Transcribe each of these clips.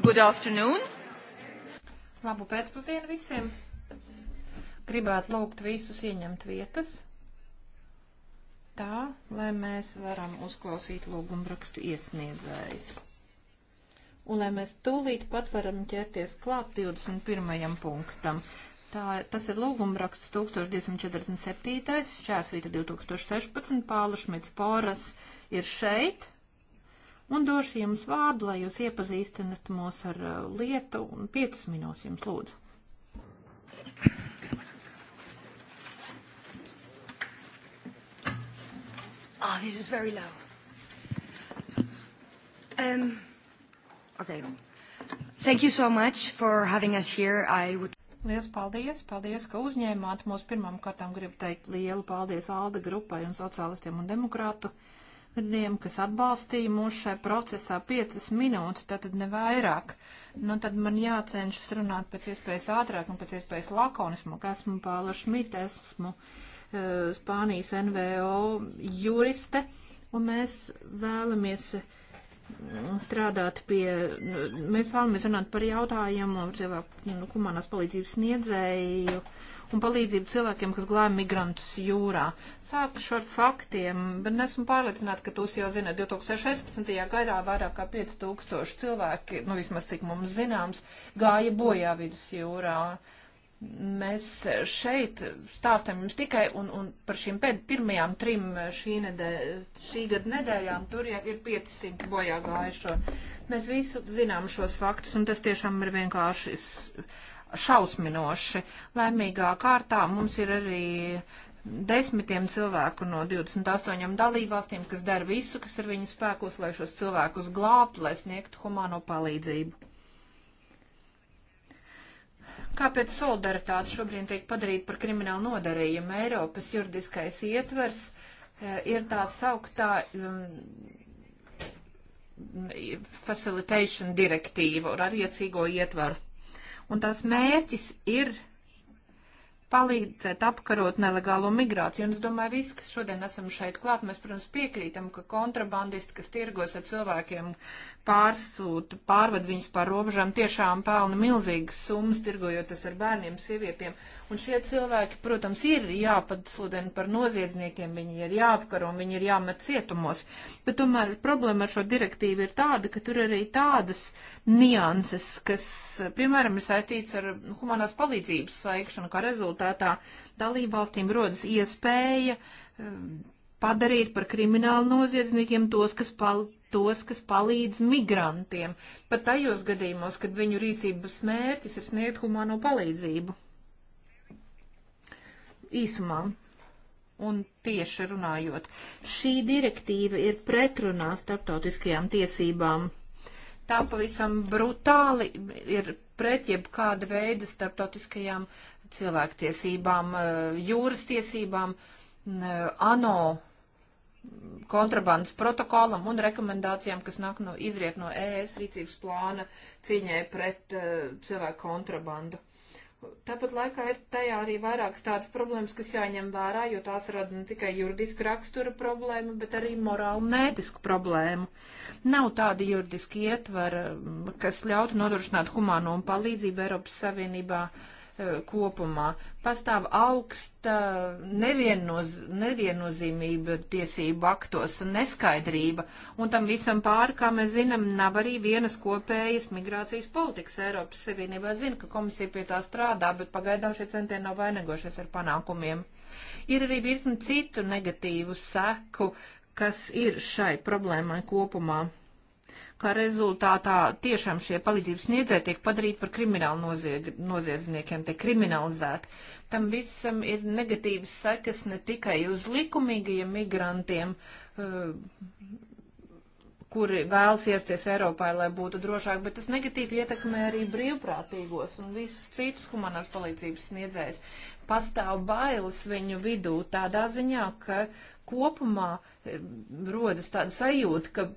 Good afternoon. Labu pēcpusdienu visiem. Gribētu lūgt visus ieņemt vietas. Tā, lai mēs varam uzklausīt lūgumrakstu iesniedzējus. Un lai mēs tūlīt pat varam ķerties klāt 21. punktam. Tā, tas ir lūgumraksts 1247. Šķērsvīta 2016. Pāla Šmits Poras ir šeit un došu jums vārdu, lai jūs iepazīstinat mūs ar uh, lietu, un 5 minūtes jums lūdzu. Ah, oh, this is very low. Um, okay. Thank you so much for having us here. I would... Liels paldies! Paldies, ka uzņēmāt mūs. Pirmām kārtām gribu teikt lielu paldies Alda grupai un sociālistiem un demokrātu uh, partneriem, kas atbalstīja mūs šai procesā piecas minūtes, tātad ne vairāk. Nu, tad man jācenšas runāt pēc iespējas ātrāk un pēc iespējas lakonismāk. Esmu Pāla Šmita, esmu uh, Spānijas NVO juriste, un mēs vēlamies. Uh, strādāt pie, mm, mēs vēlamies runāt par jautājumu cilvēku nu, humanās palīdzības sniedzēju un palīdzību cilvēkiem, kas glāja migrantus jūrā. Sākšu ar faktiem, bet nesmu pārliecināta, ka jūs jau zināt, 2016. gadā vairāk kā 5000 cilvēki, nu vismaz cik mums zināms, gāja bojā vidus jūrā. Mēs šeit stāstam jums tikai un, un par šīm pēd, pirmajām trim šī, nedē, šī gada nedēļām, tur jau ir 500 bojā gājušo. Mēs visi zinām šos faktus, un tas tiešām ir vienkārši šausminoši. Laimīgā kārtā mums ir arī desmitiem cilvēku no 28 dalībvalstīm, kas dara visu, kas ir viņu spēkos, lai šos cilvēkus glābtu, lai sniegtu humāno palīdzību. Kāpēc solidaritāte šobrīd tiek padarīta par kriminālu nodarījumu? Eiropas juridiskais ietvers e, ir tā sauktā um, facilitation direktīva ar iecīgo ietvaru un tās mērķis ir palīdzēt apkarot nelegālo migrāciju. Un es domāju, visi, kas šodien esam šeit klāt, mēs, protams, piekrītam, ka kontrabandisti, kas tirgos ar cilvēkiem, pārsūta, pārved viņus pār robežām, tiešām pelna milzīgas summas, tirgojoties ar bērniem, sievietiem. Un šie cilvēki, protams, ir jāpadsludina par noziedzniekiem, viņi ir jāapkaro, viņi ir jāmet cietumos. Bet tomēr problēma ar šo direktīvu ir tāda, ka tur ir arī tādas nianses, kas, piemēram, ir saistīts ar humanās palīdzības saikšanu, kā rezultātā dalībvalstīm rodas iespēja um, padarīt par kriminālu noziedzniekiem tos, kas, pal tos, kas palīdz migrantiem, pat tajos gadījumos, kad viņu rīcības mērķis ir sniegt humāno palīdzību. Īsumā un tieši runājot, šī direktīva ir pretrunā starptautiskajām tiesībām. Tā pavisam brutāli ir pret jebkāda veida starptautiskajām cilvēktiesībām, eh, jūras tiesībām, eh, ANO kontrabandas protokolam un rekomendācijām, kas nāk no izriet no ES rīcības plāna cīņai pret uh, cilvēku kontrabandu. Tāpat laikā ir tajā arī vairākas tādas problēmas, kas jāņem vērā, jo tās rada ne tikai juridisku raksturu problēmu, bet arī morālu un ētisku problēmu. Nav tāda juridiska ietvara, kas ļautu nodrošināt humāno un palīdzību Eiropas Savienībā uh, E, kopumā. Pastāv augsta neviennoz, neviennozīmība tiesību aktos, neskaidrība, un tam visam pāri, kā mēs zinām, nav arī vienas kopējas migrācijas politikas Eiropas Savienībā. Zinu, ka komisija pie tā strādā, bet pagaidām šie centieni nav vainagošies ar panākumiem. Ir arī virkni citu negatīvu seku, kas ir šai problēmai kopumā kā rezultātā tiešām šie palīdzības sniedzēji tiek padarīti par kriminālu nozieg, noziedzniekiem, tiek kriminalizēti. Tam visam ir negatīvas sekas ne tikai uz likumīgajiem migrantiem, eh, kuri vēlas ierasties Eiropā, lai būtu drošāk, bet tas negatīvi ietekmē arī brīvprātīgos un visus citus humanās palīdzības sniedzējus. Pastāv bailes viņu vidū tādā ziņā, ka kopumā eh, rodas tāda sajūta, ka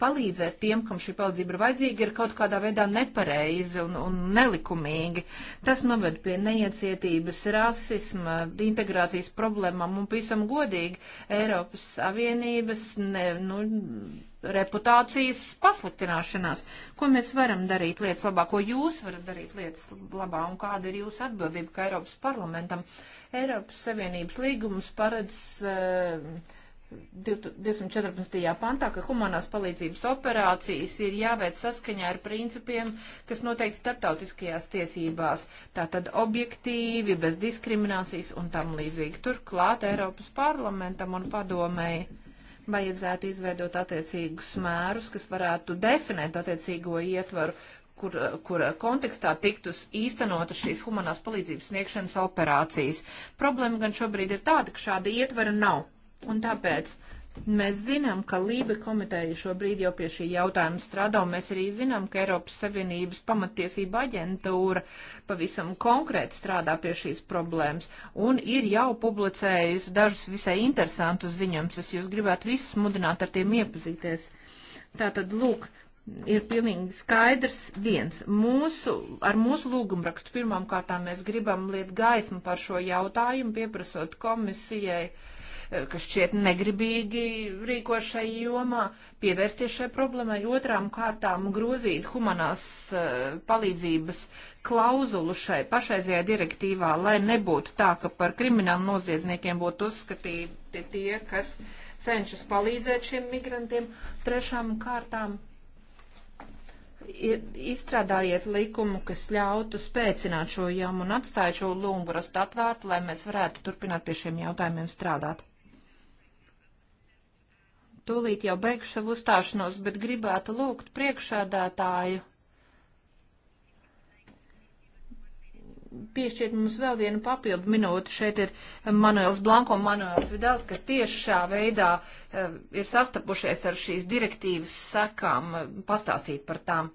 palīdzēt tiem, kam šī palīdzība ir vajadzīga, ir kaut kādā veidā nepareizi un, un nelikumīgi. Tas noved pie neiecietības, rasisma, integrācijas problēmām un visam godīgi Eiropas Savienības ne, nu, reputācijas pasliktināšanās. Ko mēs varam darīt lietas labā, ko jūs varat darīt lietas labā un kāda ir jūsu atbildība kā Eiropas parlamentam? Eiropas Savienības līgums paredz. Uh, 214. pantā, ka humanās palīdzības operācijas ir jāveic saskaņā ar principiem, kas noteikti starptautiskajās tiesībās, tātad objektīvi, bez diskriminācijas un tam līdzīgi. Turklāt Eiropas parlamentam un padomēji vajadzētu izveidot attiecīgus mērus, kas varētu definēt attiecīgo ietvaru, kur, kur kontekstā tiktus īstenotas šīs humanās palīdzības sniegšanas operācijas. Problēma gan šobrīd ir tāda, ka šāda ietvara nav. Un tāpēc Mēs zinām, ka Lība komiteja šobrīd jau pie šī jautājuma strādā, un mēs arī zinām, ka Eiropas Savienības pamatiesība aģentūra pavisam konkrēti strādā pie šīs problēmas, un ir jau publicējusi dažus visai interesantus ziņojumus. Es jūs gribētu visus mudināt ar tiem iepazīties. Tātad, lūk, ir pilnīgi skaidrs viens. Mūsu, ar mūsu lūgumrakstu pirmām kārtām mēs gribam liet gaismu par šo jautājumu, pieprasot komisijai. Uh, kas šķiet negribīgi rīko šai jomā, pievērsties šai problēmai, otrām kārtām grozīt humanās eh, palīdzības klauzulu šai pašreizajā direktīvā, lai nebūtu tā, ka par kriminālu noziedzniekiem būtu uzskatīti tie, kas cenšas palīdzēt šiem migrantiem. Trešām kārtām izstrādājiet likumu, kas ļautu spēcināt šo jomu un atstājot šo lūgumu rastu atvērtu, lai mēs varētu turpināt pie šiem jautājumiem strādāt. Tūlīt jau beigšu savu uzstāšanos, bet gribētu lūgt priekšādātāju piešķiet mums vēl vienu papildu minūti. Šeit ir Manuels Blanko un Manuels Vidals, kas tieši šā veidā eh, ir sastapušies ar šīs direktīvas sekām, eh, pastāstīt par tām.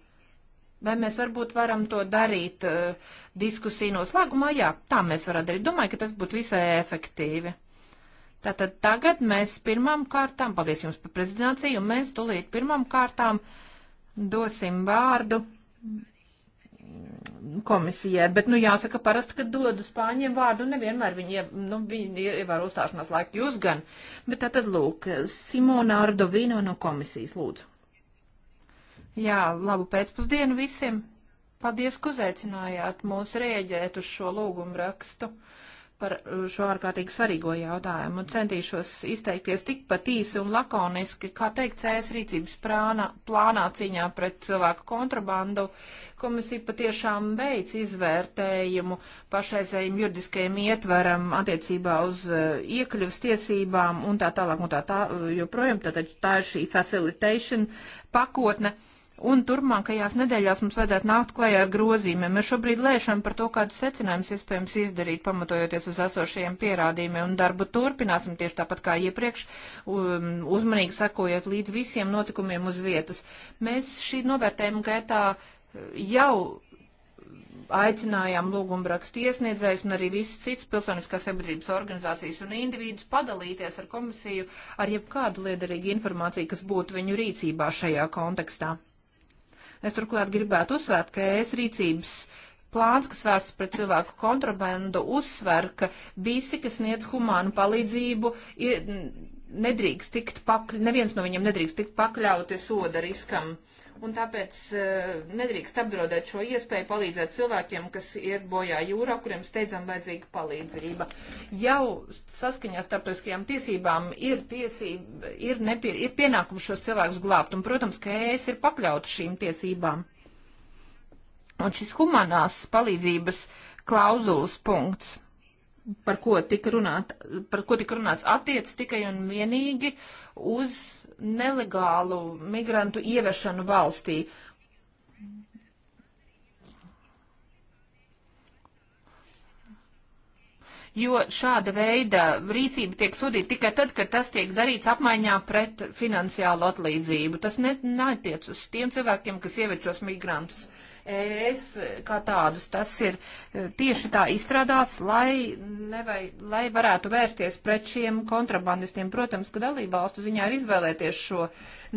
Vai mēs varbūt varam to darīt eh, diskusiju noslēgumā? Jā, tā mēs varam darīt. Domāju, ka tas būtu visai efektīvi. Tātad tagad mēs pirmām kārtām, paldies jums par prezentāciju, un mēs tulīt pirmām kārtām dosim vārdu komisijai, bet, nu, jāsaka, parasti, kad dodu spāņiem vārdu, nevienmēr viņi, nu, viņi ievēro uzstāšanās laiku jūs gan, bet tātad, lūk, Simona Ardovino no komisijas, lūdzu. Jā, labu pēcpusdienu visiem. Paldies, ka uzaicinājāt mūs rēģēt uz šo lūgumu rakstu. Uh, par uh, šo ārkārtīgi svarīgo jautājumu un centīšos izteikties tikpat īsi un lakoniski, kā teikt, CS rīcības prāna, plānā cīņā pret cilvēku kontrabandu. Komisija patiešām veic izvērtējumu pašreizējiem juridiskajiem ietveram attiecībā uz uh, iekļuvas tiesībām un tā tālāk un tā tā uh, joprojām. Tātad tā ir šī facilitation pakotne. Uh, Un turpmākajās nedēļās mums vajadzētu nākt klajā ar grozīmēm. Mēs šobrīd lēšam par to, kādus secinājumus iespējams izdarīt, pamatojoties uz esošajiem pierādījumiem, un darbu turpināsim tieši tāpat kā iepriekš, um, uzmanīgi sekojot līdz visiem notikumiem uz vietas. Mēs šī novērtējuma gaitā uh, jau aicinājām lūgumbrakstu iesniedzējus un arī visas citas pilsoniskās sabiedrības organizācijas un individus padalīties ar komisiju ar jebkādu liederīgu informāciju, kas būtu viņu rīcībā šajā kontekstā. Es turklāt gribētu uzsvērt, ka es rīcības plāns, kas vērsts pret cilvēku kontrabandu, uzsver, ka visi, kas sniedz humānu palīdzību, nedrīkst tikt pakļauts, neviens no viņiem nedrīkst tikt pakļauti soda riskam. Uh, un tāpēc uh, nedrīkst apdraudēt šo iespēju palīdzēt cilvēkiem, kas iet bojā jūrā, kuriem steidzam vajadzīga palīdzība. Jau saskaņā starptautiskajām tiesībām ir, tiesība, ir, nepie, ir pienākums šos cilvēkus glābt, un, protams, ka ES ir pakļauta šīm tiesībām. Un šis humanās palīdzības klauzulas punkts par ko tika, runāt, par ko tika runāts, attiec tikai un vienīgi uz nelegālu migrantu ievešanu valstī. jo šāda veida rīcība tiek sodīta tikai tad, kad tas tiek darīts apmaiņā pret finansiālu atlīdzību. Tas netiec uz tiem cilvēkiem, kas ieved šos migrantus ES kā tādus. Tas ir e, tieši tā izstrādāts, lai, nevai, lai varētu vērsties pret šiem kontrabandistiem. Protams, ka dalībvalstu ziņā ir izvēlēties šo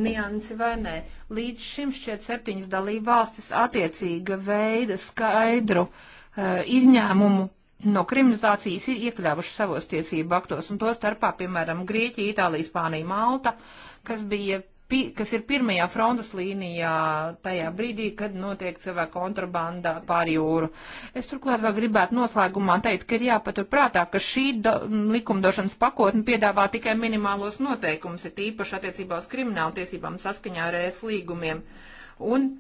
niansi vai nē. Līdz šim šķiet septiņas dalībvalstis attiecīga veida skaidru uh, izņēmumu no kriminalizācijas ir iekļāvuši savos tiesību aktos, un to starpā, piemēram, Grieķija, Itālija, Spānija, Malta, kas bija pi, kas ir pirmajā frontes līnijā tajā brīdī, kad notiek cilvēku kontrabanda pār jūru. Es turklāt vēl gribētu noslēgumā teikt, ka ir jāpatur prātā, ka šī do, likumdošanas pakotne piedāvā tikai minimālos noteikumus, ir tīpaši attiecībā uz kriminālu tiesībām saskaņā ar ES līgumiem. Un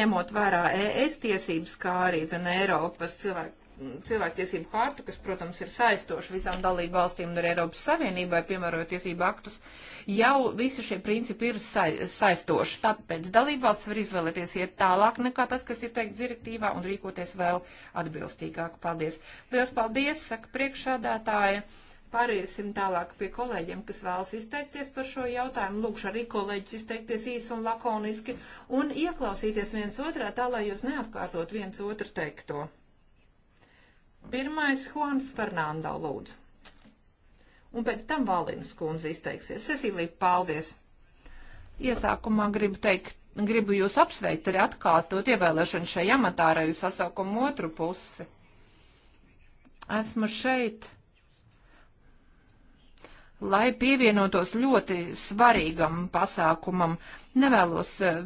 ņemot vērā ES tiesības, kā arī, zina, Eiropas cilvēku cilvēktiesību hārtu, kas, protams, ir saistoši visām dalību valstīm un arī Eiropas Savienībai, piemērojot tiesību aktus, jau visi šie principi ir sa saistoši. Tāpēc dalību valsts var izvēlēties iet tālāk nekā tas, kas ir teikts direktīvā un rīkoties vēl atbilstīgāk. Paldies! Lielas paldies, saka priekšādātāja. Pāriesim tālāk pie kolēģiem, kas vēlas izteikties par šo jautājumu. Lūkšu arī kolēģis izteikties īsi un lakoniski un ieklausīties viens otrā tā, lai jūs neatkārtot viens otru teikto. Pirmais Juans Fernando lūdzu. Un pēc tam Valīnas kundze izteiksies. Cecīlija, paldies! Iesākumā gribu teikt, gribu jūs apsveikt arī atkārtot ievēlēšanu šai amatā, arī jūs sasaukumu otru pusi. Esmu šeit lai pievienotos ļoti svarīgam pasākumam. Nevēlos uh,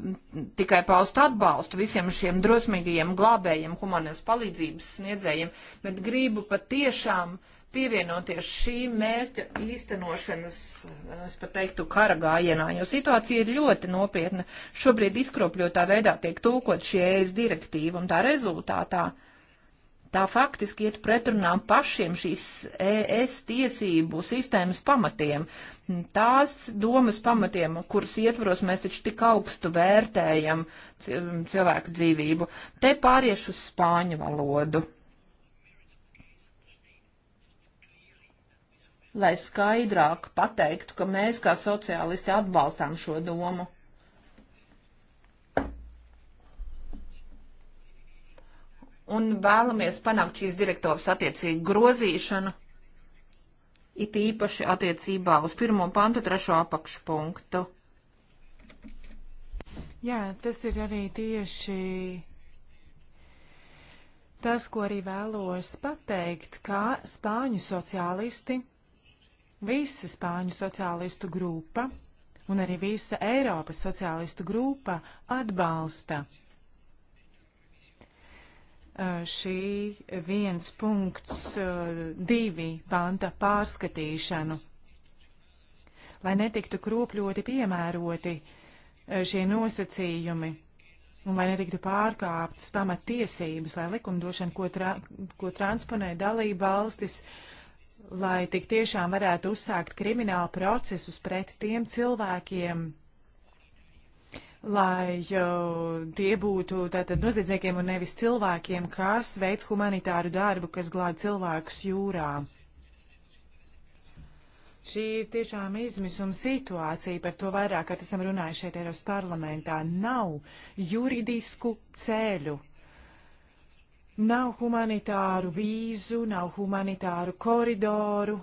tikai paust atbalstu visiem šiem drosmīgajiem glābējiem, humanās palīdzības sniedzējiem, bet gribu patiešām pievienoties šī mērķa īstenošanas, eh, es pat teiktu, kara gājienā, jo situācija ir ļoti nopietna. Šobrīd izkropļotā veidā tiek tūkot šie ēs direktīva un tā rezultātā. Uh, tā faktiski iet pretrunā pašiem šīs ES tiesību sistēmas pamatiem. Tās domas pamatiem, kuras ietvaros mēs taču tik augstu vērtējam cilvēku dzīvību. Te pāriešu uz spāņu valodu. Lai skaidrāk pateiktu, ka mēs kā sociālisti atbalstām šo domu. un vēlamies panākt šīs direktīvas attiecīgu grozīšanu, it īpaši attiecībā uz pirmo pantu trešo apakšpunktu. Jā, tas ir arī tieši tas, ko arī vēlos pateikt, kā spāņu sociālisti, visa spāņu sociālistu grupa un arī visa Eiropas sociālistu grupa atbalsta šī viens punkts divi panta pārskatīšanu, lai netiktu kropļoti piemēroti šie nosacījumi un lai netiktu pārkāptas pamatiesības, lai likumdošana, ko, tra ko transponē dalība valstis, lai tik tiešām varētu uzsākt kriminālu procesus pret tiem cilvēkiem, lai tie būtu tātad noziedzniekiem un nevis cilvēkiem, kas veic humanitāru darbu, kas glāb cilvēkus jūrā. Šī ir tiešām izmisuma situācija, par to vairāk, kad esam runājuši šeit Eiropas parlamentā. Nav juridisku ceļu, nav humanitāru vīzu, nav humanitāru koridoru,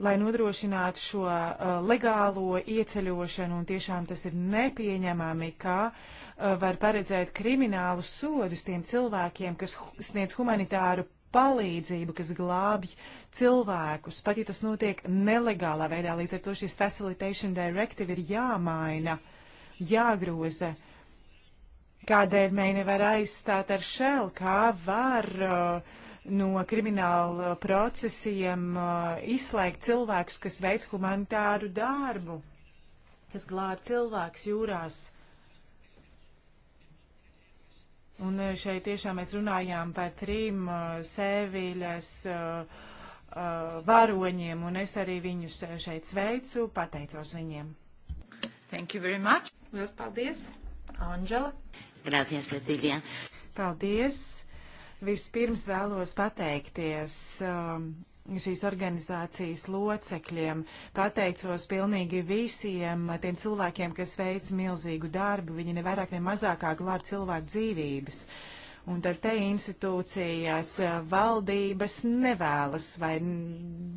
lai nodrošinātu šo uh, legālo ieceļošanu, un tiešām tas ir nepieņemami, kā uh, var paredzēt kriminālu sodus tiem cilvēkiem, kas hu sniedz humanitāru palīdzību, kas glābj cilvēkus, pat ja tas notiek nelegālā veidā. Līdz ar to šis Facilitation Directive ir jāmaina, jāgroza. Kādēļ mēģi nevar aizstāt ar šel, kā var uh, no krimināla procesiem uh, izslēgt cilvēkus, kas veic humanitāru darbu, kas glāb cilvēkus jūrās. Un uh, šeit tiešām mēs runājām par trim uh, Sēviļas varoņiem, un es arī viņus šeit sveicu, pateicos viņiem. Thank you very much. Lielas paldies. Anžela. Gracias, Cecilia. Paldies. Vispirms vēlos pateikties um, šīs organizācijas locekļiem, pateicos pilnīgi visiem tiem cilvēkiem, kas veic milzīgu darbu, viņi nevairāk ne mazākāk glāb cilvēku dzīvības. Uh, Un tad te institūcijās eh, valdības nevēlas vai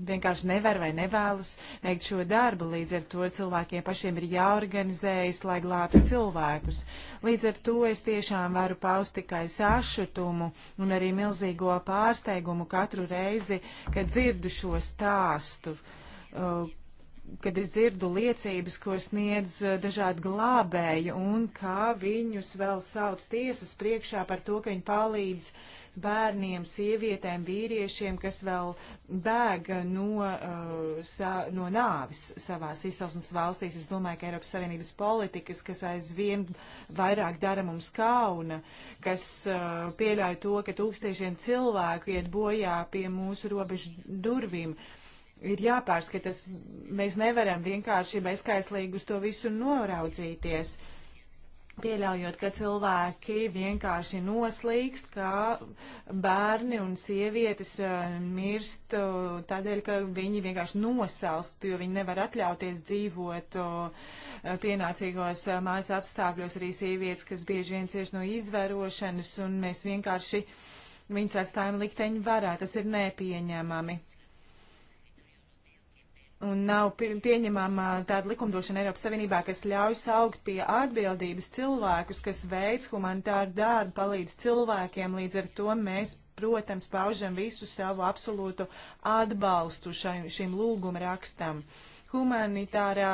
vienkārši nevar vai nevēlas veikt šo darbu. Līdz ar to cilvēkiem pašiem ir jāorganizējas, lai glābtu cilvēkus. Līdz ar to es tiešām varu paust tikai sašutumu un arī milzīgo pārsteigumu katru reizi, kad dzirdu šo stāstu, eh, kad es dzirdu liecības, ko sniedz eh, dažādi glābēji un kā viņus vēl sauc tiesas priekšā par to, ka viņi palīdz bērniem, sievietēm, vīriešiem, kas vēl bēga eh, no, uh, sa, no nāvis savās izcelsmes valstīs. Es domāju, ka Eiropas Savienības politikas, kas aizvien vairāk dara mums kauna, kas uh, pieļauj to, ka tūkstošiem cilvēku iet bojā pie mūsu robežu durvīm. Uh, ir jāpārskatās. Mēs nevaram vienkārši bezkaislīgi uz to visu noraudzīties. Pieļaujot, ka cilvēki vienkārši noslīkst, kā bērni un sievietes eh, mirst eh, tādēļ, ka viņi vienkārši nosalst, jo viņi nevar atļauties dzīvot eh, pienācīgos mājas apstākļos. Arī sievietes, kas bieži vien cieši no izvērošanas, un mēs vienkārši viņus atstājam likteņu varā. Tas ir nepieņemami. Un nav pieņemama uh, tāda likumdošana Eiropas Savienībā, kas ļauj saukt pie atbildības cilvēkus, kas veids humanitāru darbu, palīdz cilvēkiem. Līdz ar to mēs, protams, paužam visu savu absolūtu atbalstu šai, šim lūguma rakstam. Humanitārā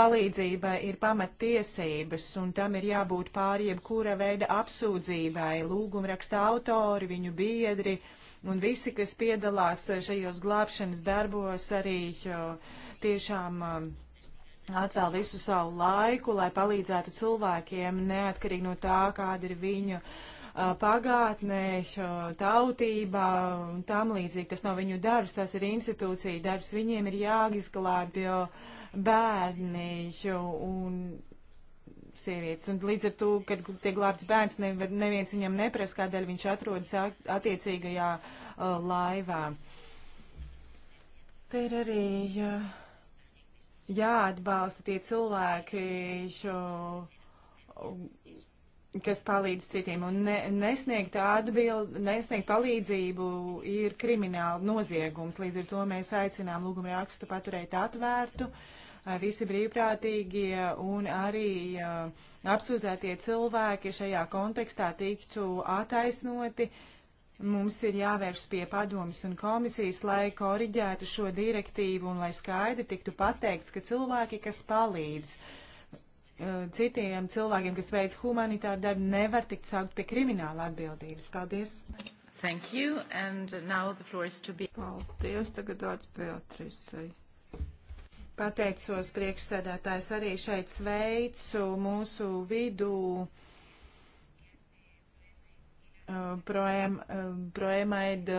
palīdzība ir pamattiesības, un tam ir jābūt pār jebkura veida apsūdzībai. Lūguma raksta autori, viņu biedri. Uh, Un visi, kas piedalās eh, šajos glābšanas darbos, arī tiešām eh, atvēl visu savu laiku, lai palīdzētu cilvēkiem, neatkarīgi no tā, kāda ir viņu eh, pagātnē, tautībā un tam līdzīgi. Tas nav viņu darbs, tas ir institūcija darbs. Viņiem ir jāizglābj bērni un sievietes. Un līdz ar to, kad tiek glābts bērns, ne, neviens viņam neprasa, kādēļ viņš atrodas attiecīgajā uh, laivā. Te ir arī jā, jāatbalsta tie cilvēki, jo, kas palīdz citiem. Un ne, nesniegt atbild, nesniegt palīdzību ir krimināla noziegums. Līdz ar to mēs aicinām lūgumu rakstu paturēt atvērtu. Uh, visi brīvprātīgie un arī apsūdzētie cilvēki šajā kontekstā tiktu attaisnoti. Mums ir jāvērš pie padomjas un komisijas, lai koriģētu šo direktīvu un lai skaidri tiktu pateikts, ka cilvēki, kas palīdz citiem cilvēkiem, kas veic humanitāru darbu, nevar tikt saukt pie krimināla atbildības. Paldies! Thank you, and now the floor is to be... Paldies, tagad vārds Beatrisai. Pateicos priekšsēdētājs arī šeit sveicu mūsu vidū uh, uh, proemaid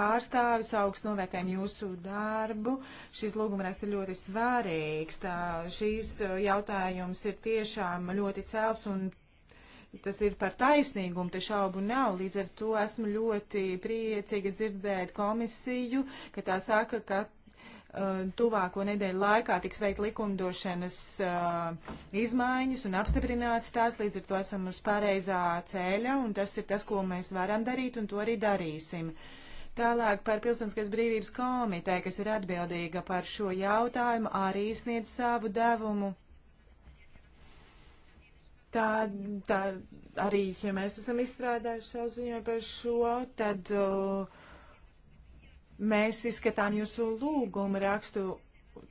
pārstāvis augstu novērtējumu jūsu darbu. Šis lūgumraksts ir ļoti svārīgs. Tā, šīs uh, jautājums ir tiešām ļoti cēls un tas ir par taisnīgumu, te šaubu nav. Līdz ar to esmu ļoti priecīga dzirdēt komisiju, ka tā saka, ka Uh, tuvāko nedēļu laikā tiks veikt likumdošanas uh, izmaiņas un apstiprināts tās, līdz ar to esam uz pareizā ceļa, un tas ir tas, ko mēs varam darīt, un to arī darīsim. Tālāk par Pilsoniskās brīvības komiteju, kas ir atbildīga par šo jautājumu, arī sniedz savu devumu. Tā, tā arī, ja mēs esam izstrādājuši savu ziņu par šo, tad uh, Mēs izskatām jūsu lūgumu rakstu,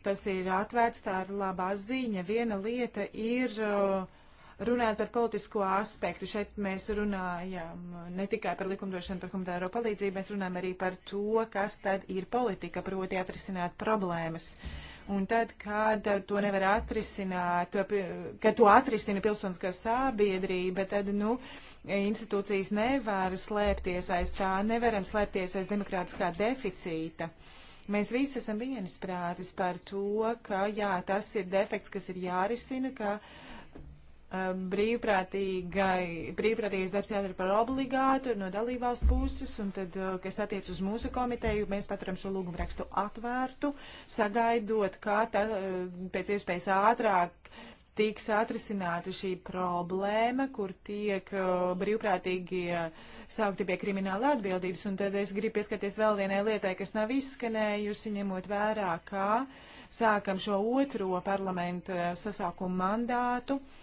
tas ir atvērts, tā ir labā ziņa. Viena lieta ir uh, runāt par politisko aspektu. Šeit mēs runājam ne tikai par likumdošanu par humanitāro palīdzību, mēs runājam arī par to, kas tad ir politika, proti atrisināt problēmas. Uh, Un tad, kad to nevar atrisināt, kad to atrisina pilsoniskā sabiedrība, tad, nu, institūcijas nevar slēpties aiz tā, nevaram slēpties aiz demokrātiskā deficīta. Mēs visi esam viensprātis par to, ka, jā, tas ir defekts, kas ir jārisina, ka uh, Um, brīvprātīgai, brīvprātīgais darbs jādara par obligātu no dalībvalstu puses, un tad, uh, kas attiec uz mūsu komiteju, mēs paturam šo lūgumu rakstu atvērtu, sagaidot, kā tā, uh, pēc iespējas ātrāk tiks atrisināta šī problēma, kur tiek uh, brīvprātīgi saukti pie krimināla atbildības, un tad es gribu pieskarties vēl vienai lietai, kas nav izskanējusi, ņemot vērā, kā sākam šo otro parlamenta sasākumu mandātu. Uh,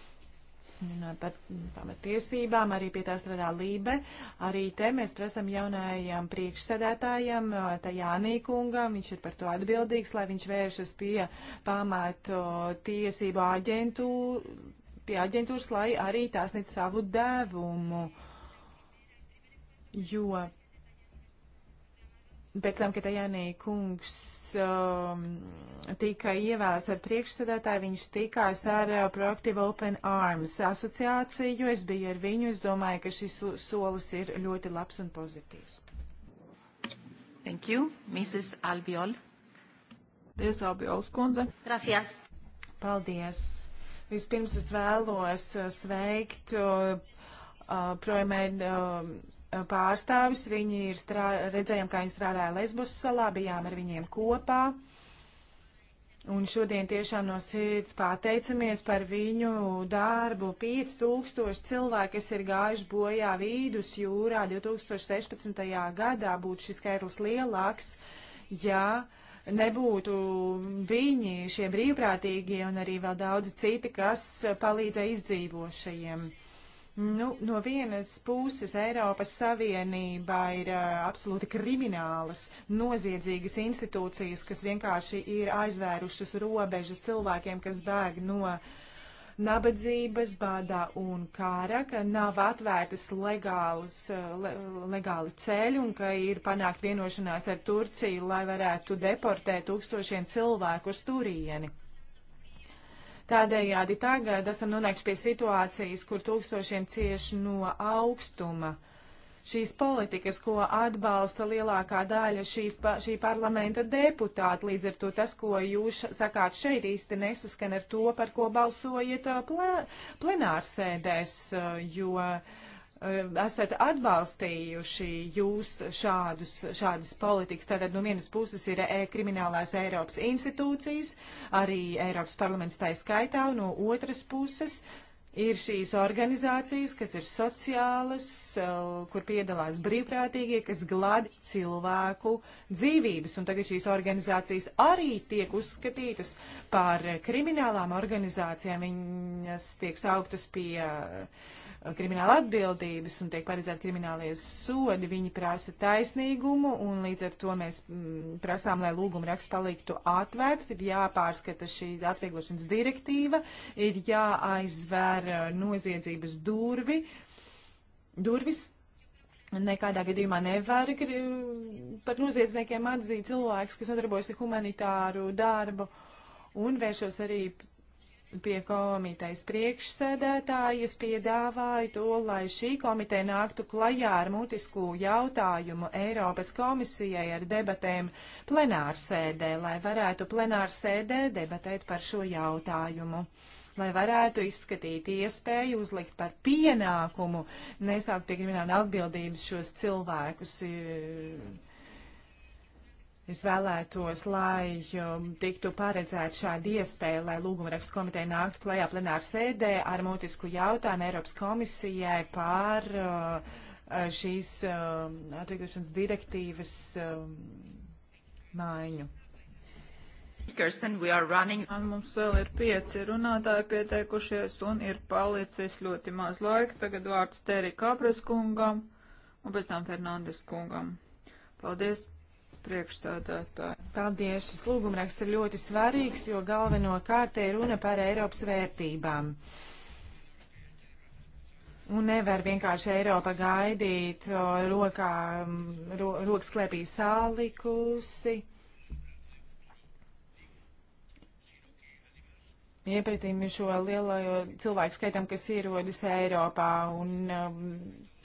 runāt par pamatiesībām, arī pie tā strādā Lībe. Arī te mēs prasam jaunajam priekšsēdētājam, Tajānī kungam, viņš ir par to atbildīgs, lai viņš vēršas pie pamatu tiesību aģentu, pie aģentūras, lai arī tās nec savu devumu. Jo Pēc tam, kad Janī kungs um, tika ievēlēts ar priekšsēdētāju, viņš tikās ar uh, Proactive Open Arms asociāciju, jo es biju ar viņu. Es domāju, ka šis solis ir ļoti labs un pozitīvs. Thank you. Mrs. Albiol. Paldies, Albiols kundze. Gracias. Paldies. Vispirms es vēlos uh, sveikt uh, uh, projām. Um, uh, Eh, pārstāvis. Viņi ir strā... redzējām, kā viņi strādāja Lesbos salā, bijām ar viņiem kopā. Un šodien tiešām no sirds pateicamies par viņu darbu. 5000 cilvēki, kas ir gājuši bojā vīdus jūrā 2016. gadā, būtu šis skaitlis lielāks, ja nebūtu viņi, šie brīvprātīgie un arī vēl daudzi citi, kas palīdzēja izdzīvošajiem. Nu, no vienas puses Eiropas Savienībā ir uh, absolūti kriminālas, noziedzīgas institūcijas, kas vienkārši ir aizvērušas robežas cilvēkiem, kas bēg no nabadzības, bādā un kāra, ka nav atvērtas legālas, le, legāli ceļi un ka ir panākt vienošanās ar Turciju, lai varētu deportēt tūkstošiem cilvēku uz turieni. Tādējādi tagad esam nonākuši pie situācijas, kur tūkstošiem cieši no augstuma. Šīs politikas, ko atbalsta lielākā daļa šīs, šī parlamenta deputāta, līdz ar to tas, ko jūs sakāt šeit, īsti nesaskan ar to, par ko balsojiet uh, plē, plenārsēdēs, uh, jo uh, Um, esat atbalstījuši jūs šādus, šādas politikas. Tātad no vienas puses ir e kriminālās Eiropas institūcijas, arī Eiropas parlaments tā skaitā, un no otras puses ir šīs organizācijas, kas ir sociālas, uh, kur piedalās brīvprātīgie, kas glad cilvēku dzīvības. Un tagad šīs organizācijas arī tiek uzskatītas par kriminālām organizācijām. Viņas tiek sauktas pie uh, Uh, krimināla atbildības un tiek paredzēti kriminālie sodi, viņi prasa taisnīgumu un līdz ar to mēs m, mm, prasām, lai lūguma raksts paliktu atvērts, ir jāpārskata šī atvieglošanas direktīva, ir jāaizver uh, noziedzības durvi, durvis. Nekādā gadījumā nevar par noziedzniekiem atzīt cilvēks, kas nodarbojas ar humanitāru darbu un vēršos arī pie komitejas priekšsēdētājas piedāvāju to, lai šī komiteja nāktu klajā ar mutisku jautājumu Eiropas komisijai ar debatēm plenārsēdē, lai varētu plenārsēdē debatēt par šo jautājumu lai varētu izskatīt iespēju uzlikt par pienākumu nesākt pie krimināla atbildības šos cilvēkus. Ir, eh, Es vēlētos, lai um, tiktu paredzēta šāda iespēja, lai lūgumrakstu komiteja nāktu klajā plenāru sēdē ar mutisku jautājumu Eiropas komisijai par uh, šīs uh, atvieglošanas direktīvas uh, maiņu. Mums vēl ir pieci runātāji pieteikušies un ir palicis ļoti maz laika. Tagad vārds Tērī Kāpres kungam un pēc tam Fernandes kungam. Paldies! priekšstādātāji. Paldies! Šis lūgumraksts ir ļoti svarīgs, jo galvenokārt ir runa par Eiropas vērtībām. Un nevar vienkārši Eiropa gaidīt rokā, ro, rokas klēpī sālikusi. Iepratīmi šo lielo cilvēku skaitam, kas ierodas Eiropā un um,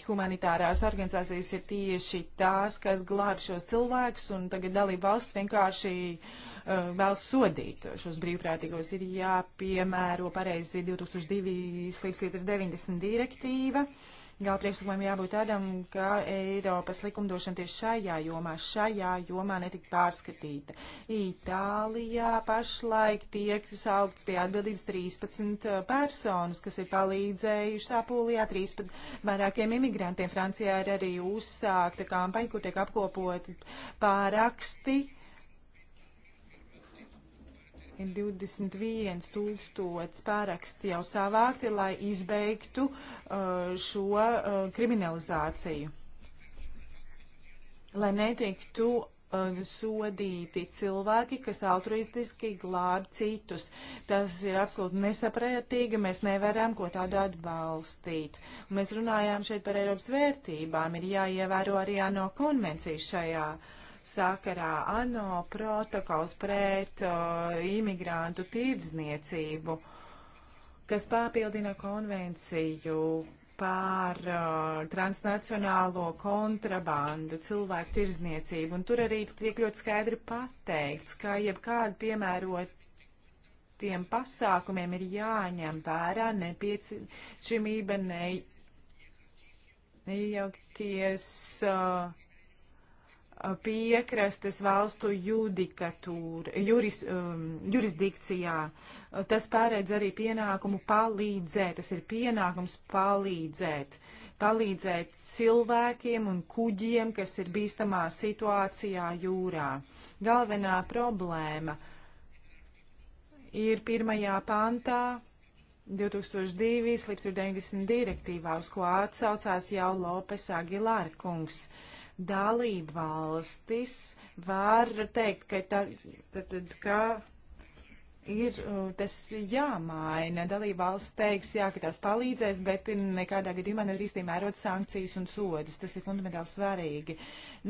humanitārās organizācijas ir tieši tās, kas glāb šos cilvēkus, un tagad dalība valsts vienkārši uh, vēl sodīt šos brīvprātīgos. Ir jāpiemēro pareizi 2002 slīpsvieta 90 direktīva. Uh, Gala priekšlikumam jābūt tādam, ka Eiropas likumdošana tieši šajā jomā, šajā jomā netika pārskatīta. Itālijā pašlaik tiek saukts pie atbildības 13 uh, personas, kas ir palīdzējuši Apulijā 13 vairākiem imigrantiem. Francijā ir arī uzsākta kampaņa, kur tiek apkopoti pāraksti ir 21 tūkstots pāraksti jau savākti, lai izbeigtu uh, šo uh, kriminalizāciju. Lai netiktu uh, sodīti cilvēki, kas altruistiski glāb citus. Tas ir absolūti nesaprētīgi, mēs nevaram ko tādu atbalstīt. Un mēs runājām šeit par Eiropas vērtībām, ir jāievēro arī ANO konvencijas šajā uh, sakarā ANO protokols pret uh, imigrantu tirdzniecību, kas papildina konvenciju par uh, transnacionālo kontrabandu, cilvēku tirzniecību. Un tur arī tiek ļoti skaidri pateikts, ka jebkāda piemērotiem pasākumiem ir jāņem vērā nepieciešamība neiejaukties. Uh, piekrastes valstu judikatūra, juris, um, jurisdikcijā. Tas pārēdz arī pienākumu palīdzēt, tas ir pienākums palīdzēt, palīdzēt cilvēkiem un kuģiem, kas ir bīstamā situācijā jūrā. Galvenā problēma ir pirmajā pantā 2002 slips ir 90 direktīvā, uz ko atsaucās jau Lopes Agilārkungs. kungs dalība valstis var teikt, ka, tā, tā, tā, ka ir uh, tas jāmaina. Dalība valsts teiks, jā, ka tās palīdzēs, bet nekādā gadījumā nedrīkst piemērot sankcijas un sodus. Tas ir fundamentāli svarīgi.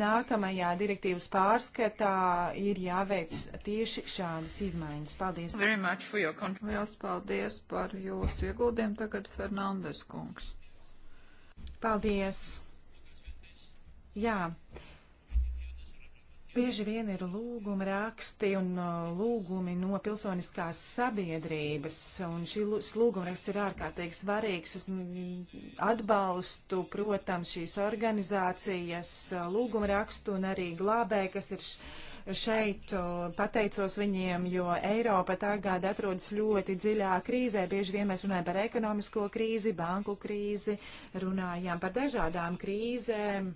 Nākamajā direktīvas pārskatā ir jāveic tieši šādas izmaiņas. Paldies! Liels paldies par jūsu ieguldījumu tagad, Fernandes kungs! Paldies! Jā. Bieži vien ir lūguma raksti un uh, lūgumi no pilsoniskās sabiedrības, un šī lūguma raksts ir ārkārtīgi svarīgs. Es mm, atbalstu, protams, šīs organizācijas uh, lūguma rakstu un arī glābē, kas ir šeit, uh, pateicos viņiem, jo Eiropa tagad atrodas ļoti dziļā krīzē. Bieži vien mēs runājam par ekonomisko krīzi, banku krīzi, runājam par dažādām krīzēm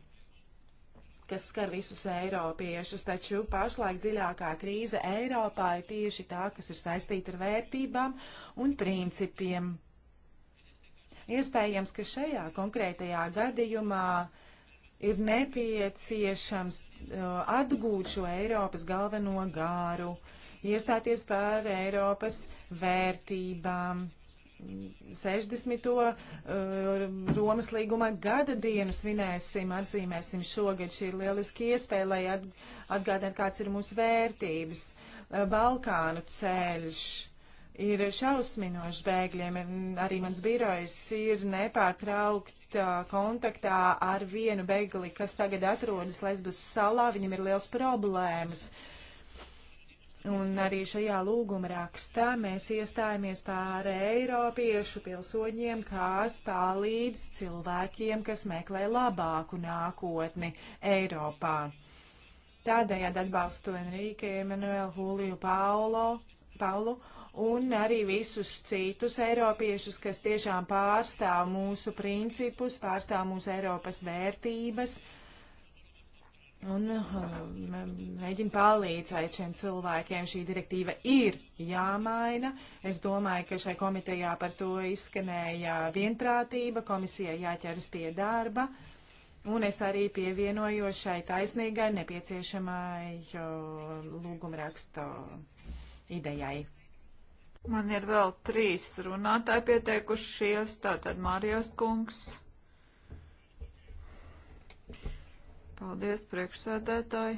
kas skar visus eiropiešus, taču pašlaik dziļākā krīze Eiropā ir tieši tā, kas ir saistīta ar vērtībām un principiem. Iespējams, ka šajā konkrētajā gadījumā ir nepieciešams uh, atgūt šo Eiropas galveno gāru, iestāties par Eiropas vērtībām 60. Eh, Romas līguma gada dienu svinēsim, atzīmēsim šogad. Šī ir lieliski iespēja, lai atgādinātu, kāds ir mūsu vērtības. Eh, Balkānu ceļš ir šausminošs bēgļiem. Arī mans birojs ir nepārtraukt kontaktā ar vienu bēgli, kas tagad atrodas Lesbas salā. Viņam ir liels problēmas. Uh, Un arī šajā lūguma rakstā mēs iestājāmies pār Eiropiešu pilsoņiem, kas palīdz cilvēkiem, kas meklē labāku nākotni Eiropā. Tādējādi atbalstu Enrique Emanuelu Huliju Paulo, Paulu un arī visus citus Eiropiešus, kas tiešām pārstāv mūsu principus, pārstāv mūsu Eiropas vērtības. Uh, Un uh, mē, mēģinu palīdzēt šiem cilvēkiem. Šī direktīva ir jāmaina. Es domāju, ka šai komitejā par to izskanēja vienprātība, komisijai jāķeras pie darba. Un es arī pievienojos šai taisnīgai nepieciešamai lūgumrakstu idejai. Man ir vēl trīs runātāji pieteikušies, tātad Mārijos kungs. Paldies, priekšsēdētāji.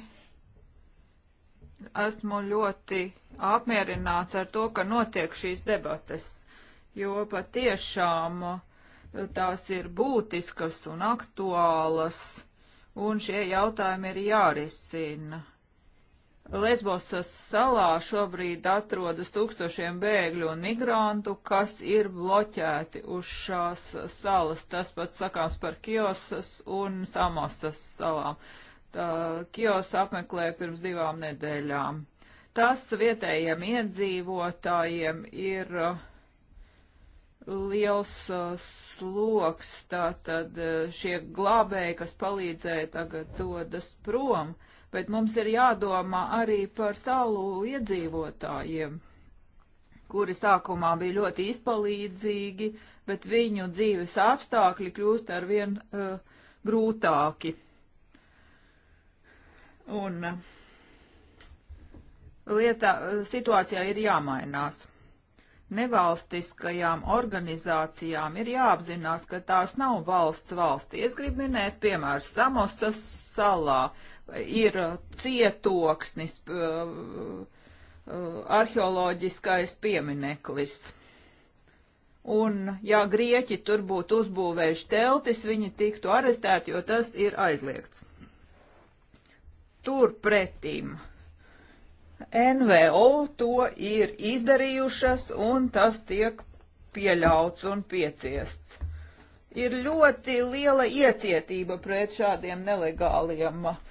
Esmu ļoti apmierināts ar to, ka notiek šīs debates, jo patiešām eh, tās ir būtiskas un aktuālas, un šie jautājumi ir jārisina. Lesbosas salā šobrīd atrodas tūkstošiem bēgļu un migrantu, kas ir bloķēti uz šās salas. Tas pats sakāms par Kiosas un Samosas salām. Tā, Kiosa apmeklēja pirms divām nedēļām. Tas vietējiem iedzīvotājiem ir uh, liels uh, sloks, tātad uh, šie glābēji, kas palīdzēja, tagad dodas prom. Uh, bet mums ir jādomā arī par salu iedzīvotājiem, kuri sākumā bija ļoti izpalīdzīgi, bet viņu dzīves apstākļi kļūst arvien uh, grūtāki. Un uh, eh, lietā, uh, eh, situācijā ir jāmainās. Nevalstiskajām organizācijām ir jāapzinās, ka tās nav valsts valsti. Es gribu minēt, piemēram, Samosas salā. Uh, ir uh, cietoksnis, uh, uh, arheoloģiskais piemineklis. Un, ja grieķi tur būtu uzbūvējuši teltis, viņi tiktu arestēti, jo tas ir aizliegts. Turpretīm NVO to ir izdarījušas, un tas tiek pieļauts un pieciests. Ir ļoti liela iecietība pret šādiem nelegāliem uh,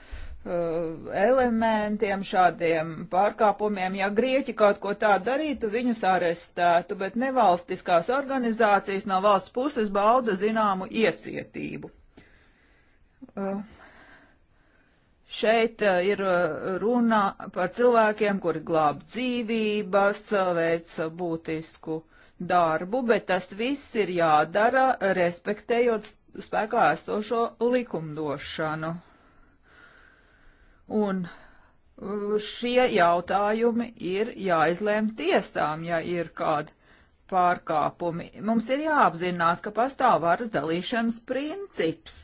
Uh, elementiem, šādiem pārkāpumiem. Ja Grieķi kaut ko tādu darītu, viņus arestētu, bet nevalstiskās organizācijas no valsts puses bauda zināmu iecietību. Uh, šeit uh, ir runa par cilvēkiem, kuri glāb dzīvības, veic būtisku darbu, bet tas viss ir jādara respektējot spēkā esošo likumdošanu. Un uh, šie jautājumi ir jāizlēm tiesām, ja ir kādi pārkāpumi. Mums ir jāapzinās, ka pastāv varas dalīšanas princips.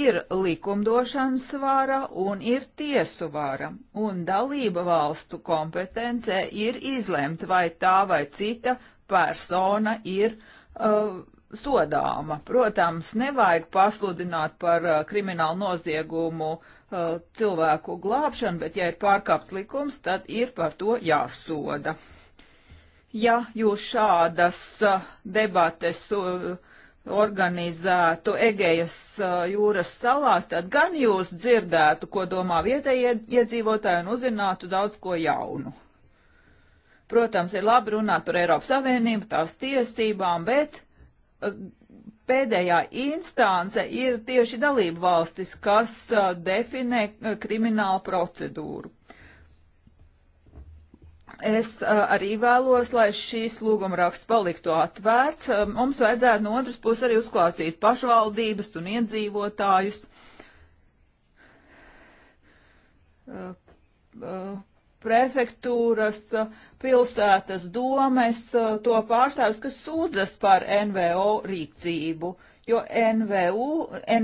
Ir likumdošanas vara un ir tiesu vara, un dalība valstu kompetencē ir izlemt, vai tā vai cita persona ir uh, sodāma. Protams, nevajag pasludināt par uh, kriminālu noziegumu uh, cilvēku glābšanu, bet ja ir pārkāpts likums, tad ir par to jāsoda. Ja jūs šādas uh, debates uh, organizētu Egejas uh, jūras salās, tad gan jūs dzirdētu, ko domā vietējie iedzīvotāji un uzzinātu daudz ko jaunu. Protams, ir labi runāt par Eiropas Savienību, tās tiesībām, bet pēdējā instance ir tieši dalību valstis, kas definē kriminālu procedūru. Es arī vēlos, lai šīs lūgumraksts paliktu atvērts. Mums vajadzētu no otras puses arī uzklāstīt pašvaldības un iedzīvotājus. Uh, uh, prefektūras, pilsētas domes, to pārstāvis, kas sūdzas par NVO rīcību, jo NVU,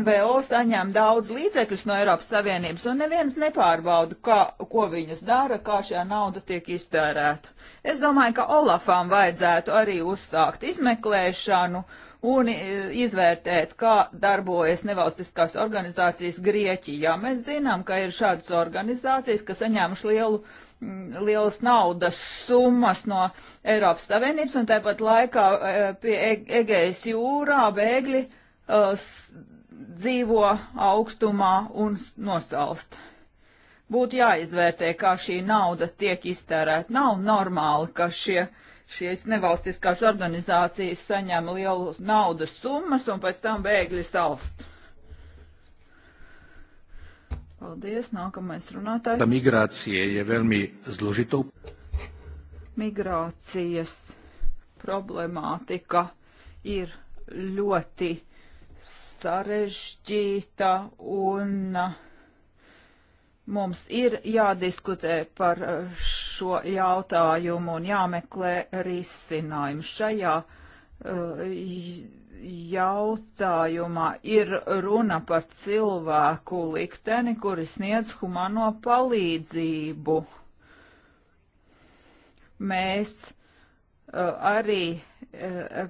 NVO saņem daudz līdzekļus no Eiropas Savienības, un neviens nepārbauda, kā, ko viņas dara, kā šī nauda tiek iztērēta. Es domāju, ka Olafām vajadzētu arī uzsākt izmeklēšanu un izvērtēt, kā darbojas nevalstiskās organizācijas Grieķijā. Mēs zinām, ka ir šādas organizācijas, kas saņēmuši lielu Mm, liels naudas summas no Eiropas Savienības, un tāpat laikā e, pie e, Egejas jūrā bēgļi uh, dzīvo augstumā un nosalst. Būtu jāizvērtē, kā šī nauda tiek iztērēta. Nav normāli, ka šie, šīs nevalstiskās organizācijas saņem lielu naudas summas un pēc tam bēgļi salst. Paldies, nākamais runātājs. Tā migrācija ir ja veľmi zložitou. Migrācijas problemātika ir ļoti sarežģīta un mums ir jādiskutē par šo jautājumu un jāmeklē risinājumu. Šajā uh, jautājumā ir runa par cilvēku likteni, kuri sniedz humano palīdzību. Mēs uh, arī uh,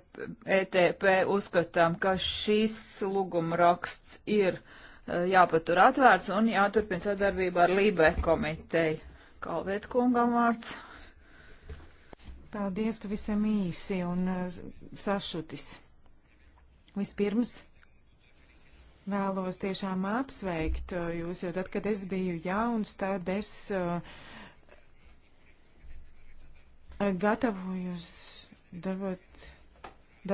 ETP uzskatām, ka šis lūgumraksts ir uh, jāpatur atvērts un jāturpina sadarbība ar Lībe komiteju. Kalvēt kungam vārds. Paldies pavisam īsi un sašutis. Vispirms vēlos tiešām apsveikt uh, jūs, jo tad, kad es biju jauns, tad es uh, gatavojos darbot,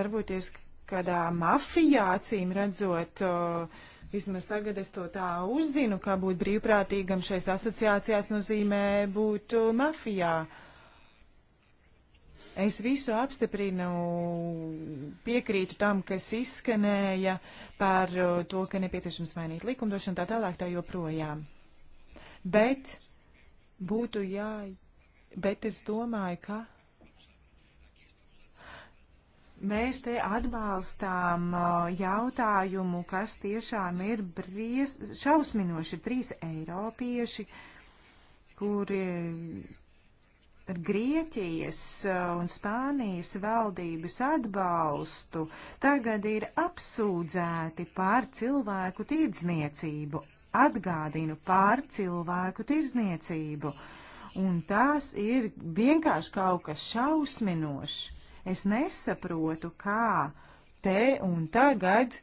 darboties kādā mafijā, acīm redzot. Uh, vismaz tagad es to tā uzzinu, kā būt brīvprātīgam šais asociācijās nozīmē būt mafijā. Uh, Es visu apstiprinu, piekrītu tam, kas izskanēja par uh, to, ka nepieciešams mainīt likumdošanu tā tālāk tā joprojām. Bet būtu jā, bet es domāju, ka mēs te atbalstām uh, jautājumu, kas tiešām ir bries, šausminoši. Trīs eiropieši, kuri Grieķijas eh, un Spānijas valdības atbalstu tagad ir apsūdzēti par cilvēku tirdzniecību. Atgādinu par cilvēku tirdzniecību. Un tas ir vienkārši kaut kas šausminošs. Es nesaprotu, kā te un tagad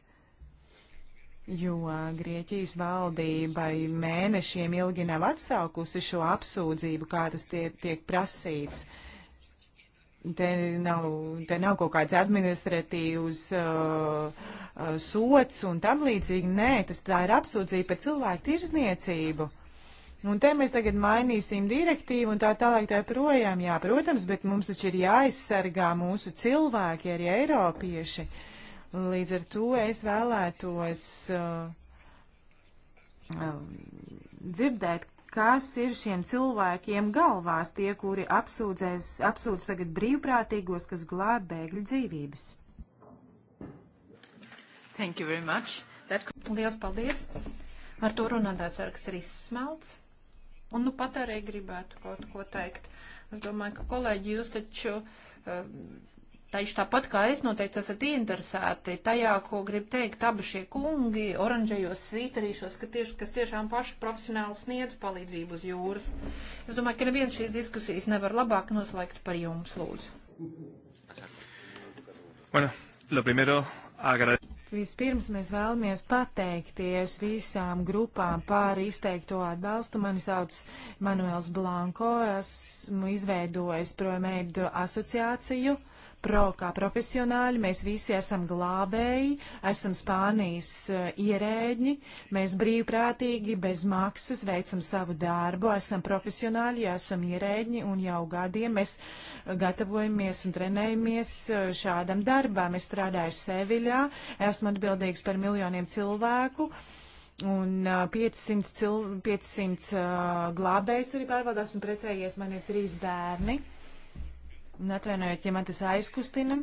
jo Grieķijas valdībai mēnešiem ilgi nav atsaukusi šo apsūdzību, kā tas tie, tiek prasīts. Te nav, te nav kaut kāds administratīvs uh, uh, sots un tam līdzīgi. Nē, tas tā ir apsūdzība par cilvēku tirzniecību. Un te mēs tagad mainīsim direktīvu un tā tālāk tā projām. Jā, protams, bet mums taču ir jāaizsargā mūsu cilvēki, arī eiropieši. Uh, Līdz ar to es vēlētos uh, um, dzirdēt, kas ir šiem cilvēkiem galvās, tie, kuri apsūdzēs, apsūdz tagad brīvprātīgos, kas glāb bēgļu dzīvības. Thank you very much. That... Liels paldies. Ar to runātājs sargs ir izsmelts. Un nu pat arī gribētu kaut ko teikt. Es domāju, ka kolēģi jūs taču. Uh, Taču tāpat kā es noteikti esat interesēti tajā, ko grib teikt abi šie kungi, oranžajos svītarīšos, ka tieši, kas tiešām paši profesionāli sniedz palīdzību uz jūras. Es domāju, ka neviens šīs diskusijas nevar labāk noslēgt par jums, lūdzu. Bueno, lo primero, agrade... Vispirms mēs vēlamies pateikties visām grupām par izteikto atbalstu. Mani sauc Manuels Blanko, esmu izveidojis Promedu asociāciju. Uh, pro, kā profesionāļi, mēs visi esam glābēji, esam Spānijas uh, ierēģi, mēs brīvprātīgi, bez maksas veicam savu darbu, esam profesionāļi, esam ierēģi un jau gadiem mēs eh, gatavojamies un trenējamies eh, šādam darbam. Es strādāju Seviļā, esmu atbildīgs par miljoniem cilvēku. Un uh, 500, cil, 500 uh, glābējs arī pārvaldās un precējies. Man ir trīs bērni. Uh, Un atvainojiet, ja man tas aizkustina.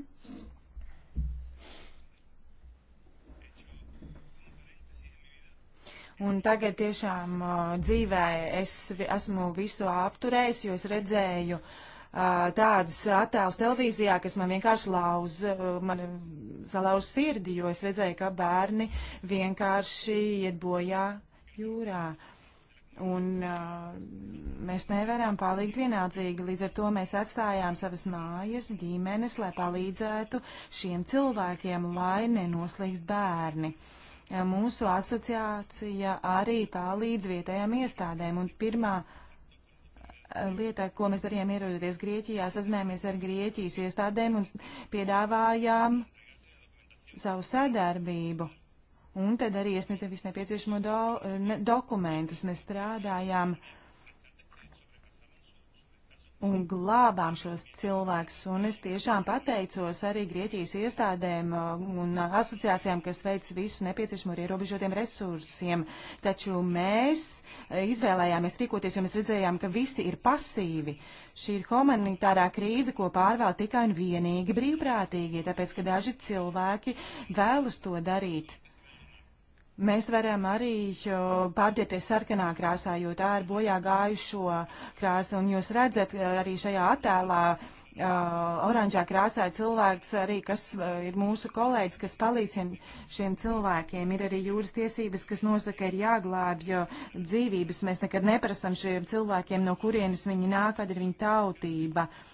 Un tagad tiešām uh, dzīvē es esmu visu apturējis, jo es redzēju uh, tādas attēlus televīzijā, kas man vienkārši lauz, uh, man salauz sirdi, jo es redzēju, ka bērni vienkārši iet bojā jūrā. Uh, Un uh, mēs nevaram palikt vienādzīgi, līdz ar to mēs atstājām savas mājas, ģimenes, lai palīdzētu šiem cilvēkiem, lai nenoslīgst bērni. Uh, mūsu asociācija arī palīdz vietējām iestādēm, un pirmā uh, lieta, ko mēs darījām ierodoties Grieķijā, sazinājāmies ar Grieķijas iestādēm un piedāvājām savu sadarbību un tad arī iesniedzam visu nepieciešamo do, ne, dokumentus. Mēs strādājām un glābām šos cilvēkus, un es tiešām pateicos arī Grieķijas iestādēm uh, un asociācijām, kas veic visu nepieciešamo ar ierobežotiem resursiem. Taču mēs uh, izvēlējāmies rīkoties, jo mēs redzējām, ka visi ir pasīvi. Šī ir humanitārā krīze, ko pārvēl tikai un vienīgi brīvprātīgie, tāpēc, ka daži cilvēki vēlas to darīt Mēs varam arī pārģērties sarkanā krāsā, jo tā ir bojā gājušo krāsa, un jūs redzat arī šajā attēlā uh, oranžā krāsā cilvēks arī, kas uh, ir mūsu kolēģis, kas palīdz šiem, šiem cilvēkiem. Ir arī jūras tiesības, kas nosaka, ir jāglābj dzīvības. Mēs nekad neprasam šiem cilvēkiem, no kurienes viņi nāk, kad ir viņa tautība. Uh,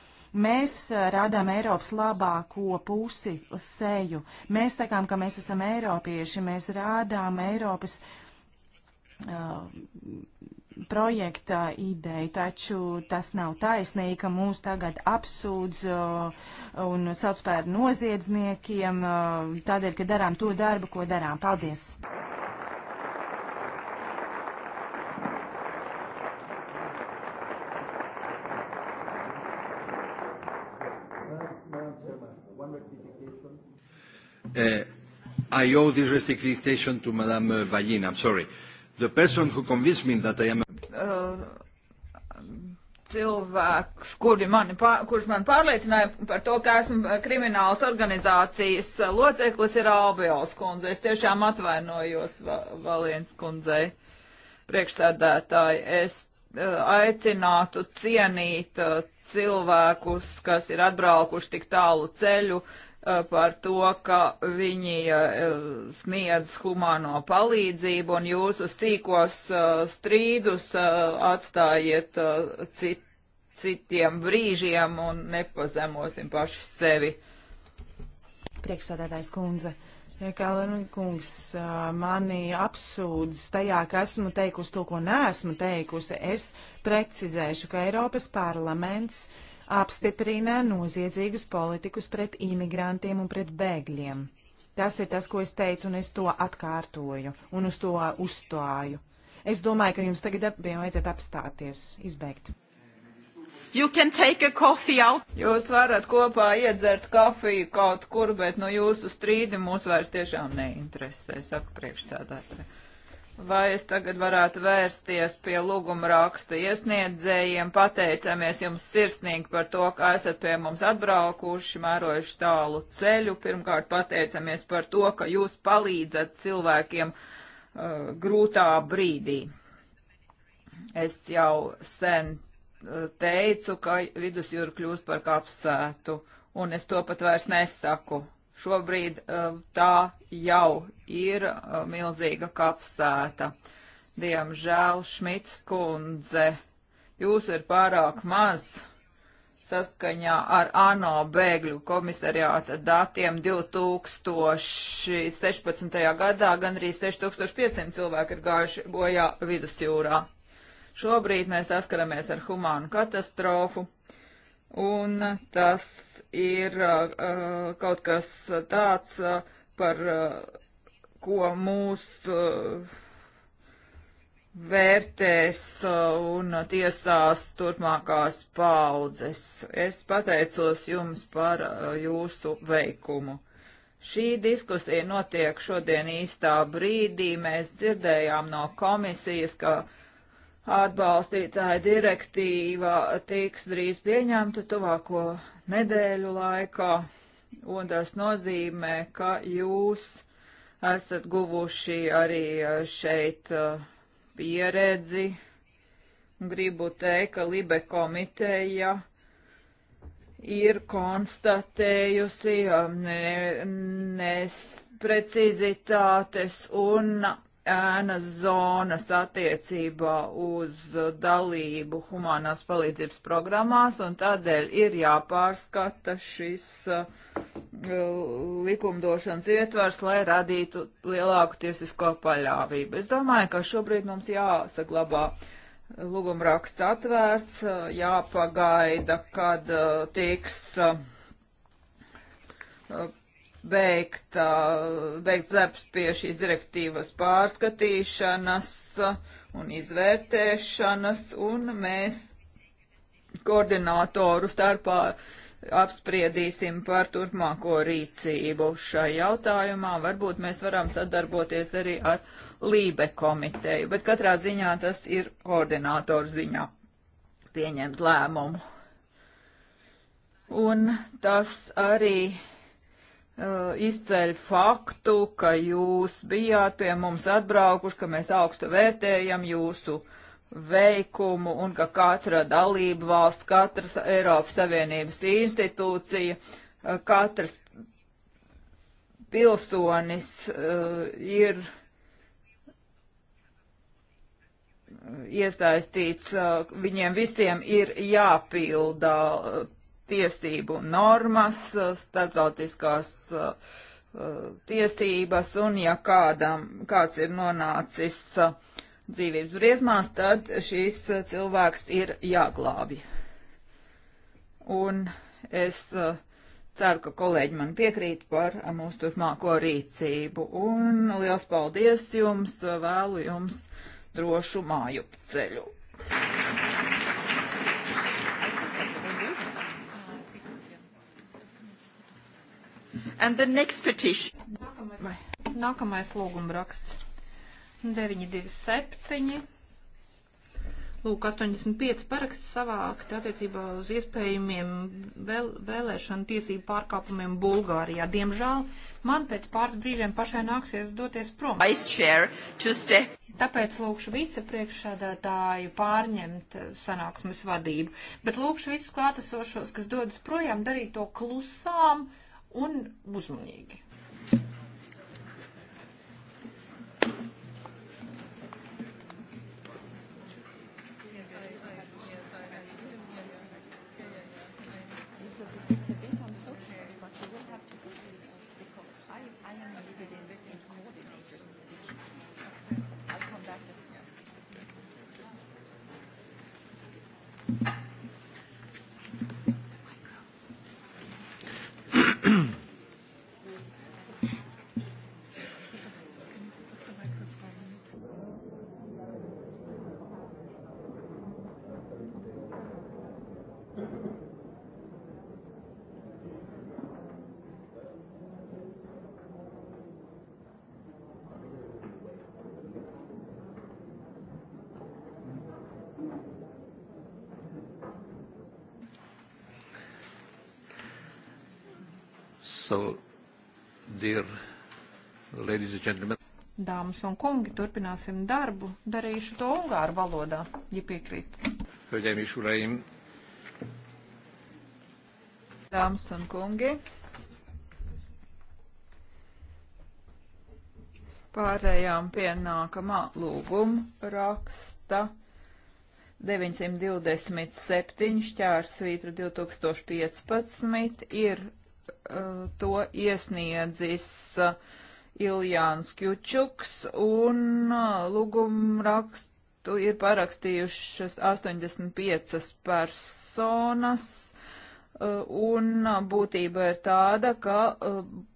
Mēs eh, rādām Eiropas labāko pusi seju. Mēs sakām, ka mēs esam eiropieši, mēs rādām Eiropas uh, projekta ideju, taču tas nav taisnīgi, ka mūs tagad apsūdz uh, un sauc par noziedzniekiem, uh, tādēļ, ka darām to darbu, ko darām. Paldies! Uh, I owe this requisition to Madame Vallin, I'm sorry. The person who convinced me that I am... Uh, cilvēks, kuri mani, pār, kurš man pārliecināja par to, ka esmu kriminālas organizācijas loceklis, ir Albijos kundze. Es tiešām atvainojos Va Valienas kundzei priekšsēdētāji. Es uh, aicinātu cienīt uh, cilvēkus, kas ir atbraukuši tik tālu ceļu, Eh, par to, ka viņi eh, sniedz humāno palīdzību un jūsu sīkos eh, strīdus atstājiet cit, citiem brīžiem un nepazemosim paši sevi. Priekšsādātājs kundze. Kalniņa kungs mani apsūdz tajā, ka esmu teikusi to, ko neesmu teikusi. Es precizēšu, ka Eiropas parlaments uh, apstiprina noziedzīgus politikus pret imigrantiem un pret bēgļiem. Tas ir tas, ko es teicu, un es to atkārtoju un uz to uzstāju. Es domāju, ka jums tagad vajadzētu apstāties, izbeigt. Jūs varat kopā iedzert kafiju kaut kur, bet no jūsu strīdi mūs vairs tiešām neinteresē, saka priekšsēdētāji. Vai es tagad varētu vērsties pie lūguma raksta iesniedzējiem? Pateicamies jums sirsnīgi par to, ka esat pie mums atbraukuši, mērojuši tālu ceļu. Pirmkārt, pateicamies par to, ka jūs palīdzat cilvēkiem uh, grūtā brīdī. Es jau sen uh, teicu, ka vidusjūra kļūst par kapsētu, un es to pat vairs nesaku Šobrīd eh, tā jau ir eh, milzīga kapsēta. Diemžēl, Šmits kundze, jūs ir pārāk maz saskaņā ar ANO bēgļu komisariāta datiem 2016. gadā gandrīz 6500 cilvēki ir gājuši bojā vidusjūrā. Šobrīd mēs saskaramies ar humānu katastrofu un tas ir uh, kaut kas tāds, uh, par uh, ko mūs uh, vērtēs uh, un tiesās turpmākās paudzes. Es pateicos jums par uh, jūsu veikumu. Šī diskusija notiek šodien īstā brīdī. Mēs dzirdējām no komisijas, ka uh, atbalstītāja direktīva tiks drīz pieņemta tuvāko nedēļu laikā, un tas nozīmē, ka jūs esat guvuši arī eh, šeit eh, pieredzi. Gribu teikt, ka Libe komiteja ir konstatējusi eh, ne, nesprecīzitātes un ēnas zonas attiecībā uz dalību humanās palīdzības programmās, un tādēļ ir jāpārskata šis uh, likumdošanas ietvars, lai radītu lielāku tiesisko paļāvību. Es domāju, ka šobrīd mums jāsaglabā lūgumraksts atvērts, uh, jāpagaida, kad uh, tiks uh, beigt, beigt darbs pie šīs direktīvas pārskatīšanas un izvērtēšanas, un mēs koordinātoru starpā apspriedīsim par turpmāko rīcību šai jautājumā. Varbūt mēs varam sadarboties arī ar Lībe komiteju, bet katrā ziņā tas ir koordinātoru ziņā pieņemt lēmumu. Un tas arī Uh, izceļ faktu, ka jūs bijāt pie mums atbraukuši, ka mēs augstu vērtējam jūsu veikumu un ka katra dalība valsts, katras Eiropas Savienības institūcija, uh, katrs pilsonis uh, ir iesaistīts, uh, viņiem visiem ir jāpilda uh, tiesību normas, uh, starptautiskās uh, uh, tiesības, un ja kādam, kāds ir nonācis uh, dzīvības briesmās, tad šīs uh, cilvēks ir jāglābi. Un es uh, ceru, ka kolēģi man piekrīt par mūsu turpmāko rīcību. Un liels paldies jums, vēlu jums drošu māju ceļu. Thank you. And the next petition. Nākamais, nākamais lūgumraksts. 927. Lūk, 85 paraksts savākt attiecībā uz iespējamiem vēl, vēlēšanu tiesību pārkāpumiem Bulgārijā. Diemžēl man pēc pāris brīžiem pašai nāksies doties prom. Tāpēc lūkšu vicepriekšsādātāju pārņemt eh, sanāksmes vadību. Bet lūkšu visus klātesošos, kas dodas projām, darīt to klusām un uzmanīgi. So, dear ladies and gentlemen. Dāmas un kungi, turpināsim darbu. Darīšu to ungāru valodā, ja piekrīt. Hölgyeim és uraim! Dāmas un kungi! Pārējām pie nākamā lūguma raksta 927 šķērs svītra 2015 ir Uh, to iesniedzis uh, Iljāns Kjučuks un uh, lūgumrakstu ir parakstījušas 85 personas. Un būtība ir tāda, ka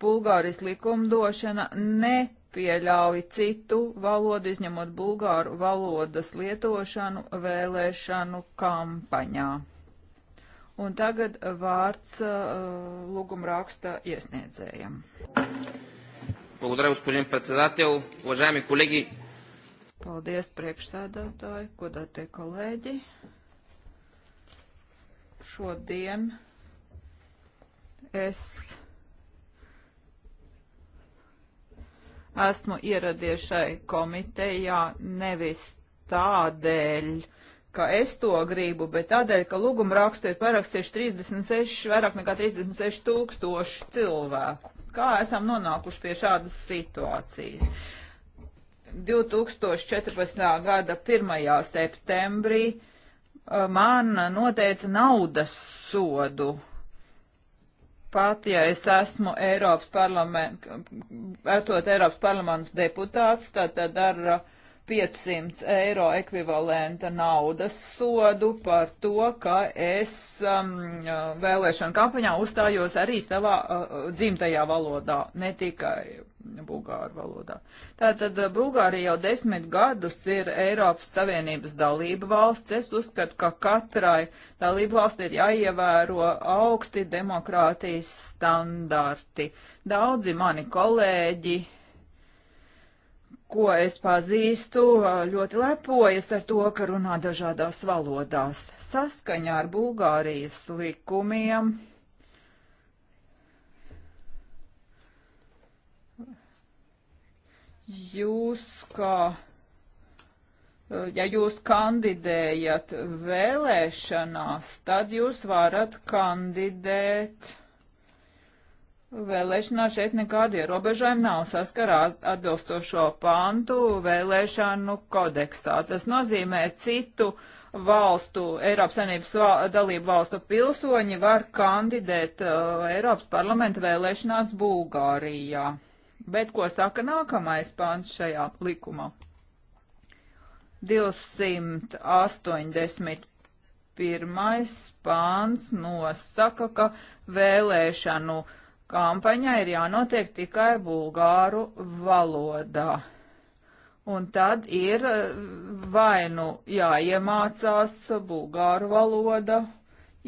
Bulgārijas likumdošana nepieļauj citu valodu, izņemot bulgāru valodas lietošanu vēlēšanu kampaņā. Un tagad uh, vārds uh, lūguma raksta iesniedzējiem. Благодаря, господин председател. Уважаеми колеги. Paldies, priekšsēdētāji, godātie kolēģi. Šodien es esmu ieradies šai komitejā nevis tādēļ, ka es to gribu, bet tādēļ, ka lūgumu rakstu ir parakstījuši 36, vairāk nekā 36 tūkstoši cilvēku. Kā esam nonākuši pie šādas situācijas? 2014. gada 1. septembrī uh, man noteica naudas sodu pat, ja es esmu Eiropas parlamenta, esot Eiropas parlaments deputāts, tad, tad ar uh, 500 eiro ekvivalenta naudas sodu par to, ka es um, vēlēšana kampaņā uzstājos arī savā uh, uh dzimtajā valodā, ne tikai bulgāru valodā. Tātad uh, Bulgārija jau desmit gadus ir Eiropas Savienības dalība valsts. Es uzskatu, ka katrai dalību valsts ir jāievēro augsti demokrātijas standarti. Daudzi mani kolēģi ko es pazīstu, ļoti lepojas ar to, ka runā dažādās valodās. Saskaņā ar Bulgārijas likumiem jūs kā, ja jūs kandidējat vēlēšanās, tad jūs varat kandidēt Vēlēšanā šeit nekādi ierobežojumi nav saskarā atbilstošo pantu vēlēšanu kodeksā. Tas nozīmē citu valstu, Eiropas Savienības val, dalību valstu pilsoņi var kandidēt uh, Eiropas parlamenta vēlēšanās Bulgārijā. Bet ko saka nākamais pants šajā likumā? 280 pirmais pāns nosaka, ka vēlēšanu kampaņai ir jānotiek tikai bulgāru valodā. Un tad ir eh, vai nu jāiemācās bulgāru valoda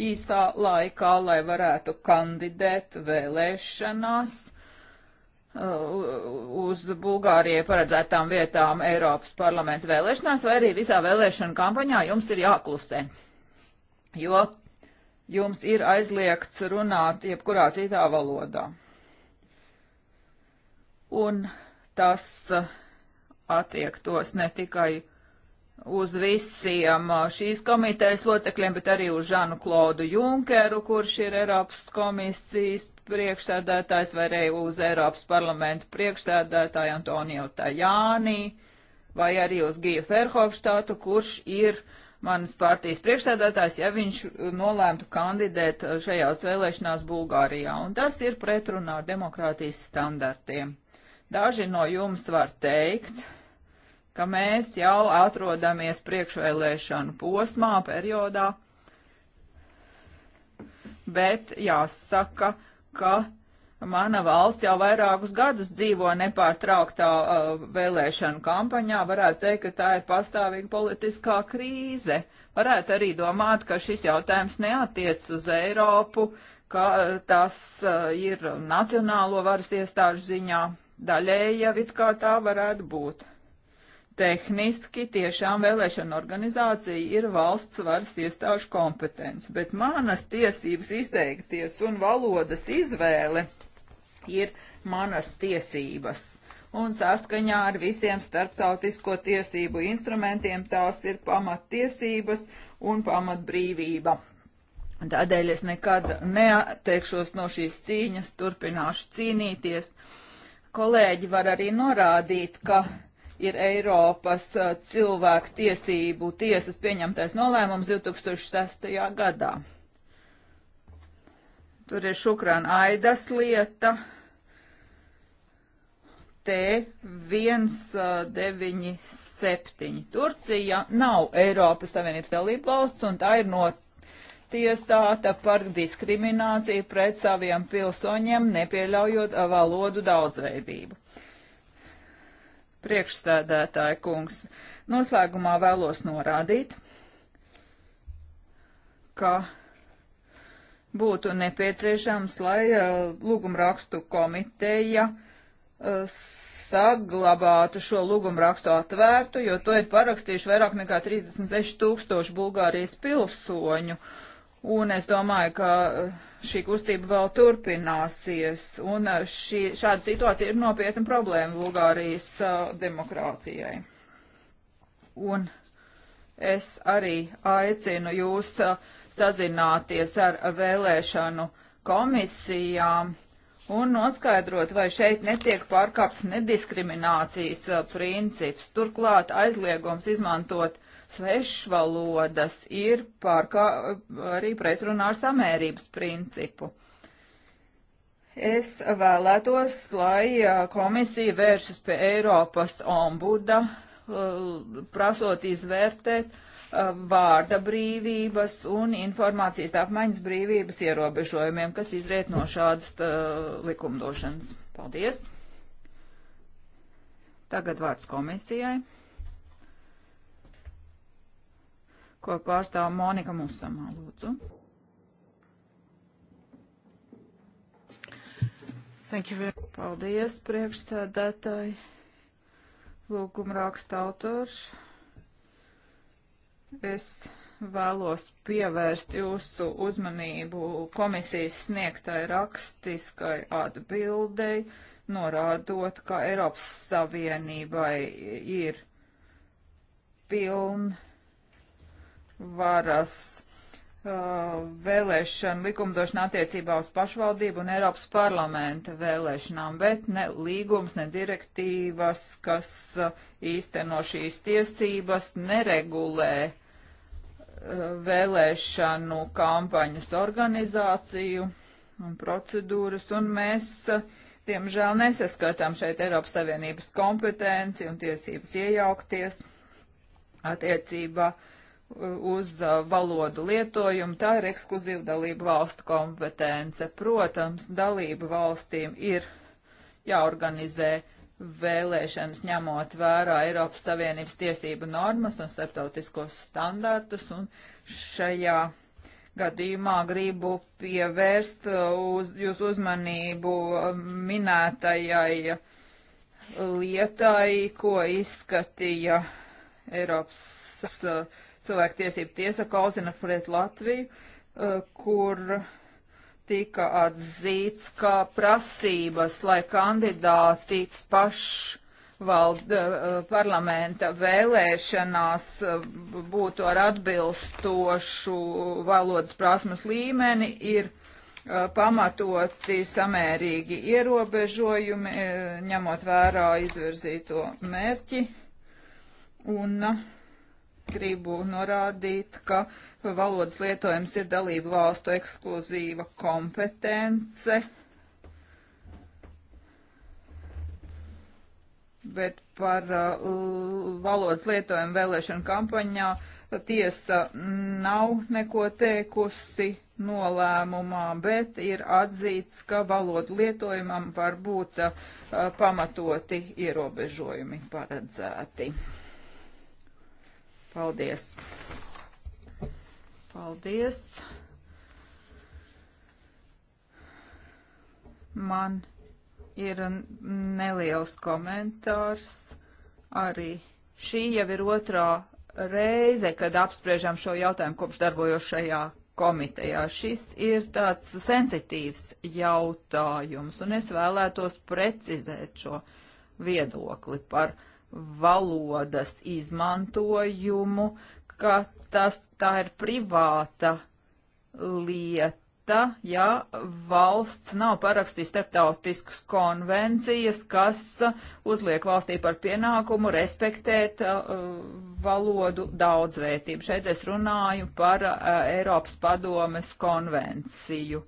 īsā laikā, lai varētu kandidēt vēlēšanās eh, uz Bulgārijai paredzētām vietām Eiropas parlamenta vēlēšanās, vai arī visā vēlēšana kampaņā jums ir jāklusē. Jo jums ir aizliegts runāt jebkurā citā valodā. Un tas eh, attiektos ne tikai uz visiem eh, šīs komitejas locekļiem, bet arī uz Žanu Klaudu Junkeru, kurš ir Eiropas komisijas priekšsēdētājs, vai arī uz Eiropas parlamenta priekšsēdētāju Antoniju Tajānī, vai arī uz Gija Ferhofštātu, kurš ir uh, manas partijas priekšsēdētājs, ja viņš uh, nolēmtu kandidēt uh, šajās vēlēšanās Bulgārijā. Un tas ir pretrunā ar demokrātijas standartiem. Daži no jums var teikt, ka mēs jau atrodamies priekšvēlēšanu posmā, periodā, bet jāsaka, ka Mana valsts jau vairākus gadus dzīvo nepārtrauktā uh, vēlēšanu kampaņā. Varētu teikt, ka tā ir pastāvīga politiskā krīze. Varētu arī domāt, ka šis jautājums neatiec uz Eiropu, ka uh, tas uh, ir nacionālo varas iestāžu ziņā. Daļēji jau it kā tā varētu būt. Tehniski tiešām vēlēšana organizācija ir valsts varas iestāžu kompetence, bet manas tiesības izteikties un valodas izvēle ir manas tiesības. Un saskaņā ar visiem starptautisko tiesību instrumentiem tās ir pamattiesības un pamatbrīvība. Tādēļ es nekad neatteikšos no šīs cīņas, turpināšu cīnīties. Kolēģi var arī norādīt, ka ir Eiropas uh, cilvēku tiesību tiesas pieņemtais nolēmums 2006. gadā. Tur ir Šukrāna Aidas lieta, T197. Turcija nav Eiropas Savienības dalība valsts, un tā ir notiesāta par diskrimināciju pret saviem pilsoņiem, nepieļaujot valodu daudzveidību. Priekšstādētāja kungs, noslēgumā vēlos norādīt, ka būtu nepieciešams, lai uh, lūgumrakstu komiteja uh, saglabātu šo lūgumrakstu atvērtu, jo to ir parakstījuši vairāk nekā 36 tūkstoši Bulgārijas pilsoņu. Un es domāju, ka uh, šī kustība vēl turpināsies. Un uh, šī, šāda situācija ir nopietna problēma Bulgārijas uh, demokrātijai. Un es arī aicinu jūs uh, sazināties ar vēlēšanu komisijām un noskaidrot, vai šeit netiek pārkāps nediskriminācijas uh, princips. Turklāt aizliegums izmantot svešvalodas ir pārkā, arī pretrunā ar samērības principu. Es vēlētos, lai uh, komisija vēršas pie Eiropas ombuda, uh, prasot izvērtēt, Uh, vārda brīvības un informācijas apmaiņas brīvības ierobežojumiem, kas izriet no šādas tā, uh, likumdošanas. Paldies! Tagad vārds komisijai, ko pārstāv Monika Musamā, lūdzu. Paldies, priekšstādātāji, lūgumraksta autors. Es vēlos pievērst jūsu uzmanību komisijas sniegtai rakstiskai atbildei, norādot, ka Eiropas Savienībai ir pilnvaras uh, vēlēšana likumdošana attiecībā uz pašvaldību un Eiropas parlamenta vēlēšanām, bet ne līgums, ne direktīvas, kas uh, īsteno šīs tiesības, neregulē uh, vēlēšanu kampaņas organizāciju un procedūras, un mēs, diemžēl, nesaskatām šeit Eiropas Savienības kompetenci un tiesības iejaukties attiecībā uh, uz uh, valodu lietojumu. Tā ir ekskluzīva dalība valstu kompetence. Protams, dalība valstīm ir jāorganizē uh, vēlēšanas ņemot vērā Eiropas Savienības tiesību normas un starptautiskos standartus. Un šajā gadījumā gribu pievērst uh, uz, jūs uzmanību um, minētajai lietai, ko izskatīja Eiropas uh, cilvēktiesību tiesa Kolzina pret Latviju, uh, kur tika atzīts, ka prasības, lai kandidāti pašvalda eh, eh, parlamenta vēlēšanās eh, būtu ar atbilstošu valodas prasmes līmeni, ir pamatoti samērīgi ierobežojumi, ņemot vērā izvirzīto mērķi. Un, uh, gribu norādīt, ka valodas lietojums ir dalību valstu ekskluzīva kompetence, bet par uh, valodas lietojumu vēlēšanu kampaņā tiesa nav neko teikusi nolēmumā, bet ir atzīts, ka valodu lietojumam var būt uh, pamatoti ierobežojumi paredzēti. Paldies! Paldies! Man ir neliels komentārs arī. Šī jau ir otrā reize, kad apspriežam šo jautājumu kopš darbojošajā komitejā. Šis ir tāds sensitīvs jautājums, un es vēlētos precizēt šo viedokli par uh, valodas izmantojumu, ka tas tā ir privāta lieta, ja valsts nav parakstījis starptautiskas konvencijas, kas uzliek valstī par pienākumu respektēt uh, valodu daudzvērtību. Šeit es runāju par uh, Eiropas padomes konvenciju.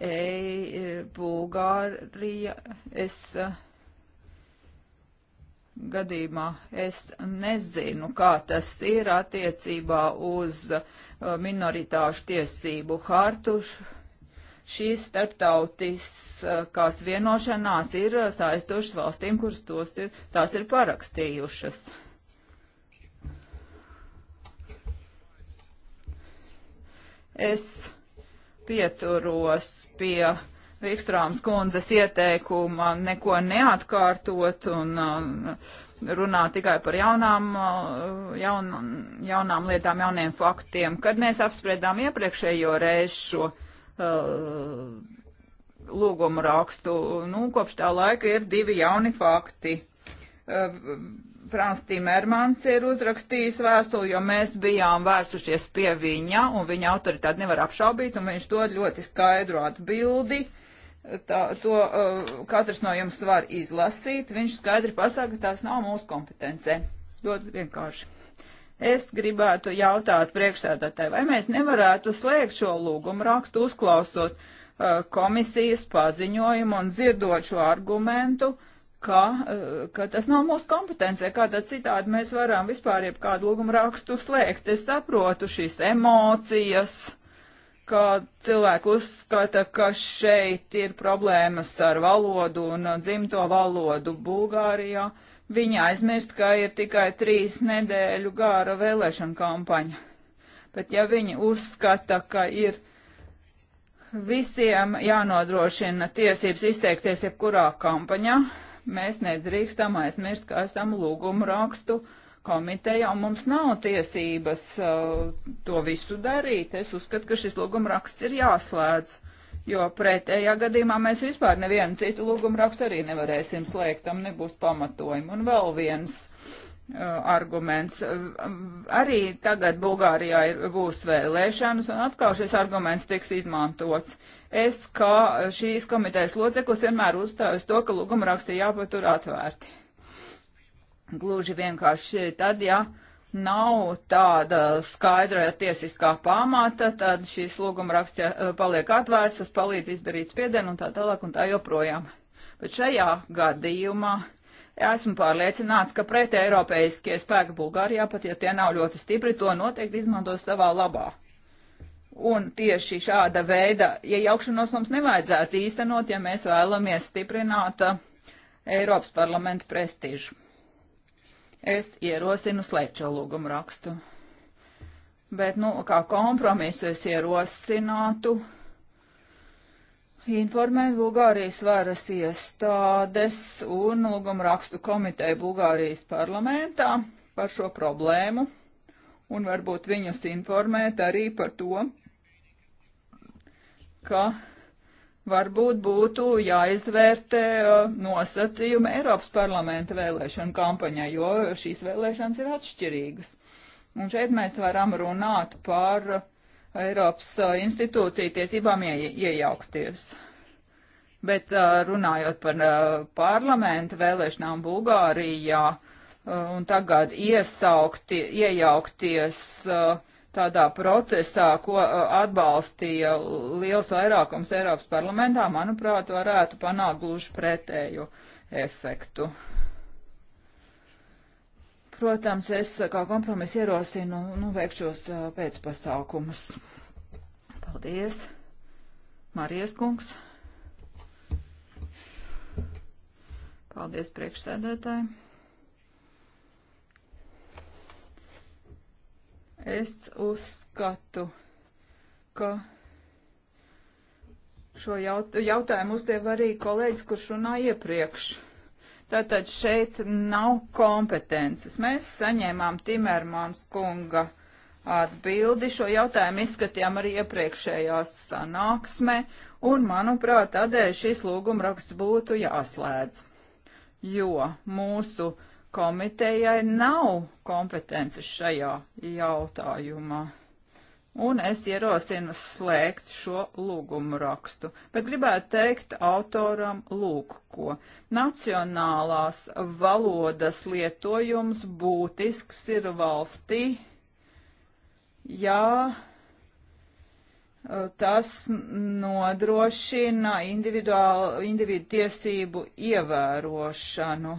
Ei, Bulgārija, es. Uh, gadījumā es nezinu, kā tas ir attiecībā uz uh, minoritāšu tiesību hartu. Šīs starptautiskās vienošanās ir uh, saistošas valstīm, kuras tos ir, tās ir parakstījušas. Es pieturos pie Vikstrāms kundzes ieteikuma neko neatkārtot un um, runā tikai par jaunām, uh, jaun, jaunām lietām, jauniem faktiem. Kad mēs apspriedām iepriekšējo reizi šo uh, lūgumu rakstu, nu, kopš tā laika ir divi jauni fakti. Uh, Frans Timermans ir uzrakstījis vēstuli, jo mēs bijām vērsušies pie viņa, un viņa autoritāti nevar apšaubīt, un viņš dod ļoti skaidru atbildi. Uh, tā, to uh, katrs no jums var izlasīt. Viņš skaidri pasaka, ka tās nav mūsu kompetencē. Ļoti vienkārši. Es gribētu jautāt priekšsēdētāji, vai mēs nevarētu slēgt šo lūgumu rakstu uzklausot uh, komisijas paziņojumu un dzirdot šo argumentu, ka, uh, ka tas nav mūsu kompetencē, kā tad citādi mēs varam vispār jebkādu lūgumu rakstu slēgt. Es saprotu šīs emocijas, uh, ka cilvēki uzskata, ka šeit ir problēmas ar valodu un uh, dzimto valodu Bulgārijā. Viņi aizmirst, ka ir tikai trīs nedēļu gāra vēlēšana kampaņa. Bet ja viņi uzskata, ka ir visiem jānodrošina tiesības izteikties jebkurā kampaņā, mēs nedrīkstam aizmirst, ka esam lūgumu rakstu uh, komiteja, un mums nav tiesības uh, to visu darīt. Es uzskatu, ka šis lūgumraksts ir jāslēdz, jo pretējā gadījumā mēs vispār nevienu citu lūgumrakstu arī nevarēsim slēgt, tam nebūs pamatojumi. Un vēl viens uh, arguments. Arī tagad Bulgārijā ir būs vēlēšanas, un atkal šis arguments tiks izmantots. Es kā šīs komitejas loceklis vienmēr uzstāju uz to, ka lūgumraksti jāpatur atvērti. Gluži vienkārši tad, ja nav tāda skaidra tiesiskā pamata, tad šīs lūguma raksts e, paliek atvērts, tas palīdz izdarīt spiedienu un tā tālāk un tā joprojām. Bet šajā gadījumā esmu pārliecināts, ka pret eiropeiskie spēki Bulgārijā, pat ja tie nav ļoti stipri, to noteikti izmantos savā labā. Un tieši šāda veida iejaukšanos ja mums nevajadzētu īstenot, ja mēs vēlamies stiprināt Eiropas parlamenta prestižu es ierosinu slēgt šo lūgumu rakstu. Bet, nu, kā kompromisu es ierosinātu informēt Bulgārijas varas iestādes un lūgumu rakstu komiteju Bulgārijas parlamentā par šo problēmu un varbūt viņus informēt arī par to, ka varbūt būtu jāizvērtē uh, nosacījumi Eiropas parlamenta vēlēšanu kampaņai, jo šīs vēlēšanas ir atšķirīgas. Un šeit mēs varam runāt par Eiropas uh, institūciju tiesībām iejaukties. Bet uh, runājot par parlamentu vēlēšanām Bulgārijā un tagad iesaukti, iejaukties uh, tādā procesā, ko uh, atbalstīja liels vairākums Eiropas parlamentā, manuprāt, varētu panākt gluži pretēju efektu. Protams, es uh, kā kompromisu ierosinu nu, veikšos uh, pēcpasākumus. Paldies, Marijas kungs. Paldies priekšsēdētāji. Es uzskatu, ka šo jaut jautājumu uzdev arī kolēģis, kurš runā iepriekš. Tātad šeit nav kompetences. Mēs saņēmām Timermans kunga atbildi. Šo jautājumu izskatījām arī iepriekšējā sanāksmē, un, manuprāt, tādēļ šis lūgumraksts būtu jāslēdz, jo mūsu uh, komitejai nav kompetences šajā jautājumā. Un es ierosinu slēgt šo lūgumu rakstu, bet gribētu teikt autoram lūk ko. Nacionālās valodas lietojums būtisks ir valstī, ja tas nodrošina individu tiesību ievērošanu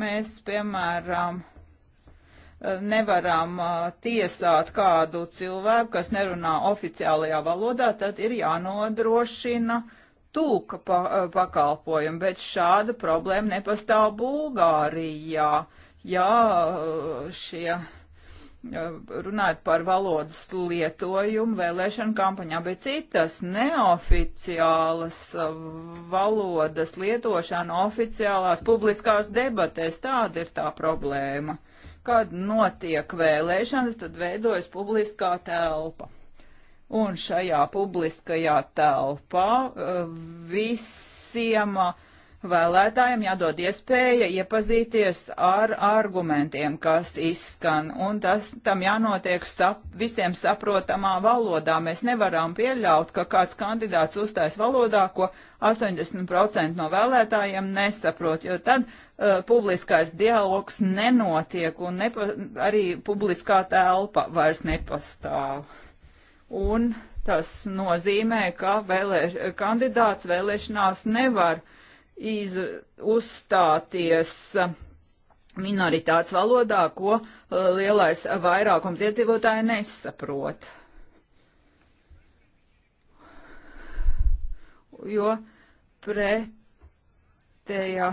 Mēs, piemēram, nevaram uh, tiesāt kādu cilvēku, kas nerunā oficiālajā valodā, tad ir jānodrošina tulka pa uh, pakalpojumu, bet šāda problēma nepastāv Bulgārijā. Jā, uh, šie Eh, runājot par valodas lietojumu vēlēšanu kampaņā, bet citas neoficiālas eh, valodas lietošana oficiālās publiskās debatēs, tāda ir tā problēma. Kad notiek vēlēšanas, tad veidojas publiskā telpa. Un šajā publiskajā telpā eh, visiem uh, vēlētājiem jādod iespēja iepazīties ar argumentiem, kas izskan, un tas tam jānotiek sap, visiem saprotamā valodā. Mēs nevaram pieļaut, ka kāds kandidāts uzstājas valodā, ko 80% no vēlētājiem nesaprot, jo tad uh, publiskais dialogs nenotiek, un nepa, arī publiskā telpa vairs nepastāv. Un tas nozīmē, ka vēlēš, kandidāts vēlēšanās nevar uh, iz, uzstāties minoritātes valodā, ko uh, lielais vairākums iedzīvotāji nesaprot. Jo pretējā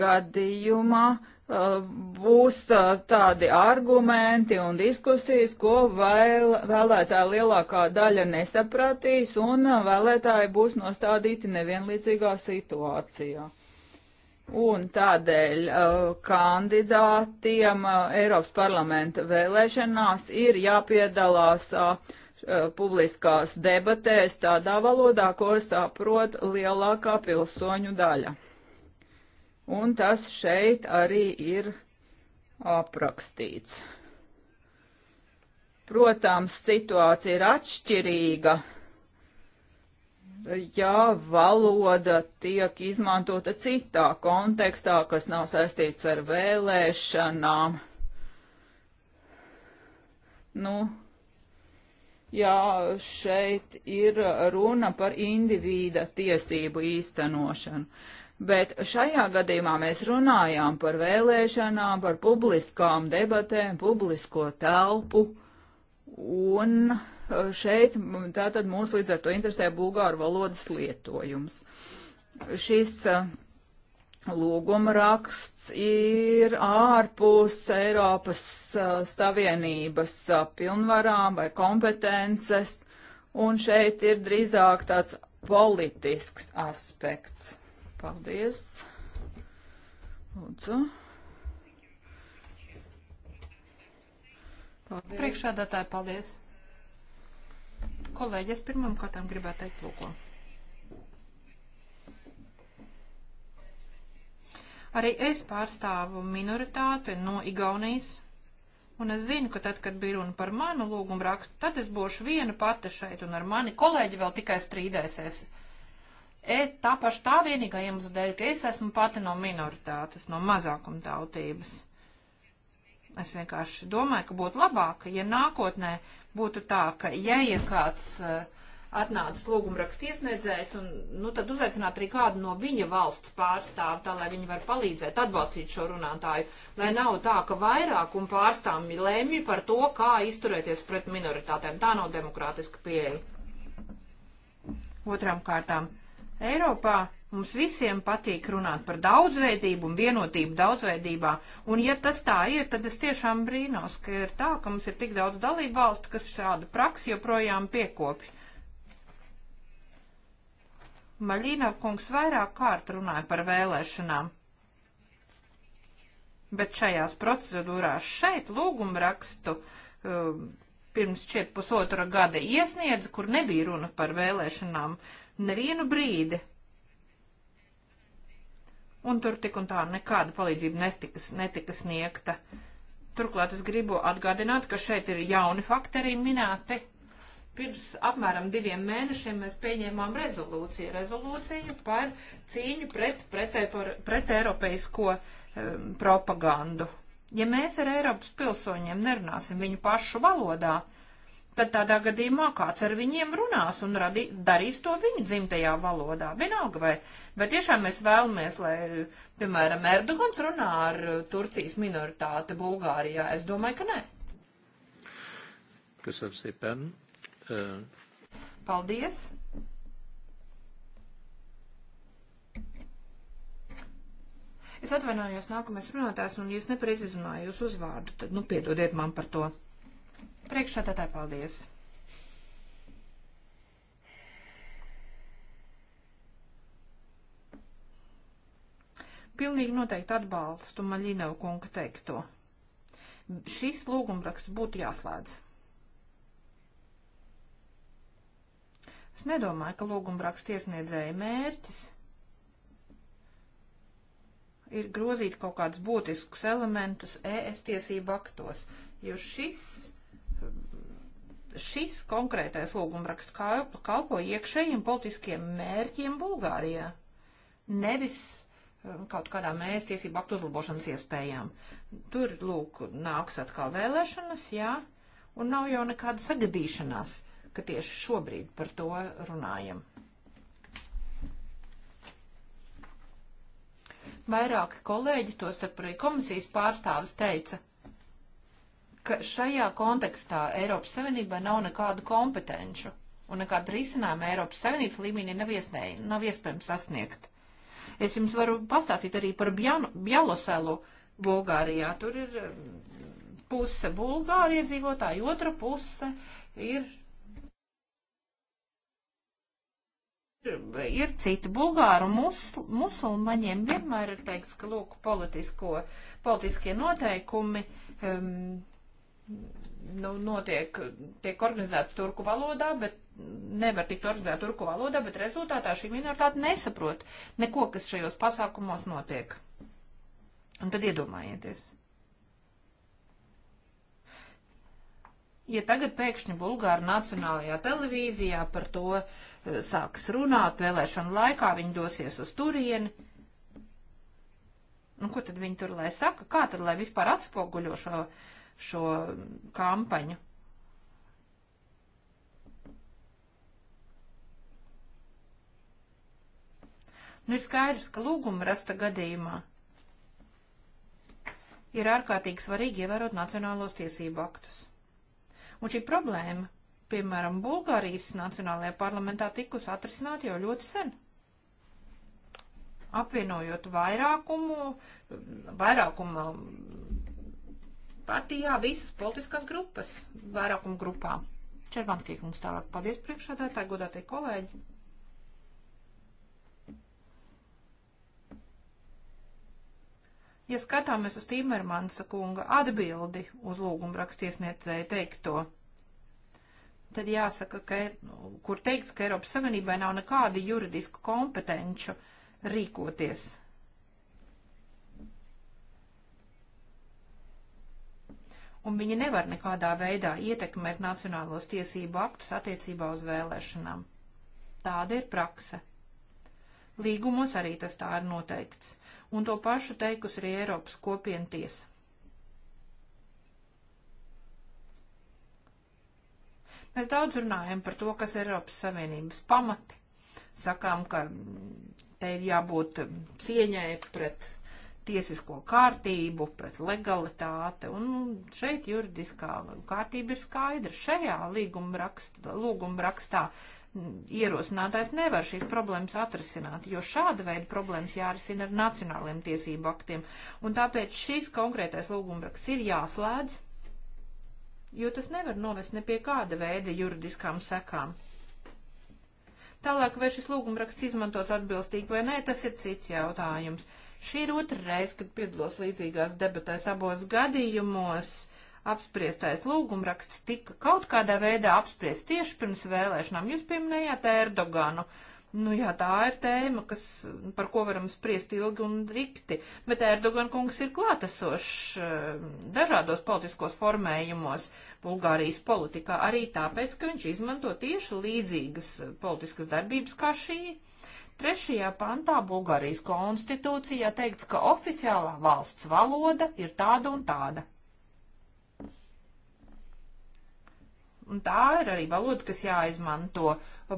gadījumā uh, Uh, būs tādi argumenti un diskusijas, ko vēl, vēlētāja lielākā daļa nesapratīs, un vēlētāji būs nostādīti nevienlīdzīgā situācijā. Un tādēļ uh, kandidātiem uh, Eiropas parlamenta vēlēšanās ir jāpiedalās publiskās debatēs tādā valodā, ko saprot lielākā pilsoņu daļa. Un tas šeit arī ir aprakstīts. Protams, situācija ir atšķirīga, ja valoda tiek izmantota citā kontekstā, kas nav saistīts ar vēlēšanām. Nu, jā, šeit ir runa par individa tiesību īstenošanu. Bet šajā gadījumā mēs runājām par vēlēšanām, par publiskām debatēm, publisko telpu, un e, šeit tātad mūs līdz ar to interesē bulgāru valodas lietojums. Šis e, lūguma raksts ir ārpus Eiropas e, Savienības pilnvarām vai kompetences, un šeit ir drīzāk tāds politisks aspekts. Paldies. Lūdzu. Paldies. Priekšādātāji, paldies. Kolēģi, es pirmam kārtām gribētu teikt lūko. Arī es pārstāvu minoritāti no Igaunijas, un es zinu, ka tad, kad bija runa par manu lūgumu rakstu, tad es būšu viena pati šeit, un ar mani kolēģi vēl tikai strīdēsies. Es tā paši tā vienīgā iemesla dēļ, ka es esmu pati no minoritātes, no mazākuma tautības. Es vienkārši domāju, ka būtu labāk, ja nākotnē būtu tā, ka ja ir kāds uh, atnācis lūgumraksts iesniedzējs, un nu, tad uzaicināt arī kādu no viņa valsts pārstāvu, tā lai viņi var palīdzēt atbalstīt šo runātāju, lai nav tā, ka vairāk un pārstāvji lēmj par to, kā izturēties pret minoritātēm. Tā nav demokrātiska pieeja. Otram kārtām Eiropā mums visiem patīk runāt par daudzveidību un vienotību daudzveidībā. Un ja tas tā ir, tad es tiešām brīnos, ka ir tā, ka mums ir tik daudz dalību valstu, kas šādu praksi joprojām piekopi. Maļīnav kungs vairāk kārt runāja par vēlēšanām. Bet šajās procedūrās šeit lūgumrakstu um, pirms šķiet pusotra gada iesniedza, kur nebija runa par vēlēšanām. Uh, nevienu brīdi. Un tur tik un tā nekāda palīdzība nestikas, netika sniegta. Turklāt es gribu atgādināt, ka šeit ir jauni fakti arī minēti. Pirms apmēram diviem mēnešiem mēs pieņēmām rezolūciju, rezolūciju par cīņu pret, pret, pret eiropeisko um, propagandu. Ja mēs ar Eiropas pilsoņiem nerunāsim viņu pašu valodā, uh, tad tādā gadījumā kāds ar viņiem runās un radī, darīs to viņu dzimtajā valodā. Vienalga vai, vai tiešām mēs vēlamies, lai, piemēram, Erdogans runā ar uh, Turcijas minoritāti Bulgārijā. Es domāju, ka nē. Kas ar Sipen? Uh... Paldies. Es atvainojos, nākamais runātājs, un jūs nepareiz izrunājāt jūsu uzvārdu, tad, nu, piedodiet man par to. Priekšsēdētāji, paldies! Pilnīgi noteikti atbalstu Maļinovu kunga teikto. Šis lūgumraksts būtu jāslēdz. Es nedomāju, ka lūgumraksta iesniedzēja mērķis ir grozīt kaut kādus būtiskus elementus ES tiesību aktos, jo šis šis konkrētais lūgumraksts kalpo, kalpo iekšējiem politiskiem mērķiem Bulgārijā, nevis um, kaut kādām mēs tiesību aktu uzlabošanas iespējām. Tur, lūk, nāks atkal vēlēšanas, jā, un nav jau nekāda sagadīšanās, ka tieši šobrīd par to runājam. Vairāki kolēģi, tos ar arī komisijas pārstāvis teica, ka šajā kontekstā Eiropas Savienībā nav nekādu kompetenču un nekādu risinājumu Eiropas Savienības līmenī nav, iesnēj, nav iespējams sasniegt. Es jums varu pastāstīt arī par Bjaloselu Bulgārijā. Tur ir um, puse Bulgāri iedzīvotāji, otra puse ir ir citi bulgāru musl, musulmaņiem vienmēr ir teikts, ka lūk, politisko, politiskie noteikumi um, nu, notiek, tiek organizēta turku valodā, bet nevar tikt organizēta turku valodā, bet rezultātā šī minoritāte nesaprot neko, kas šajos pasākumos notiek. Un tad iedomājieties. Ja tagad pēkšņi Bulgāra nacionālajā televīzijā par to eh, sāks runāt vēlēšanu laikā, viņi dosies uz turieni, nu ko tad viņi tur lai saka, kā tad lai vispār atspoguļo šo uh, šo kampaņu. Nu, ir skaidrs, ka lūguma rasta gadījumā ir ārkārtīgi svarīgi ievērot nacionālos tiesību aktus. Un šī problēma, piemēram, Bulgārijas nacionālajā parlamentā tikus atrisināt jau ļoti sen. Apvienojot vairākumu, vairākuma partijā visas politiskās grupas, vairākuma grupā. Červanskī kungs tālāk. Paldies priekšādātāji, godātie kolēģi. Ja skatāmies uz Timermansa kunga atbildi uz lūgumu rakstiesniedzēju teikto, tad jāsaka, ka, nu, kur teikts, ka Eiropas Savienībai nav nekādu juridisku kompetenču rīkoties un viņi nevar nekādā veidā ietekmēt nacionālos tiesību aktus attiecībā uz vēlēšanām. Tāda ir prakse. Līgumos arī tas tā ir noteikts, un to pašu teikusi arī Eiropas kopiena tiesa. Mēs daudz runājam par to, kas ir Eiropas Savienības pamati. Sakām, ka te ir jābūt cieņai pret tiesisko kārtību, pret legalitāti, un nu, šeit juridiskā kārtība ir skaidra. Šajā līguma rakstā, lūguma rakstā ierosinātājs nevar šīs problēmas atrisināt, jo šāda veida problēmas jārisina ar nacionāliem tiesību aktiem, un tāpēc šis konkrētais lūgumraksts ir jāslēdz, jo tas nevar novest ne pie kāda veida juridiskām sekām. Tālāk, vai šis lūgumraksts izmantots atbilstīgi vai nē, tas ir cits jautājums. Šī ir otra reize, kad piedalos līdzīgās debatēs abos gadījumos apspriestais lūgumraksts tika kaut kādā veidā apspriests tieši pirms vēlēšanām. Jūs pieminējāt Erdoganu. Nu jā, tā ir tēma, kas, par ko varam spriest ilgi un rikti, bet Erdogan kungs ir klātesošs eh, dažādos politiskos formējumos Bulgārijas politikā arī tāpēc, ka viņš izmanto tieši līdzīgas eh, politiskas darbības kā šī. Uh, Trešajā pantā Bulgārijas konstitūcijā teikts, ka oficiālā valsts valoda ir tāda un tāda. Un tā ir arī valoda, kas jāizmanto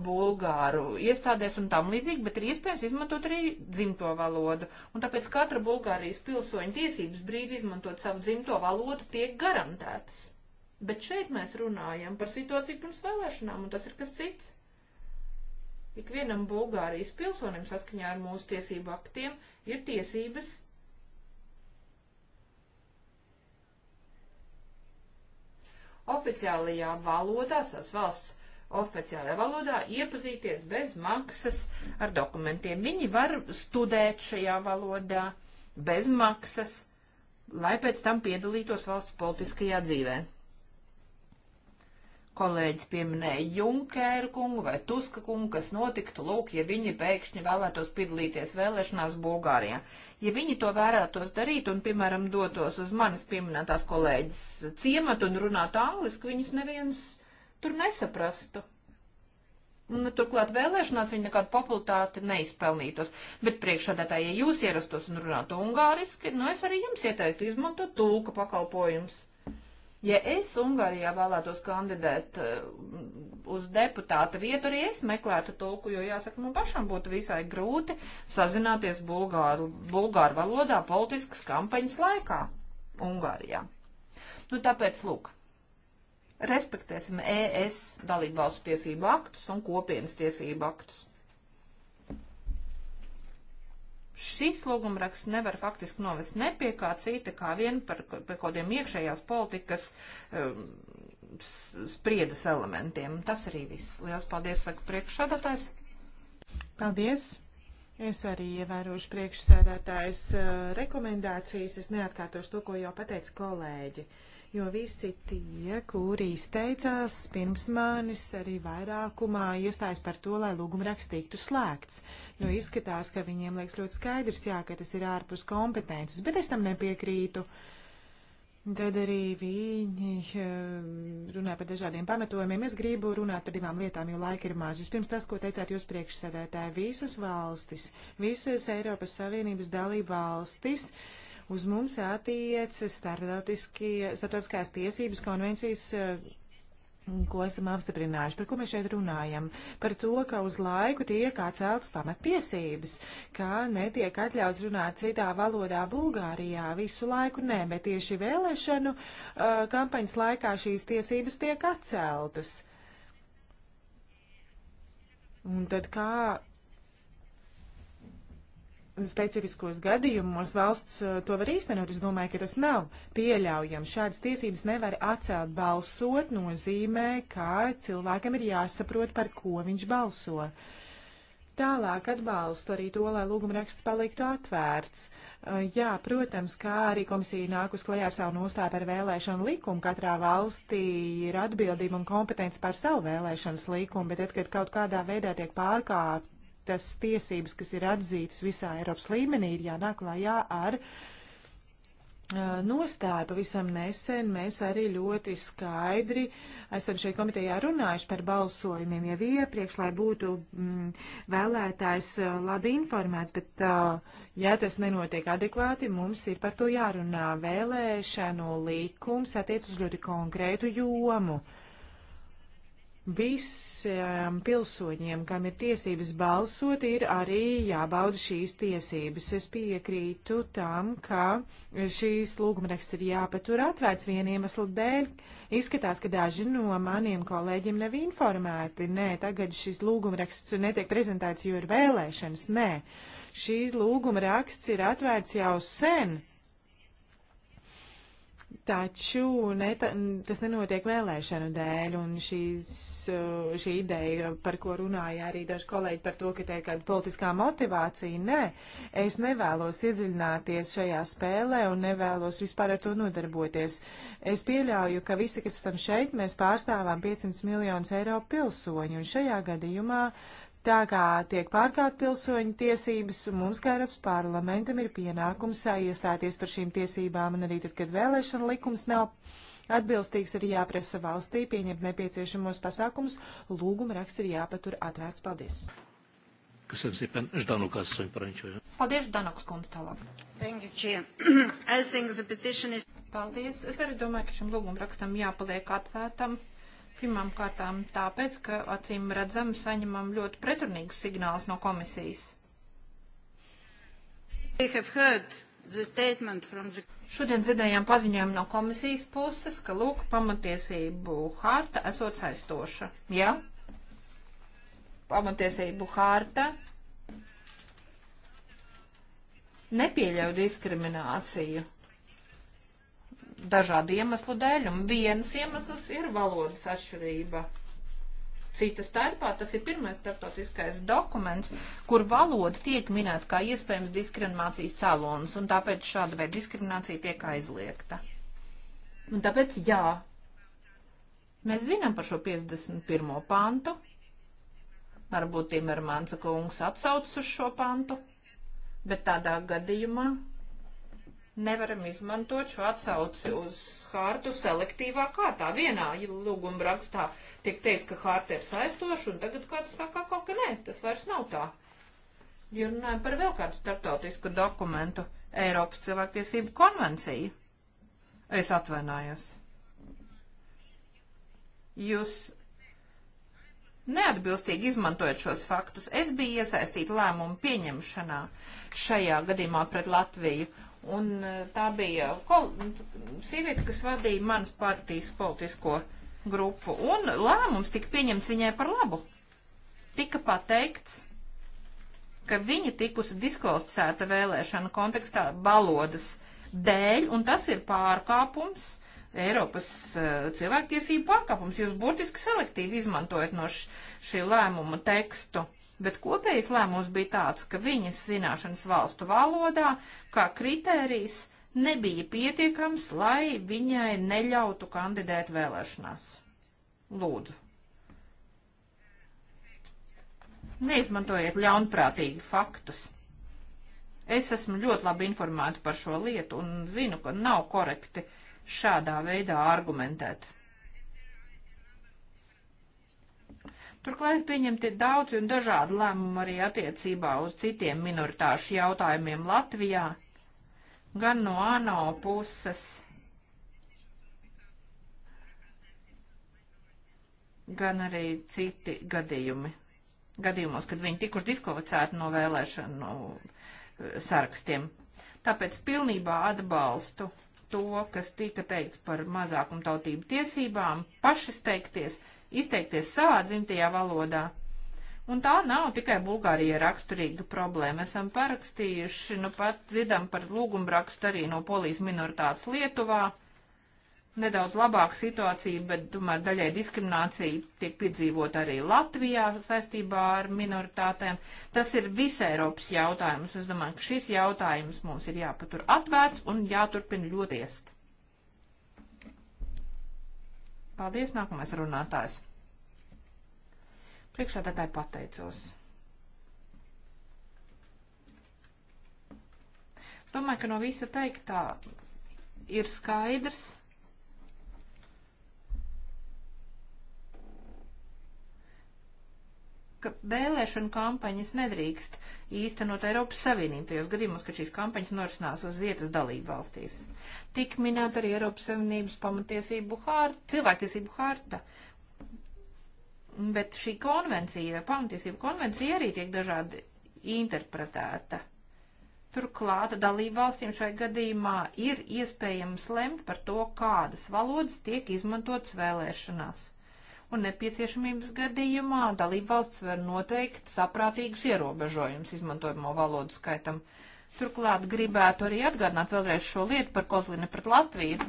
bulgāru iestādēs un tam līdzīgi, bet ir iespējams izmantot arī dzimto valodu. Un tāpēc katra Bulgārijas pilsoņa tiesības brīvi izmantot savu dzimto valodu tiek garantētas. Bet šeit mēs runājam par situāciju pirms vēlēšanām, un tas ir kas cits. Ikvienam Bulgārijas pilsonim saskaņā ar mūsu tiesību aktiem ir tiesības oficiālajā valodā, savas valsts oficiālajā valodā, iepazīties bez maksas ar dokumentiem. Viņi var studēt šajā valodā bez maksas, lai pēc tam piedalītos valsts politiskajā dzīvē. Kolēģis pieminēja Junkeru kungu vai Tuska kungu, kas notiktu, lūk, ja viņi pēkšņi vēlētos piedalīties vēlēšanās Bulgārijā. Ja viņi to vēlētos darīt un, piemēram, dotos uz manis pieminētās kolēģis ciematu un runātu angliski, viņus neviens tur nesaprastu. Un, nu, turklāt vēlēšanās viņa nekādu popularitāti neizpelnītos. Bet priekšādātāji, ja jūs ierastos un runātu ungāriski, nu es arī jums ieteiktu izmantot tulka pakalpojumus. Ja es Ungārijā vēlētos kandidēt eh, uz deputāta vietu, arī es meklētu tulku, jo jāsaka, man pašam būtu visai grūti sazināties bulgāru, bulgāru valodā politiskas kampaņas laikā Ungārijā. Nu, tāpēc, lūk, respektēsim ES dalībvalstu tiesību aktus un kopienas tiesību aktus. šis lūgumraksts nevar faktiski novest ne pie kā cita, kā vien par, par kodiem iekšējās politikas um, spriedas elementiem. Tas arī viss. Lielas paldies, saka priekšsādātājs. Paldies! Es arī ievērošu priekšsēdētājs uh, rekomendācijas. Es neatkārtošu to, ko jau pateica kolēģi. Uh, jo visi tie, kuri izteicās pirms manis, arī vairākumā iestājas par to, lai lūguma rakstītu slēgts. Nu, izskatās, ka viņiem liekas ļoti skaidrs, jā, ka tas ir ārpus kompetences, bet es tam nepiekrītu. Tad arī viņi ehm, runā par dažādiem pamatojumiem. Es gribu runāt par divām lietām, jo laika ir maz. Vispirms tas, ko teicāt jūs priekšsēdētāji, visas valstis, visas Eiropas Savienības dalība valstis. Uh, Uz mums attiecas starptautiskās tiesības konvencijas eh, ko esam apstiprinājuši, par ko mēs šeit runājam, par to, ka uz laiku tiek atceltas pamatiesības, ka netiek atļauts runāt citā valodā Bulgārijā visu laiku, nē, bet tieši vēlēšanu uh, kampaņas laikā šīs tiesības tiek atceltas. Un tad kā specifiskos gadījumos valsts uh, to var īstenot. Es domāju, ka tas nav pieļaujams. Šādas tiesības nevar atcelt balsot, nozīmē, ka cilvēkam ir jāsaprot, par ko viņš balso. Tālāk atbalstu arī to, lai lūgumraksts paliktu atvērts. Uh, jā, protams, kā arī komisija nāk uz klajā ar savu nostāju par vēlēšanu likumu, katrā valstī ir atbildība un kompetence par savu vēlēšanas likumu, bet tad, kad kaut kādā veidā tiek pārkāpt tas tiesības, kas ir atzītas visā Eiropas līmenī, ir jānāk klajā ar nostāju. Pavisam nesen mēs arī ļoti skaidri esam šeit komitejā runājuši par balsojumiem jau iepriekš, lai būtu mm, vēlētājs labi informēts, bet ja tas nenotiek adekvāti, mums ir par to jārunā. Vēlēšanu likums attiec uz ļoti konkrētu jomu. Uh, Visiem pilsoņiem, kam ir tiesības balsot, ir arī jābauda šīs tiesības. Es piekrītu tam, ka šīs lūgumraksts ir jāpatur atvērts vieniem aslu dēļ. Izskatās, ka daži no maniem kolēģiem nav informēti. Nē, tagad šis lūgumraksts netiek prezentēts, jo ir vēlēšanas. Nē, šīs lūgumraksts ir atvērts jau sen. Taču ne, ta, tas nenotiek vēlēšanu dēļ, un šīs, uh, šī ideja, par ko runāja arī daži kolēģi par to, ka te ir kāda politiskā motivācija, nē, es nevēlos iedziļināties šajā spēlē un nevēlos vispār ar to nodarboties. Es pieļauju, ka visi, kas esam šeit, mēs pārstāvām 500 miljonus eiro pilsoņu, un šajā gadījumā uh, Tā kā tiek pārkāpt pilsoņu tiesības, un mums kā Eiropas parlamentam ir pienākums iestāties par šīm tiesībām, un arī tad, kad vēlēšana likums nav atbilstīgs, ir jāpresa valstī pieņemt nepieciešamos pasākumus. Lūguma raksts ir jāpatur atvērts. Paldies! Köszönöm szépen, Zsdanuk asszony parancsolja. Paldies, Zsdanuk skundz tālāk. Paldies, es arī domāju, ka šim lūgumrakstam jāpaliek atvērtam. Pirmām kārtām tāpēc, ka acīm redzam saņemam ļoti pretrunīgus signālus no komisijas. The... Šodien dzirdējām paziņojumu no komisijas puses, ka lūk pamatiesību harta esot saistoša. Jā? Ja? Pamatiesību harta nepieļauj diskrimināciju dažādu iemeslu dēļ, un viens iemesls ir valodas atšķirība. Cita starpā tas ir pirmais starptautiskais dokuments, kur valoda tiek minēta kā iespējams diskriminācijas cēlonis, un tāpēc šāda veida diskriminācija tiek aizliegta. Un tāpēc jā, mēs zinām par šo 51. pantu, varbūt Timermansa kungs atsaucas uz šo pantu, bet tādā gadījumā nevaram izmantot šo atsauci uz hārtu selektīvā kārtā. Vienā lūguma rakstā tiek teiks, ka hārta ir saistoša, un tagad kāds saka kaut ka nē, tas vairs nav tā. Jo runājam par vēl kādu starptautisku dokumentu - Eiropas cilvēktiesību konvenciju. Es atvainājos. Jūs neatbilstīgi izmantojot šos faktus. Es biju iesaistīta lēmumu pieņemšanā šajā gadījumā pret Latviju, Un e, tā bija kol, sieviete, kas vadīja manas partijas politisko grupu. Un lēmums tika pieņemts viņai par labu. Tika pateikts, ka viņa tikusi diskvalificēta vēlēšana kontekstā valodas dēļ, un tas ir pārkāpums, Eiropas uh, cilvēktiesību pārkāpums. Jūs burtiski selektīvi izmantojat no š, šī lēmuma tekstu bet kopējais lēmums bija tāds, ka viņas zināšanas valstu valodā kā kritērijs nebija pietiekams, lai viņai neļautu kandidēt vēlēšanās. Lūdzu. Neizmantojiet ļaunprātīgi faktus. Es esmu ļoti labi informēta par šo lietu un zinu, ka nav korekti šādā veidā argumentēt. Turklāt pieņemti daudzi un dažādi lēmumi arī attiecībā uz citiem minoritāšu jautājumiem Latvijā, gan no ANO puses, gan arī citi gadījumi. Gadījumos, kad viņi tikuši diskvalificēti no vēlēšanu no eh, sarakstiem. Tāpēc pilnībā atbalstu to, kas tika teikts par mazākumtautību tiesībām, pašas teikties – izteikties savā dzimtajā valodā. Un tā nav tikai Bulgārija raksturīga problēma. Esam parakstījuši, nu pat dzirdam par lūgumrakstu arī no polijas minoritātes Lietuvā. Nedaudz labāka situācija, bet, tomēr, daļai diskriminācija tiek piedzīvot arī Latvijā saistībā ar minoritātēm. Tas ir visai Eiropas jautājums. Es domāju, ka šis jautājums mums ir jāpatur atvērts un jāturpina ļoti iest. Paldies, nākamais runātājs. Priekšādātāji pateicos. Domāju, ka no visa teiktā ir skaidrs, ka vēlēšana kampaņas nedrīkst īstenot Eiropas Savienību tajos gadījumos, ka šīs kampaņas norisinās uz vietas dalību valstīs. Tik minēta arī Eiropas Savienības pamatiesību hārta, cilvēktiesību hārta. Bet šī konvencija, pamatiesību konvencija arī tiek dažādi interpretēta. Turklāt dalību valstīm šai gadījumā ir iespējams lemt par to, kādas valodas tiek izmantotas vēlēšanās un nepieciešamības gadījumā dalībvalsts var noteikt saprātīgus ierobežojumus izmantojamo valodu skaitam. Turklāt gribētu arī atgādināt vēlreiz šo lietu par Kozlini pret Latviju.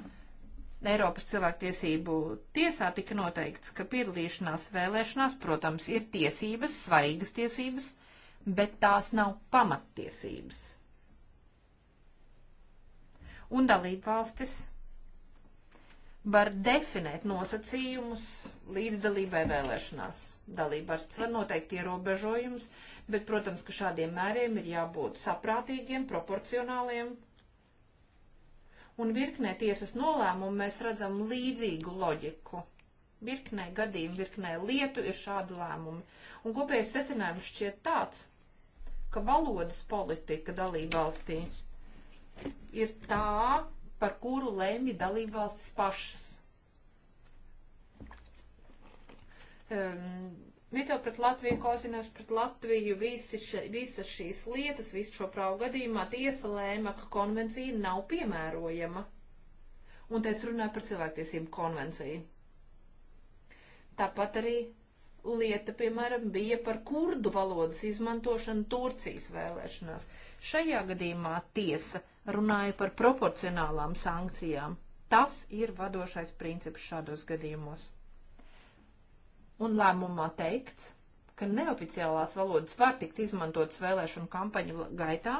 Eiropas cilvēktiesību tiesā tika noteikts, ka piedalīšanās vēlēšanās, protams, ir tiesības, svaigas tiesības, bet tās nav pamattiesības. Un dalību valstis var definēt nosacījumus līdzdalībai vēlēšanās. Dalībvalsts var noteikt ierobežojumus, bet, protams, ka šādiem mēriem ir jābūt saprātīgiem, proporcionāliem. Un virknē tiesas nolēmumu mēs redzam līdzīgu loģiku. Virknē gadījumu, virknē lietu ir šādi lēmumi. Un kopējais secinājums šķiet tāds, ka valodas politika dalībvalstī ir tā, par kuru lēmja dalībvalstis pašas. Um, Mēs jau pret Latviju kozinās, pret Latviju visi še, visas šīs lietas, visu šo prāvu gadījumā tiesa lēma, ka konvencija nav piemērojama. Un te es runāju par cilvēktiesību konvenciju. Tāpat arī lieta, piemēram, bija par kurdu valodas izmantošanu Turcijas vēlēšanās. Šajā gadījumā tiesa runāja par proporcionālām sankcijām. Tas ir vadošais princips šādos gadījumos. Un lēmumā teikts, ka neoficiālās valodas var tikt izmantotas vēlēšanu kampaņu gaitā,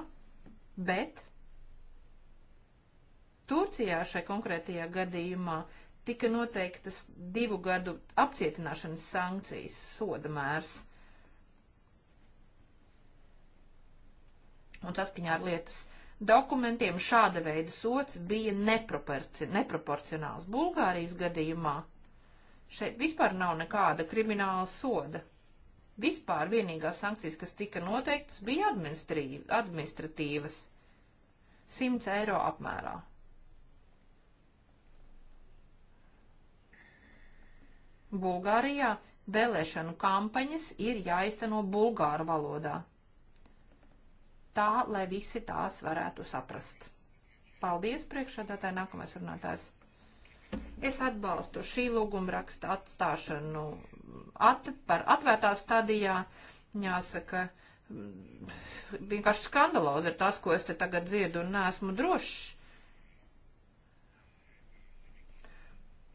bet Turcijā šai konkrētajā gadījumā tika noteiktas divu gadu apcietināšanas sankcijas soda mērs. Un saskaņā ar lietas dokumentiem šāda veida sots bija neproporcionāls. Bulgārijas gadījumā šeit vispār nav nekāda krimināla soda. Vispār vienīgās sankcijas, kas tika noteiktas, bija administratīvas - 100 eiro apmērā. Bulgārijā vēlēšanu kampaņas ir jāizteno bulgāru valodā tā, lai visi tās varētu saprast. Paldies, priekšādātāji, nākamais runātājs. Es atbalstu šī lūguma raksta atstāšanu at, par atvērtā stadijā. Jāsaka, mm, vienkārši skandalozi ir tas, ko es te tagad dziedu un neesmu drošs.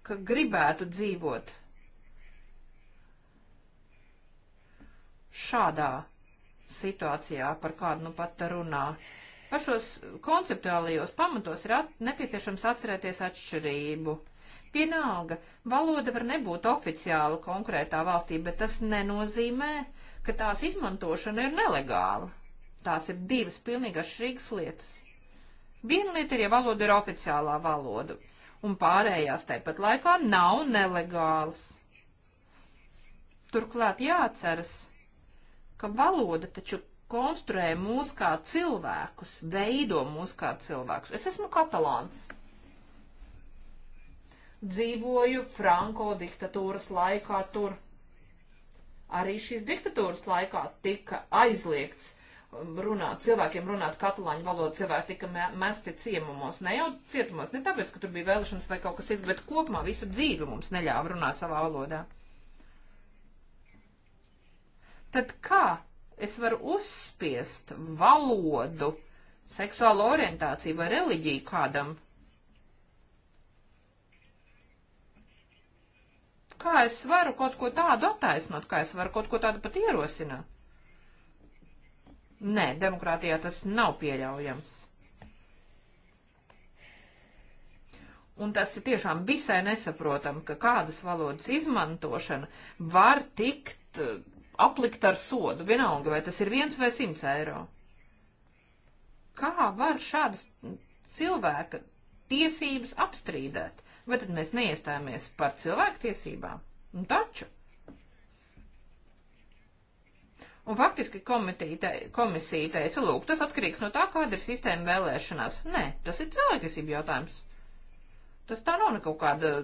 Ka gribētu dzīvot šādā situācijā, par kādu nu pat runā. Pašos konceptuālajos pamatos ir at nepieciešams atcerēties atšķirību. Pienalga, valoda var nebūt oficiāla konkrētā valstī, bet tas nenozīmē, ka tās izmantošana ir nelegāla. Tās ir divas pilnīgi atšķirīgas lietas. Viena lieta ir, ja valoda ir oficiālā valoda, un pārējās tāpat laikā nav nelegāls. Turklāt jāatceras, ka valoda taču konstruē mūs kā cilvēkus, veido mūs kā cilvēkus. Es esmu katalāns. Dzīvoju Franko diktatūras laikā tur. Arī šīs diktatūras laikā tika aizliegts um, runāt, cilvēkiem runāt katalāņu valodu, cilvēki tika mesti ciemumos, ne jau cietumos, ne tāpēc, ka tur bija vēlēšanas vai kaut kas cits, bet kopumā visu dzīvi mums neļāva runāt savā valodā tad kā es varu uzspiest valodu, seksuālo orientāciju vai reliģiju kādam? Kā es varu kaut ko tādu attaisnot, kā es varu kaut ko tādu pat ierosināt? Nē, demokrātijā tas nav pieļaujams. Un tas ir tiešām visai nesaprotam, ka kādas valodas izmantošana var tikt aplikt ar sodu, vienalga, vai tas ir viens vai simts eiro. Kā var šādas cilvēka tiesības apstrīdēt? Vai tad mēs neiestājāmies par cilvēku tiesībām? Un nu, taču. Un faktiski komitīte, komisija teica, lūk, tas atkarīgs no tā, kāda ir sistēma vēlēšanās. Nē, tas ir cilvēktiesību jautājums. Tas tā nav kaut kāda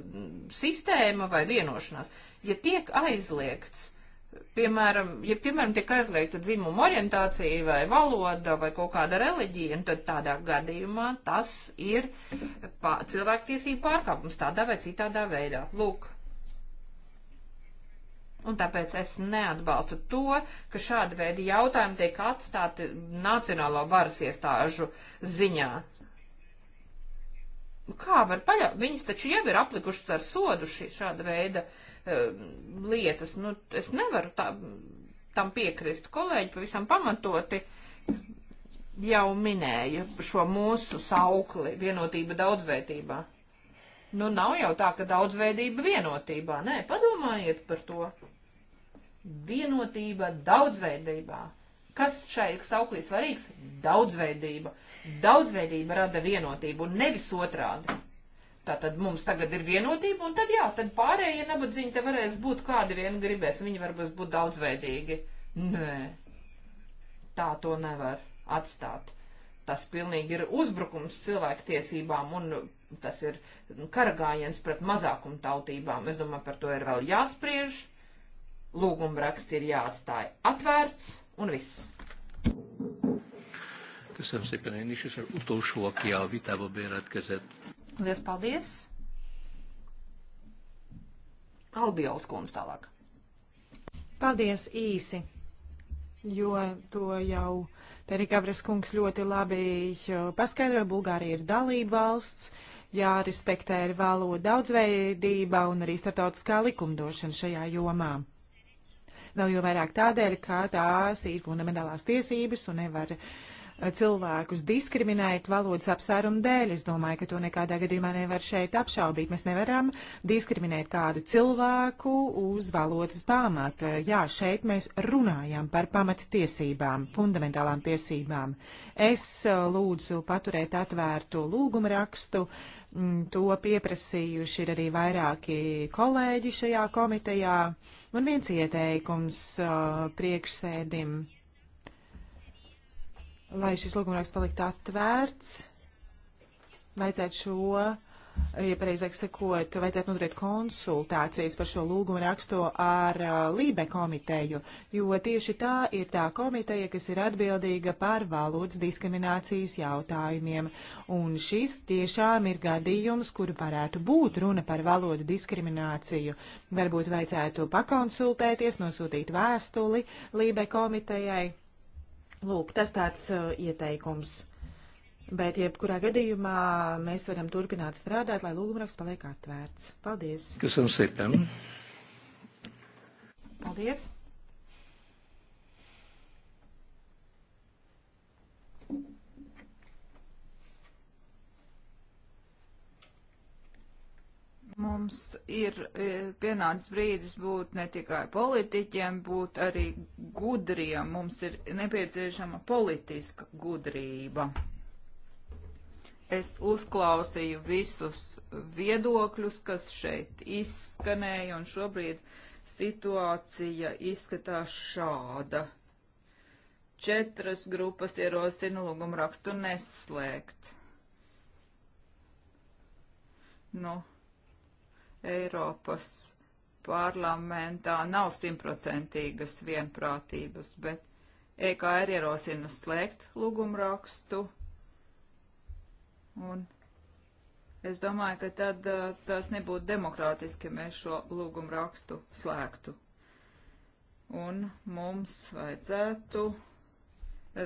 sistēma vai vienošanās. Ja tiek aizliegts piemēram, ja piemēram tiek aizliegta dzimuma orientācija vai valoda vai kaut kāda reliģija, tad tādā gadījumā tas ir pā, cilvēktiesība pārkāpums tādā vai citādā veidā. Lūk. Un tāpēc es neatbalstu to, ka šāda veida jautājumi tiek atstāti Nacionālo varas iestāžu ziņā. Kā var paļaut? Viņas taču jau ir aplikušas ar sodu šī šāda veida uh, Um, lietas. Nu, es nevaru tā, tam piekrist. Kolēģi pavisam pamatoti jau minēja šo mūsu saukli vienotība daudzveidībā. Nu, nav jau tā, ka daudzveidība vienotībā. Nē, padomājiet par to. Vienotība daudzveidībā. Kas šai sauklī svarīgs? Daudzveidība. Daudzveidība rada vienotību un nevis otrādi. Tātad mums tagad ir vienotība, un tad jā, tad pārējie nabadzīgi te varēs būt kādi vien gribēs, viņi varbūt būt daudzveidīgi. Nē, tā to nevar atstāt. Tas pilnīgi ir uzbrukums cilvēku tiesībām, un tas ir karagājiens pret mazākumu tautībām. Es domāju, par to ir vēl jāspriež. Lūgumraksts ir jāatstāj atvērts, un viss. Köszönöm szépen én is, és utolsó, aki a vitába bejelentkezett, Lies paldies! Albijos kundze tālāk. Paldies īsi, jo to jau Perikabres kungs ļoti labi paskaidroja. Bulgārija ir dalība valsts, jārespektē ir valoda daudzveidība un arī starptautiskā likumdošana šajā jomā. Vēl jau vairāk tādēļ, ka tās ir fundamentālās tiesības un nevar uh, cilvēkus diskriminēt valodas apsvērumu dēļ. Es domāju, ka to nekādā gadījumā nevar šeit apšaubīt. Mēs nevaram diskriminēt kādu cilvēku uz valodas pamata. Jā, šeit mēs runājam par pamattiesībām, fundamentālām tiesībām. Es eh, lūdzu paturēt atvērtu lūgumu rakstu. Mm, to pieprasījuši ir arī vairāki kolēģi šajā komitejā. Un viens ieteikums uh, priekšsēdim lai šis lūgumraks paliktu atvērts, vajadzētu šo, ja pareizāk sakot, vajadzētu noturēt konsultācijas par šo lūgumu raksto ar uh, Lībe komiteju, jo tieši tā ir tā komiteja, kas ir atbildīga par valodas diskriminācijas jautājumiem. Un šis tiešām ir gadījums, kur varētu būt runa par valodu diskrimināciju. Varbūt vajadzētu pakonsultēties, nosūtīt vēstuli Lībe komitejai Lūk, tas tāds uh, ieteikums. Bet jebkurā gadījumā mēs varam turpināt strādāt, lai lūgumraksts paliek atvērts. Paldies! Kas jums ir? Paldies! Mums ir e, pienācis brīdis būt ne tikai politiķiem, būt arī gudriem. Mums ir nepieciešama politiska gudrība. Es uzklausīju visus viedokļus, kas šeit izskanēja, un šobrīd situācija izskatās šāda. Četras grupas ierosina lūgumu rakstu neslēgt. Nu. No Eiropas parlamentā nav simtprocentīgas vienprātības, bet EKR ierosina slēgt lūgumrakstu. Un es domāju, ka tad uh, tas nebūtu demokrātiski, ja mēs šo lūgumrakstu slēgtu. Un mums vajadzētu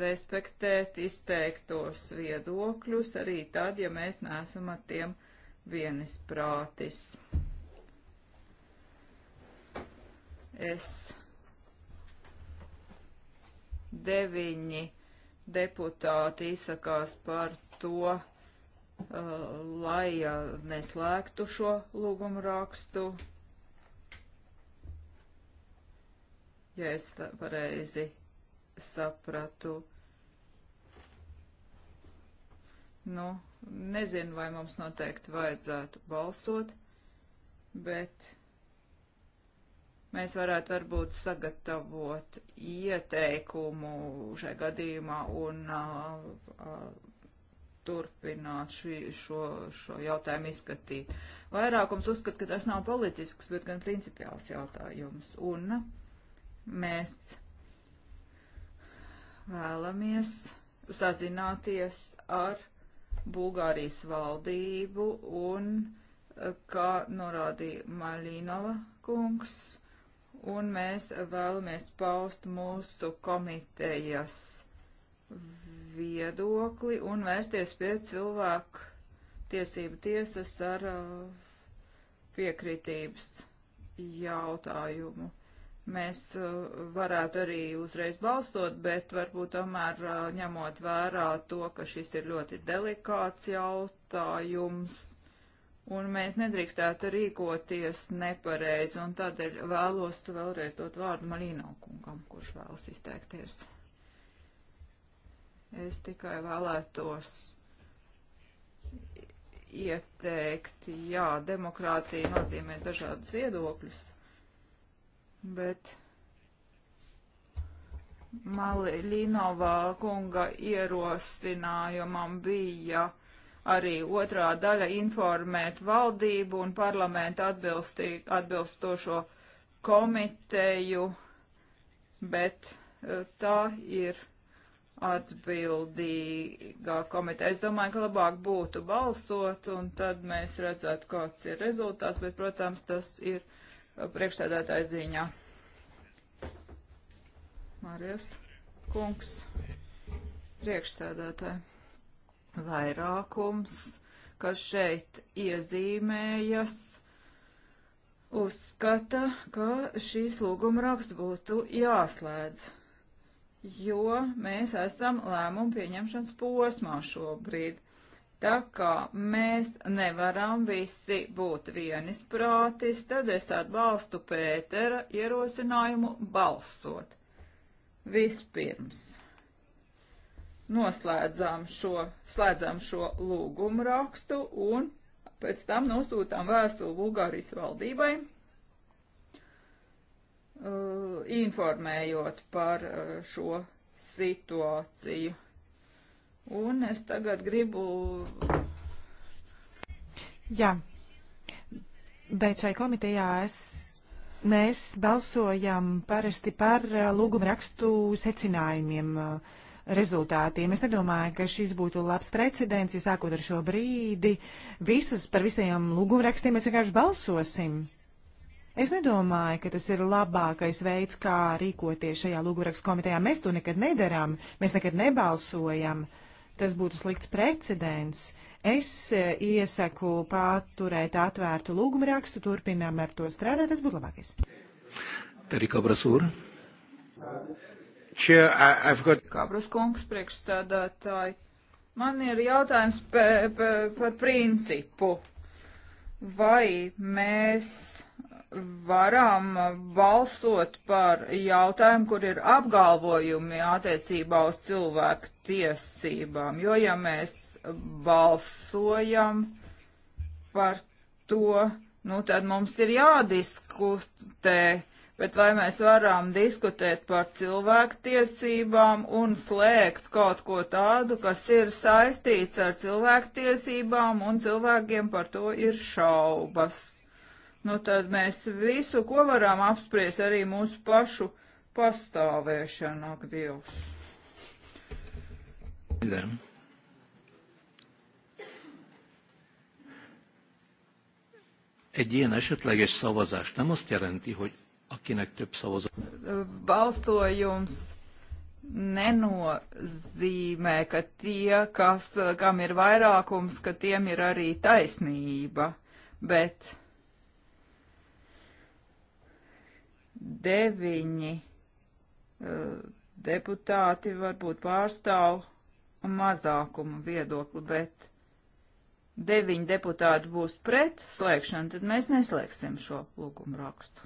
respektēt izteiktos viedokļus arī tad, ja mēs neesam ar tiem vienisprātis. prātis es deviņi deputāti izsakās par to, uh, lai uh, neslēgtu šo lūgumu rakstu. Ja es pareizi sapratu. Nu, nezinu, vai mums noteikti vajadzētu balsot, bet mēs varētu varbūt sagatavot ieteikumu šai gadījumā un uh, uh, turpināt šī, šo, šo jautājumu izskatīt. Vairākums uzskata, ka tas nav politisks, bet gan principiāls jautājums. Un mēs vēlamies sazināties ar Bulgārijas valdību un, uh, kā norādīja Maļinova kungs, un mēs vēlamies paust mūsu komitejas viedokli un vērsties pie cilvēku tiesību tiesas ar uh, piekritības jautājumu. Mēs uh, varētu arī uzreiz balstot, bet varbūt tomēr uh, ņemot vērā to, ka šis ir ļoti delikāts jautājums un mēs nedrīkstētu rīkoties nepareizi, un tādēļ vēlos vēlreiz dot vārdu Malīno kungam, kurš vēlas izteikties. Es tikai vēlētos ieteikt, jā, demokrātija nozīmē dažādus viedokļus, bet Malīnova kunga ierosinājumam bija arī otrā daļa informēt valdību un parlamentu atbilstošo komiteju, bet eh, tā ir atbildīgā komiteja. Es domāju, ka labāk būtu balsot, un tad mēs redzētu, kāds ir rezultāts, bet, protams, tas ir priekšstādātāja ziņā. Mārijas kungs, priekšstādātāja vairākums, kas šeit iezīmējas, uzskata, ka šīs lūguma raksts būtu jāslēdz, jo mēs esam lēmumu pieņemšanas posmā šobrīd. Tā kā mēs nevaram visi būt vienisprātis, tad es atbalstu Pētera ierosinājumu balsot. Vispirms noslēdzām šo, slēdzām šo lūgumu rakstu un pēc tam nosūtām vēstuli Bulgārijas valdībai, uh, informējot par uh, šo situāciju. Un es tagad gribu. Jā, bet šai komitejā es mēs balsojam parasti par eh, lūgumu rakstu secinājumiem. Uh, rezultātiem. Es nedomāju, ka šis būtu labs precedents, ja sākot ar šo brīdi visus par visiem lūgumrakstiem mēs vienkārši balsosim. Es nedomāju, ka tas ir labākais veids, kā rīkoties šajā lūgumrakstu komitejā. Mēs to nekad nedarām, mēs nekad nebalsojam. Tas būtu slikts precedents. Es e, iesaku paturēt atvērtu lūgumrakstu, turpinām ar to strādāt, tas būtu labākais. Terika Brasūra. Chair, I, I've got... Kāpras kungs priekšstādātāji. Man ir jautājums par pa, pa principu. Vai mēs varam balsot par jautājumu, kur ir apgalvojumi attiecībā uz cilvēku tiesībām? Jo ja mēs balsojam par to, nu tad mums ir jādiskutē bet vai mēs varam diskutēt par cilvēktiesībām un slēgt kaut ko tādu, kas ir saistīts ar cilvēktiesībām un cilvēkiem par to ir šaubas. Nu tad mēs visu, ko varam apspriest, arī mūsu pašu pastāvēšanu, ak Dievs. Yeah. egy ilyen esetleges szavazás nem azt jelenti, hogy akinek több szavazat. Balsojums nenozīmē, ka tie, kas, kam ir vairākums, ka tiem ir arī taisnība, bet deviņi eh, deputāti varbūt pārstāv mazākumu viedokli, bet deviņi deputāti būs pret slēgšanu, tad mēs neslēgsim šo lūgumu rakstu.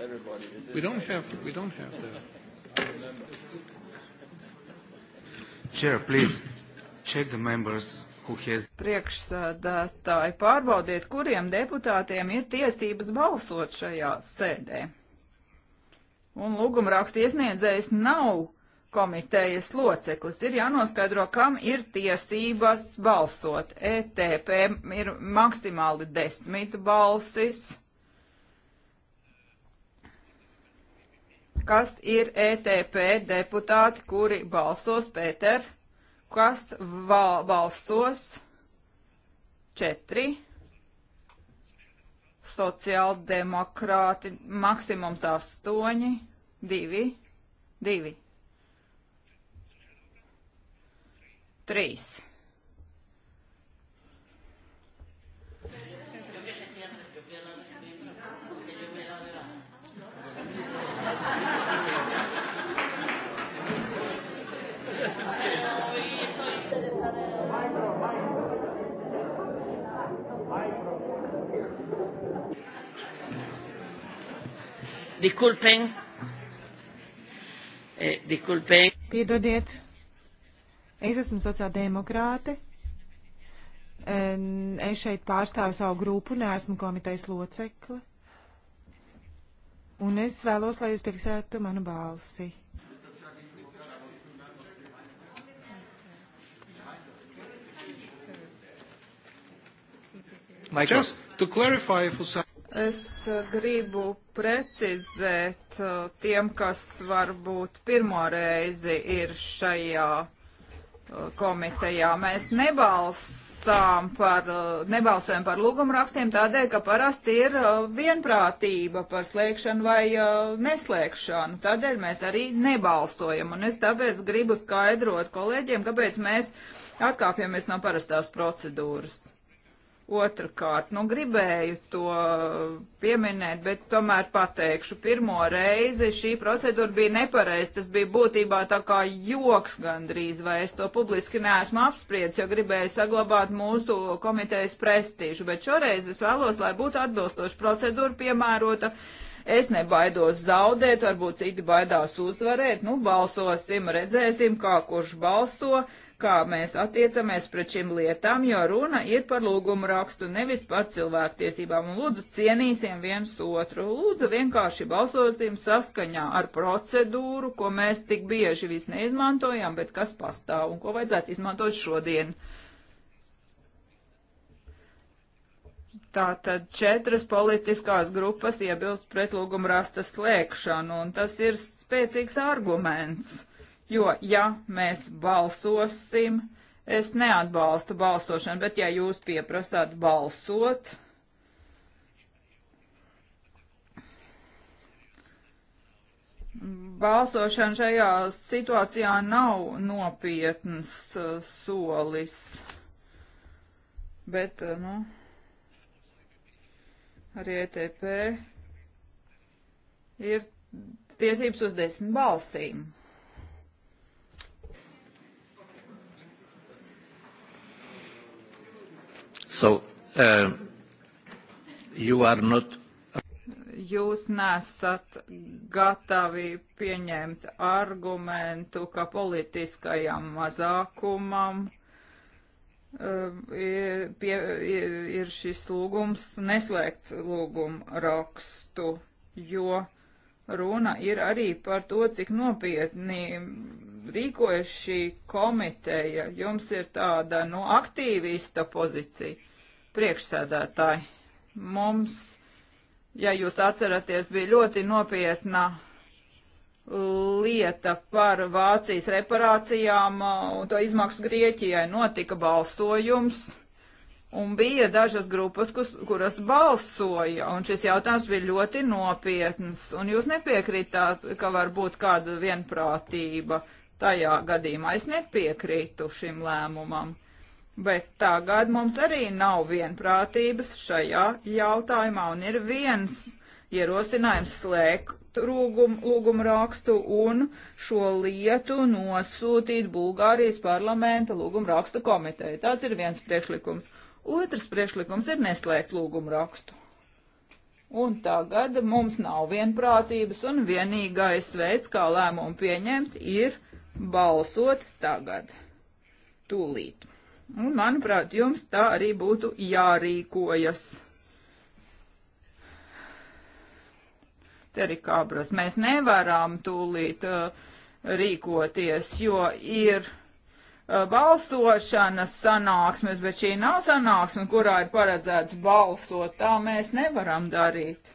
Everybody. We don't have. We don't have the. Chair, please check the members who has. Priekšsēdētāji, pārbaudiet, kuriem deputātiem ir tiesības balsot šajā sēdē. Un lūgumraksta iesniedzējs nav komitejas loceklis. Ir jānoskaidro, kam ir tiesības balsot. ETP ir maksimāli desmit balsis. Kas ir ETP deputāti, kuri balsos, Pēter? Kas val, balsos? Četri. Sociāldemokrāti maksimums astoņi, divi, divi. 3. Disculpen. Eh, disculpen. Piedodiet. Es esmu sociāldemokrāte. Es šeit pārstāvu savu grupu, neesmu komitejas locekli. Un es vēlos, lai jūs piefiksētu manu balsi. Just to clarify for some... Es uh, gribu precizēt uh, tiem, kas varbūt pirmo reizi ir šajā komitejā. Mēs nebalsām par, nebalsojam par lūgumrakstiem tādēļ, ka parasti ir uh, vienprātība par slēgšanu vai uh, neslēgšanu. Tādēļ mēs arī nebalsojam. Un es tāpēc gribu skaidrot kolēģiem, kāpēc mēs atkāpjamies no parastās procedūras. Otrakārt, nu gribēju to pieminēt, bet tomēr pateikšu, pirmo reizi šī procedūra bija nepareiz, tas bija būtībā tā kā joks gandrīz, vai es to publiski neesmu apspriedis, jo gribēju saglabāt mūsu komitejas prestīžu, bet šoreiz es vēlos, lai būtu atbilstoša procedūra piemērota. Es nebaidos zaudēt, varbūt citi baidās uzvarēt, nu balsosim, redzēsim, kā kurš balso kā mēs attiecamies pret šīm lietām, jo runa ir par lūgumu rakstu, nevis par cilvēktiesībām. Un lūdzu, cienīsim viens otru. Lūdzu, vienkārši balsosim saskaņā ar procedūru, ko mēs tik bieži vis neizmantojam, bet kas pastāv un ko vajadzētu izmantot šodien. Tātad četras politiskās grupas iebilst pret lūgumu rasta slēgšanu, un tas ir spēcīgs arguments jo ja mēs balsosim, es neatbalstu balsošanu, bet ja jūs pieprasāt balsot, balsošana šajā situācijā nav nopietns uh, solis, bet, uh, nu, arī ETP ir tiesības uz desmit balsīm. So, uh, you are not jūs nesat gatavi pieņemt argumentu, ka politiskajam mazākumam um, uh, ir, pie, ir, ir šis lūgums neslēgt lūgumu rakstu, jo runa ir arī par to, cik nopietni rīkojas šī komiteja. Jums ir tāda, nu, aktīvista pozīcija, priekšsēdētāji. Mums, ja jūs atceraties, bija ļoti nopietna lieta par Vācijas reparācijām uh, un to izmaksu Grieķijai notika balsojums Un bija dažas grupas, kus, kuras balsoja, un šis jautājums bija ļoti nopietns. Un jūs nepiekrītāt, ka var būt kāda vienprātība tajā gadījumā. Es nepiekrītu šim lēmumam. Bet tagad mums arī nav vienprātības šajā jautājumā, un ir viens ierosinājums slēgt lūgumu rakstu un šo lietu nosūtīt Bulgārijas parlamenta lūgumu rakstu komiteju. Tāds ir viens priekšlikums. Otrs priekšlikums ir neslēgt lūgumu rakstu. Un tagad mums nav vienprātības, un vienīgais veids, kā lēmumu pieņemt, ir balsot tagad, tūlīt. Un, manuprāt, jums tā arī būtu jārīkojas. Terikābras, mēs nevaram tūlīt uh, rīkoties, jo ir Uh, balsošanas sanāksmes, bet šī nav sanāksme, kurā ir paredzēts balsot. Tā mēs nevaram darīt.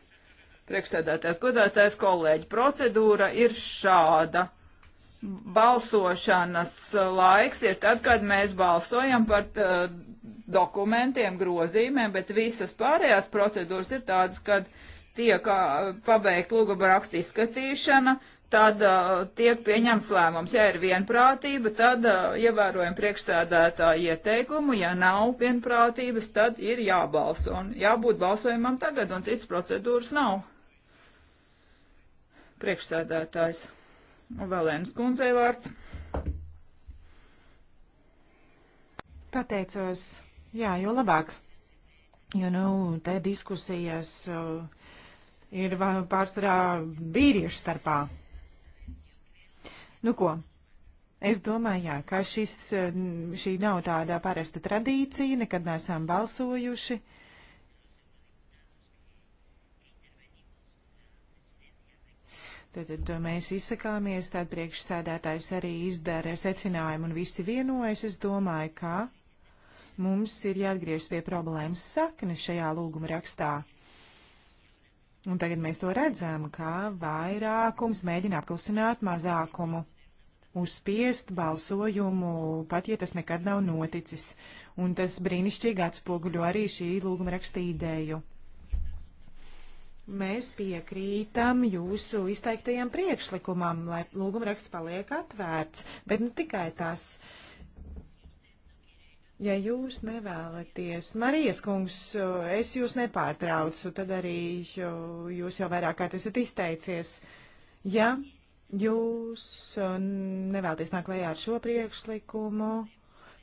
Priekšsēdētājs, godētājs kolēģi, procedūra ir šāda. Balsošanas laiks ir tad, kad mēs balsojam par uh, dokumentiem, grozīmēm, bet visas pārējās procedūras ir tādas, kad tiek uh, pabeigta lūguma raksta izskatīšana, uh, tad uh, tiek pieņemts lēmums. Ja ir vienprātība, tad uh, ievērojam priekšsēdētāju ieteikumu, ja nav vienprātības, tad ir jābalso. Un jābūt balsojumam tagad, un cits procedūras nav. Priekšsēdētājs. Un Valēnas kundzei vārds. Pateicos. Jā, jo labāk. Jo, nu, te diskusijas uh, ir pārsvarā vīriešu starpā. Nu ko, es domāju, jā, ka šis, šī nav tāda parasta tradīcija, nekad neesam balsojuši. Tad mēs izsakāmies, tad priekšsēdētājs arī izdara secinājumu un visi vienojas. Es domāju, ka mums ir jāatgriežas pie problēmas saknes šajā lūguma rakstā. Un tagad mēs to redzam, ka vairākums mēģina apklusināt mazākumu uzspiest balsojumu, pat ja tas nekad nav noticis. Un tas brīnišķīgi atspoguļo arī šī lūguma raksta ideju. Mēs piekrītam jūsu izteiktajam priekšlikumam, lai lūguma raksts paliek atvērts, bet ne tikai tas. Ja jūs nevēlaties, Marijas kungs, es jūs nepārtraucu, tad arī jūs jau vairāk kārt esat izteicies. Ja jūs uh, nevēlaties nākt klajā ar šo priekšlikumu,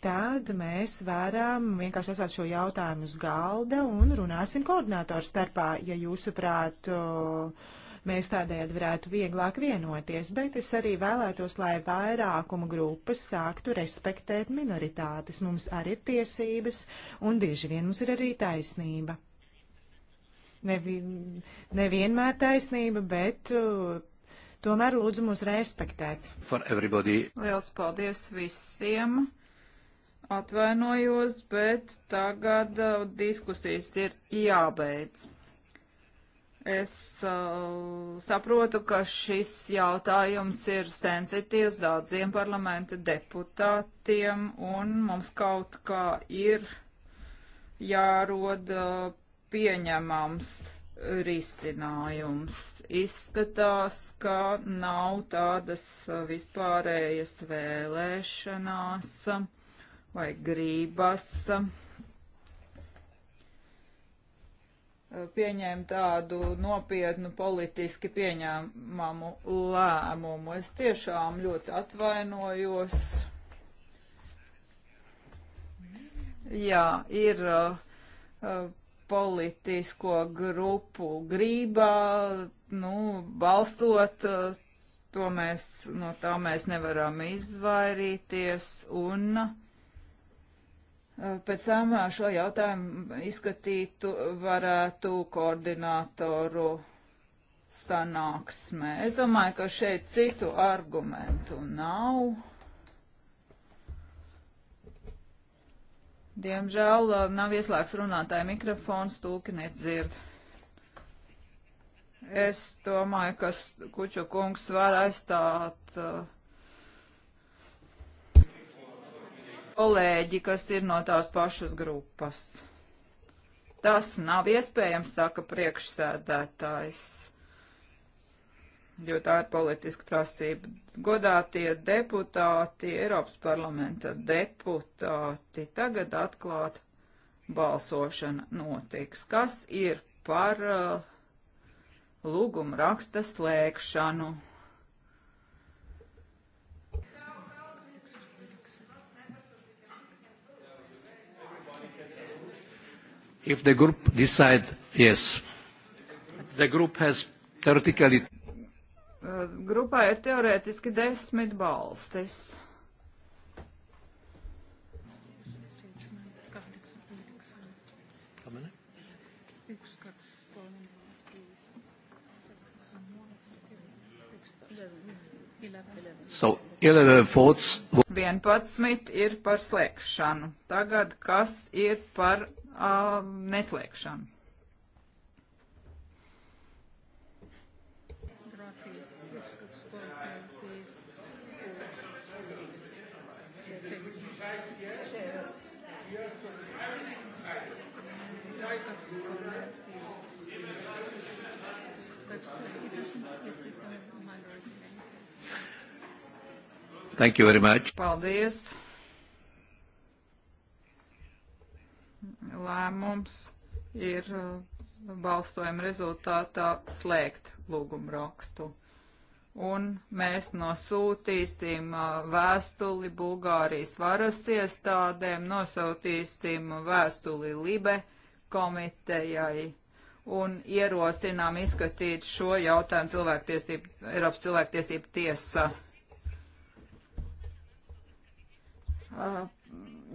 tad mēs varam vienkārši atstāt šo jautājumu uz galda un runāsim koordinātoru starpā, ja jūsuprāt, uh, mēs tādējādi varētu vieglāk vienoties, bet es arī vēlētos, lai vairākuma grupas sāktu respektēt minoritātes. Mums arī ir tiesības un bieži vien mums ir arī taisnība. Nevi, nevienmēr taisnība, bet uh, Tomēr lūdzu mūs respektēt. Liels paldies visiem! Atvainojos, bet tagad uh, diskusijas ir jābeidz. Es uh, saprotu, ka šis jautājums ir sensitīvs daudziem parlamenta deputātiem, un mums kaut kā ir jāroda uh, pieņemams risinājums izskatās, ka nav tādas uh, vispārējas vēlēšanās vai grības uh, pieņēma tādu nopietnu politiski pieņēmamu lēmumu. Es tiešām ļoti atvainojos. Jā, ir uh, uh politisko grupu grība nu, balstot, to mēs, no tā mēs nevaram izvairīties un eh, pēc tam šo jautājumu izskatītu varētu koordinātoru sanāksmē. Es domāju, ka šeit citu argumentu nav. Diemžēl eh, nav ieslēgts runātāja mikrofons, tūki nedzird. Es domāju, ka Kuču kungs var aizstāt uh, kolēģi, kas ir no tās pašas grupas. Tas nav iespējams, saka priekšsēdētājs, jo tā ir politiska prasība. Godātie deputāti, Eiropas parlamenta deputāti, tagad atklāt balsošana notiks. Kas ir par uh, lūguma raksta slēgšanu. If the group decide, yes, the group has theoretically. Uh, grupā ir teorētiski desmit balsis. So, 11 ir par slēgšanu. Tagad kas ir par uh, neslēgšanu? Thank you very much. Paldies. Lēmums ir uh, balsojuma rezultātā slēgt lūgumu rakstu. Un mēs nosūtīsim uh, vēstuli Bulgārijas varas iestādēm, nosūtīsim vēstuli Libe komitejai un ierosinām izskatīt šo jautājumu cilvēktiesību, Eiropas cilvēktiesību tiesa Uh,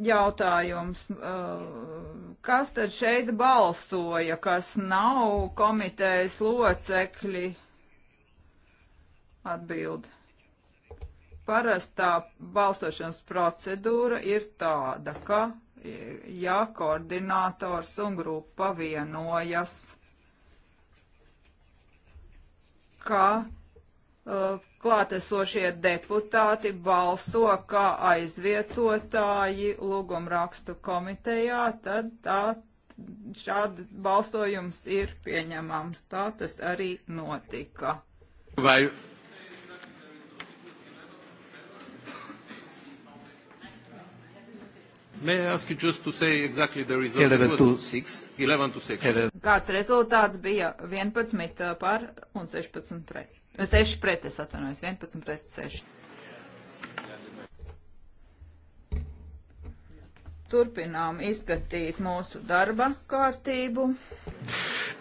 jautājums, uh, kas tad šeit balsoja, kas nav komitejas locekļi? Atbild. Parastā balsošanas procedūra ir tāda, ka, ja koordinators un grupa vienojas, ka uh, klātesošie deputāti balso kā aizvietotāji lūgumrakstu komitejā, tad tā, šāda balsojums ir pieņemams. Tā tas arī notika. Vai May I ask you just to say exactly the result? 11 to 6. 11 to 6. 11. Kāds rezultāts bija 11 par un 16 pret? 6 pret, es atvainojos, 11 pret 6. Turpinām izskatīt mūsu darba kārtību.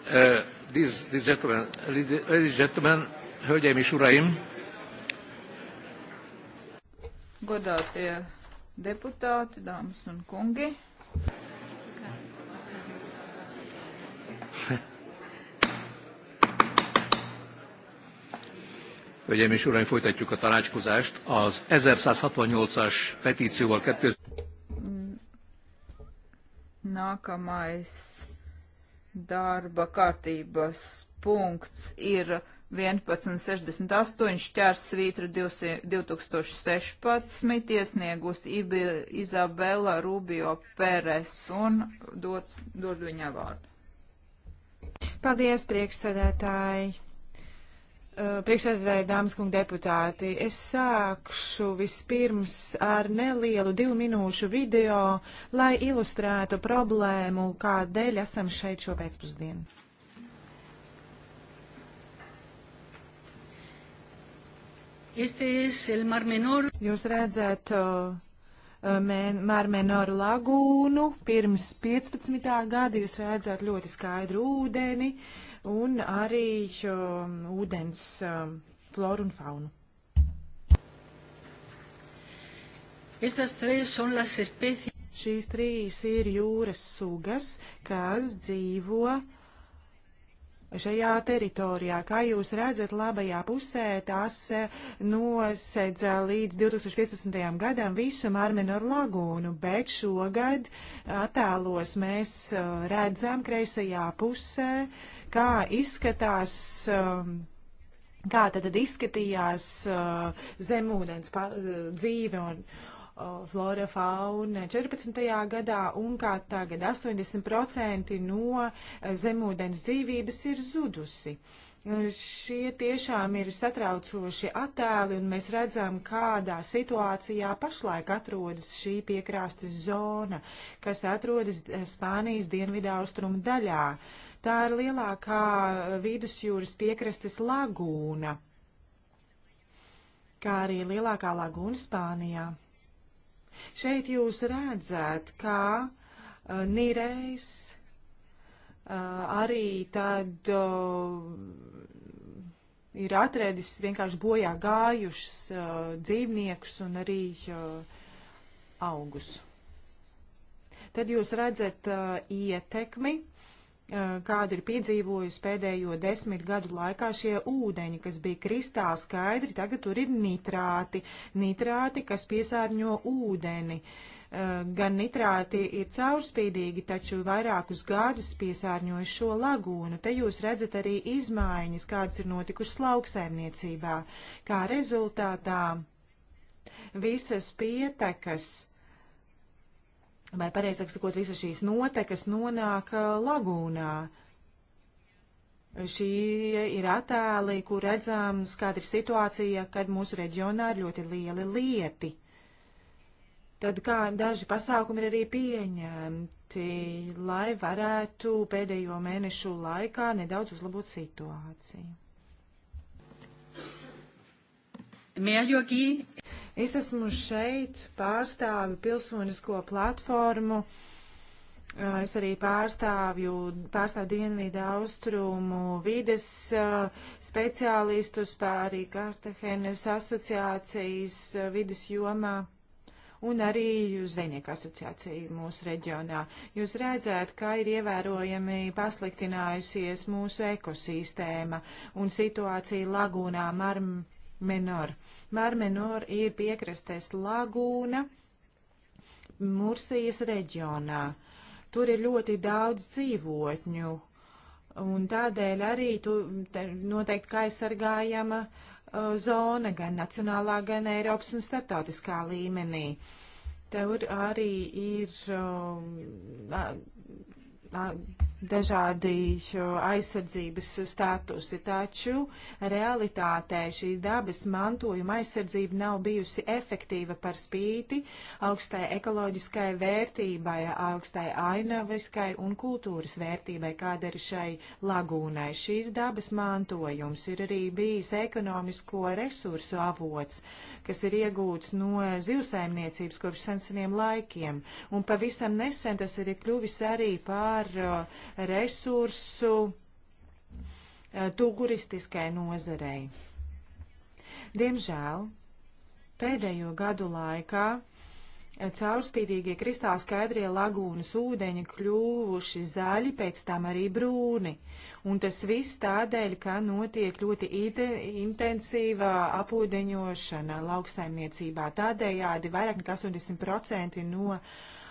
Uh, this, this gentleman, ladies gentlemen, hölgyeim és uraim. Godātie deputāti, dāmas un kungi. Hölgyeim és Uraim, folytatjuk a tanácskozást. Az 1168-as petícióval 2000... Nākamais darba kārtības punkts ir 1168 šķērsvītra 2016 iesniegus Ibi, Izabela Rubio Peres un dod, dod viņā vārdu. Paldies, priekšsēdētāji! Eh, priekšsēdētāji, dāmas kungi deputāti, es sākšu vispirms ar nelielu divu minūšu video, lai ilustrētu problēmu, kādēļ esam šeit šo pēcpusdienu. Jūs redzat eh, eh, Mārmenoru lagūnu pirms 15. gada, jūs redzat ļoti skaidru ūdeni. Uh, un arī um, ūdens um, floru un faunu. Estas tres son las especies. Šīs trīs ir jūras sugas, kas dzīvo šajā teritorijā. Kā jūs redzat, labajā pusē tās eh, nosedza eh, līdz 2015. gadam visu Marmenoru lagūnu, bet šogad attēlos mēs eh, redzam kreisajā pusē uh, kā izskatās. Um, Kā tad, tad izskatījās uh, zemūdens pa, uh, dzīve un uh, flora, fauna 14. gadā un kā tagad 80% no uh, zemūdens dzīvības ir zudusi. Uh, Šie tiešām ir satraucoši attēli, un mēs redzam, kādā situācijā pašlaik atrodas šī piekrastes zona, kas atrodas uh, Spānijas dienvidaustrumu daļā. Uh, Tā ir lielākā vidusjūras piekrastes lagūna, kā arī lielākā lagūna Spānijā. Šeit jūs redzat, kā uh, Nīreis uh, arī tad uh, ir atradis vienkārši bojā gājušas uh, dzīvniekus un arī uh, augus. Tad jūs redzat uh, ietekmi Eh, kāda ir piedzīvojusi pēdējo desmit gadu laikā šie ūdeņi, kas bija kristāli skaidri, tagad tur ir nitrāti, nitrāti, kas piesārņo ūdeni. Eh, gan nitrāti ir caurspīdīgi, taču vairākus gadus piesārņojuši šo lagūnu. Te jūs redzat arī izmaiņas, kādas ir notikušas lauksaimniecībā. Kā rezultātā visas pietekas uh, vai pareizāk sakot, visas šīs notekas nonāk uh, lagūnā. Šie ir attēli, kur redzams, kāda ir situācija, kad mūsu reģionā ir ļoti lieli lieti. Tad kā daži pasākumi ir arī pieņemti, lai varētu pēdējo mēnešu laikā nedaudz uzlabot situāciju. Mērģogi. Es esmu šeit, pārstāvu pilsonisko platformu. Uh, es arī pārstāvju, pārstāvju dienvidu austrumu vides uh, speciālistus pārī Kartahenes asociācijas uh, vides jomā un arī zvejnieku asociāciju mūsu reģionā. Jūs redzēt, kā ir ievērojami pasliktinājusies mūsu ekosistēma un situācija lagūnā marmā Menor. Mar Menor ir piekrastes lagūna Mursijas reģionā. Tur ir ļoti daudz dzīvotņu, un tādēļ arī tu, noteikti kā aizsargājama uh, zona gan nacionālā, gan Eiropas un starptautiskā līmenī. Tur arī ir uh, uh, dažādi aizsardzības statusi, taču realitātē šī dabas mantojuma aizsardzība nav bijusi efektīva par spīti augstai ekoloģiskai vērtībai, augstai ainaviskai un kultūras vērtībai, kāda ir šai lagūnai. Šīs dabas mantojums ir arī bijis ekonomisko resursu avots, kas ir iegūts no zivsaimniecības kopš senseniem laikiem, un pavisam nesen tas ir kļuvis arī par uh, resursu eh, turistiskai nozarei. Diemžēl pēdējo gadu laikā eh, caurspīdīgie kristāli skaidrie lagūnas ūdeņi kļuvuši zaļi, pēc tam arī brūni. Un tas viss tādēļ, ka notiek ļoti ide, intensīvā apūdeņošana lauksaimniecībā. Tādējādi vairāk nekā 80% no uh,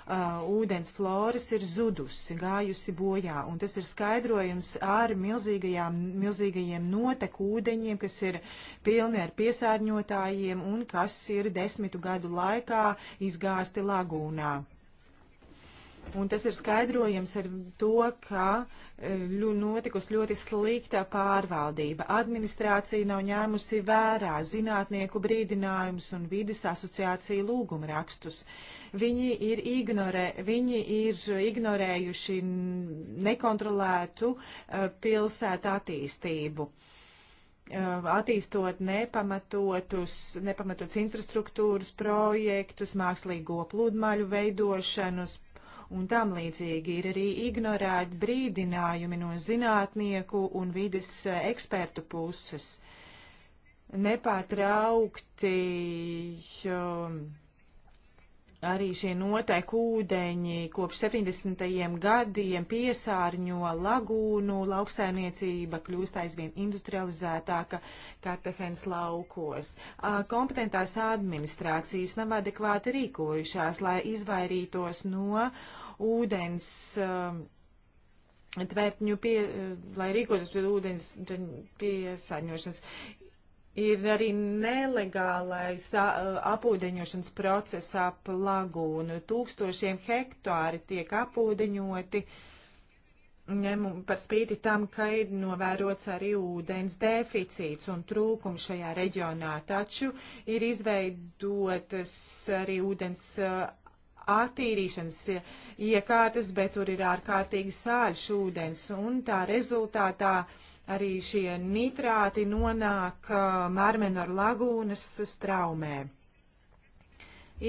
uh, ūdens floras ir zudusi, gājusi bojā, un tas ir skaidrojums ar milzīgajiem notekūdeņiem, kas ir pilni ar piesārņotājiem un kas ir desmitu gadu laikā izgāsti lagūnā. Un tas ir skaidrojams ar to, ka eh, ļu, notikusi ļoti slikta pārvaldība. Administrācija nav ņēmusi vērā zinātnieku brīdinājumus un vidas asociācija lūgumrakstus. rakstus Viņi ir, ignorē, viņi ir ignorējuši nekontrolētu uh, pilsētu attīstību uh, attīstot nepamatotus, nepamatotus infrastruktūras projektus, mākslīgo pludmaļu veidošanus un tam līdzīgi ir arī ignorēti brīdinājumi no zinātnieku un vides uh, ekspertu puses. Nepārtraukti. Um, Arī šie noteku ūdeņi kopš 70. gadiem piesārņo lagūnu, lauksaimniecība kļūst aizvien industrializētāka Kartahens laukos. Kompetentās administrācijas nav adekvāti rīkojušās, lai izvairītos no ūdens tvērtņu, pie, lai rīkotos pie ūdens piesārņošanas ir arī nelegālais apūdeņošanas procesā plagūnu. Tūkstošiem hektāri tiek apūdeņoti, ņem par spīti tam, ka ir novērots arī ūdens deficīts un trūkums šajā reģionā. Taču ir izveidotas arī ūdens attīrīšanas iekārtas, bet tur ir ārkārtīgi sāļš ūdens un tā rezultātā uh, arī šie nitrāti nonāk Mārmenor lagūnas straumē.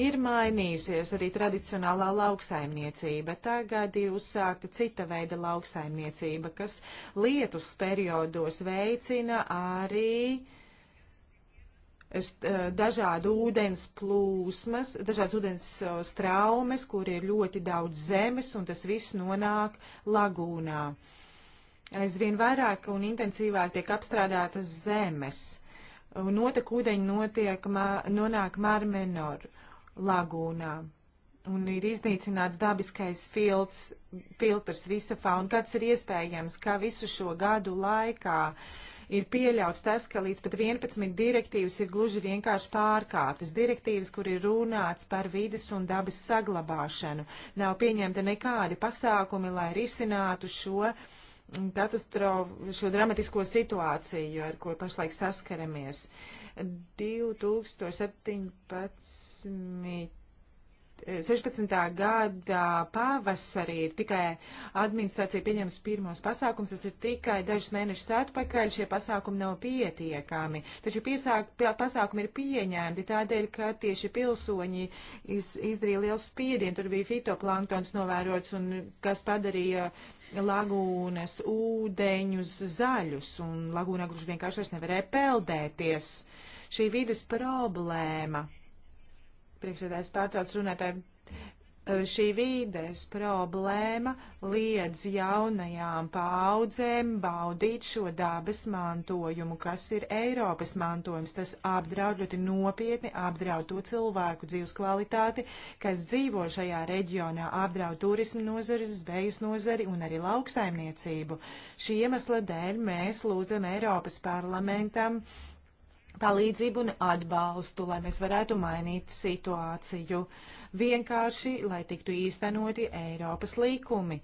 Ir mainīsies arī tradicionālā lauksaimniecība. Tagad ir uzsākta cita veida lauksaimniecība, kas lietus periodos veicina arī dažādu ūdens plūsmas, dažādas ūdens straumes, kur ir ļoti daudz zemes, un tas viss nonāk lagūnā. Uh, aizvien vairāk un intensīvāk tiek apstrādātas zemes. Notekūdeņi notiek, mā, nonāk Marmenoru lagūnā un ir iznīcināts dabiskais filts, filtrs visa fauna. Kāds ir iespējams, ka visu šo gadu laikā ir pieļauts tas, ka līdz pat 11 direktīvas ir gluži vienkārši pārkāptas. Direktīvas, kur ir runāts par vides un dabas saglabāšanu, nav pieņemta nekādi pasākumi, lai risinātu šo uh, katastrofu, šo dramatisko situāciju, ar ko pašlaik saskaramies. 2017. 16. gada pavasarī ir tikai administrācija pieņems pirmos pasākums, tas ir tikai dažus mēnešus atpakaļ, šie pasākumi nav pietiekami. Taču piesāk, pasākumi ir pieņemti tādēļ, ka tieši pilsoņi iz, izdarīja lielu spiedienu, tur bija fitoplanktons novērots, un kas padarīja lagūnas ūdeņus zaļus, un lagūnā gruši vienkārši vairs nevarēja peldēties. Šī vides problēma Priekšsēdājs pārtrauc runātāju. Šī vīdes problēma liedz jaunajām paudzēm baudīt šo dabas mantojumu, kas ir Eiropas mantojums. Tas apdraud ļoti nopietni, apdraud to cilvēku dzīves kvalitāti, kas dzīvo šajā reģionā, apdraud turismu nozari, zvejas nozari un arī lauksaimniecību. Šī iemesla dēļ mēs lūdzam Eiropas parlamentam uh, palīdzību un atbalstu, lai mēs varētu mainīt situāciju. Vienkārši, lai tiktu īstenoti Eiropas līkumi.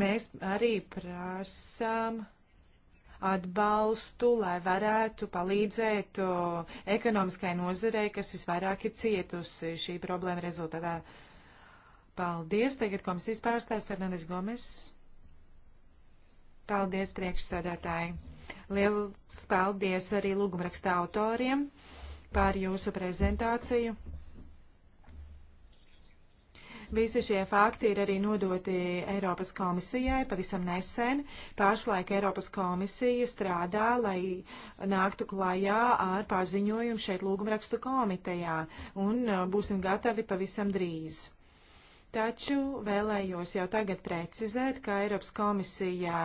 Mēs arī prasām atbalstu, lai varētu palīdzēt o, ekonomiskai nozarei, kas visvairāk ir cietusi šī problēma rezultātā. Paldies. Tagad komisijas pārstāvis Fernandes Gomes. Paldies, priekšsēdētāji. Liels paldies arī lūgumraksta autoriem par jūsu prezentāciju. Visi šie fakti ir arī nodoti Eiropas komisijai pavisam nesen. Pašlaik Eiropas komisija strādā, lai nāktu klajā ar paziņojumu šeit lūgumrakstu komitejā un uh, būsim gatavi pavisam drīz. Taču vēlējos jau tagad precizēt, ka Eiropas komisija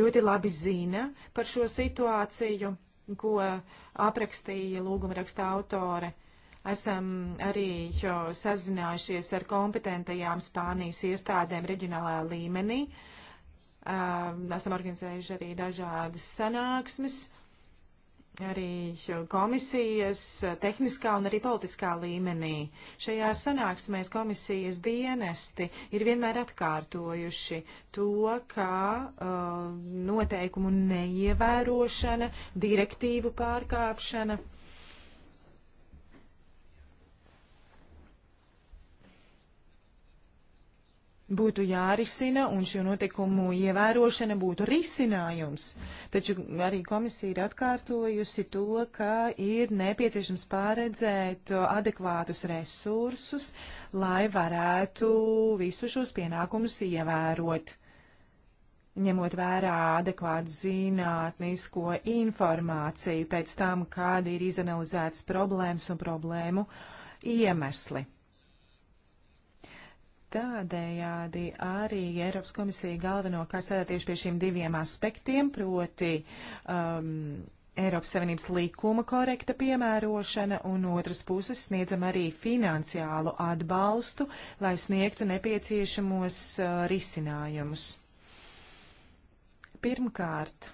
ļoti labi zina par šo situāciju, ko aprakstīja lūguma raksta autore. Esam arī sazinājušies ar kompetentajām Spānijas iestādēm reģionālā līmenī. Esam organizējuši arī dažādas sanāksmes arī komisijas tehniskā un arī politiskā līmenī. Šajā sanāksmēs komisijas dienesti ir vienmēr atkārtojuši to, ka uh, noteikumu neievērošana, direktīvu pārkāpšana būtu jārisina un šo notikumu ievērošana būtu risinājums. Taču arī komisija ir atkārtojusi to, ka ir nepieciešams pārredzēt adekvātus resursus, lai varētu visu šos pienākumus ievērot ņemot vērā adekvātu zinātnisko informāciju pēc tam, kāda ir izanalizētas problēmas un problēmu iemesli. Tādējādi arī Eiropas komisija galvenokārt strādā tieši pie šiem diviem aspektiem, proti um, Eiropas Savienības likuma korekta piemērošana un otras puses sniedzam arī finansiālu atbalstu, lai sniegtu nepieciešamos uh, risinājumus. Pirmkārt,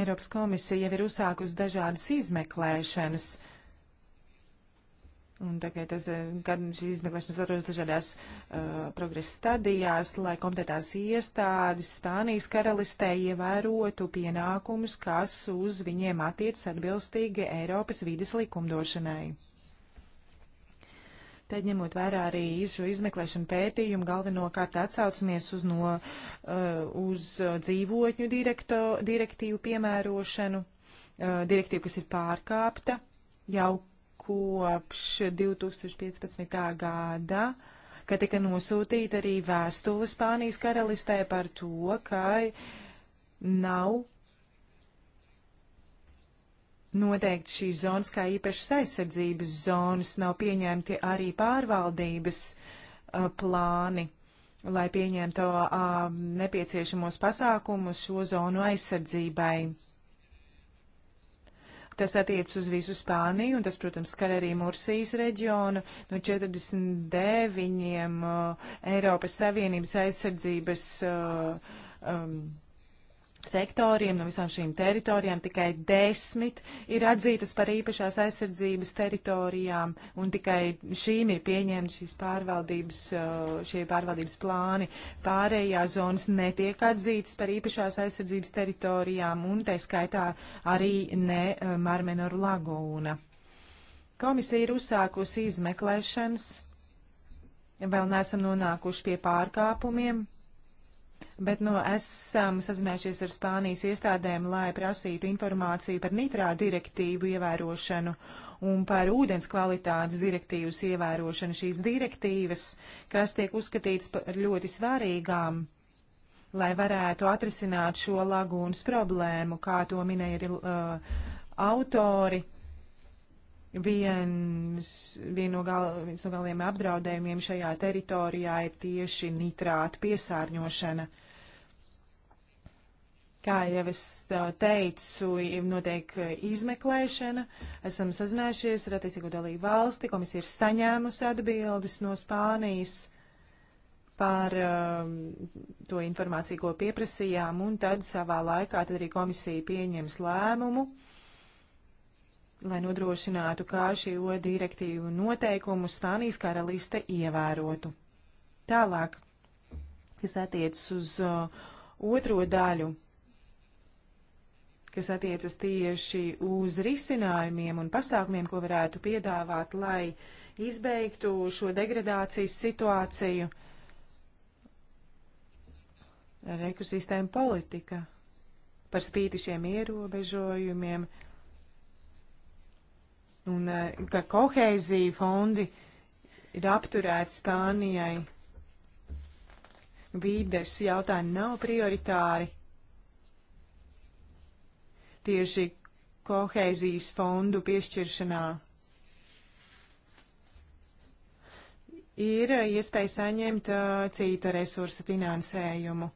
Eiropas komisija jau ir uzsākusi dažādas izmeklēšanas Un tagad eh, es, kad šī izmeklēšanas atrodas dažādās uh, progresa stadijās, lai kompetentās iestādes Spānijas karalistē ievērotu pienākumus, kas uz viņiem attiec atbilstīgi Eiropas vides likumdošanai. Tad ņemot vērā arī šo izmeklēšanu pētījumu, galvenokārt atsaucamies uz, no, uh, uz dzīvotņu direkto, direktīvu piemērošanu, uh, direktīvu, kas ir pārkāpta jau kopš 2015. gada, kad tika nosūtīta arī vēstule Spānijas karalistē par to, ka nav noteikti šīs zonas kā īpašas aizsardzības zonas, nav pieņemti arī pārvaldības uh, plāni lai pieņemtu uh, nepieciešamos pasākumus šo zonu aizsardzībai. Tas attiec uz visu Spāniju, un tas, protams, skar arī Mursijas reģionu no 49 uh, Eiropas Savienības aizsardzības uh, um, sektoriem, no visām šīm teritorijām tikai desmit ir atzītas par īpašās aizsardzības teritorijām, un tikai šīm ir pieņemti šīs pārvaldības, uh, šie pārvaldības plāni. Pārējās zonas netiek atzītas par īpašās aizsardzības teritorijām, un tai skaitā arī ne uh, Marmenoru lagūna. Komisija ir uzsākusi izmeklēšanas, vēl neesam nonākuši pie pārkāpumiem Bet nu, esam sazinājušies ar Spānijas iestādēm, lai prasītu informāciju par nitrātu direktīvu ievērošanu un par ūdens kvalitātes direktīvas ievērošanu. Šīs direktīvas, kas tiek uzskatītas par ļoti svarīgām, lai varētu atrisināt šo lagūnas problēmu, kā to minēja arī uh, autori. Viens, vien no gal, viens no galiem apdraudējumiem šajā teritorijā ir tieši nitrāta piesārņošana. Kā jau es teicu, notiek izmeklēšana, esam sazinājušies ar attiecīgo dalību valsti, komisija ir saņēmusi atbildes no Spānijas par um, to informāciju, ko pieprasījām, un tad savā laikā tad arī komisija pieņems lēmumu lai nodrošinātu, kā šo direktīvu noteikumu Spānijas karaliste ievērotu. Tālāk, kas attiecas uz uh, otro daļu, kas attiecas tieši uz risinājumiem un pasākumiem, ko varētu piedāvāt, lai izbeigtu šo degradācijas situāciju ar ekosistēmu politika. Par spīti šiem ierobežojumiem, uh, un eh, ka kohēzija fondi ir apturēti Spānijai. Vīdes jautājumi nav prioritāri. Tieši kohēzijas fondu piešķiršanā ir iespēja saņemt uh, eh, citu resursu finansējumu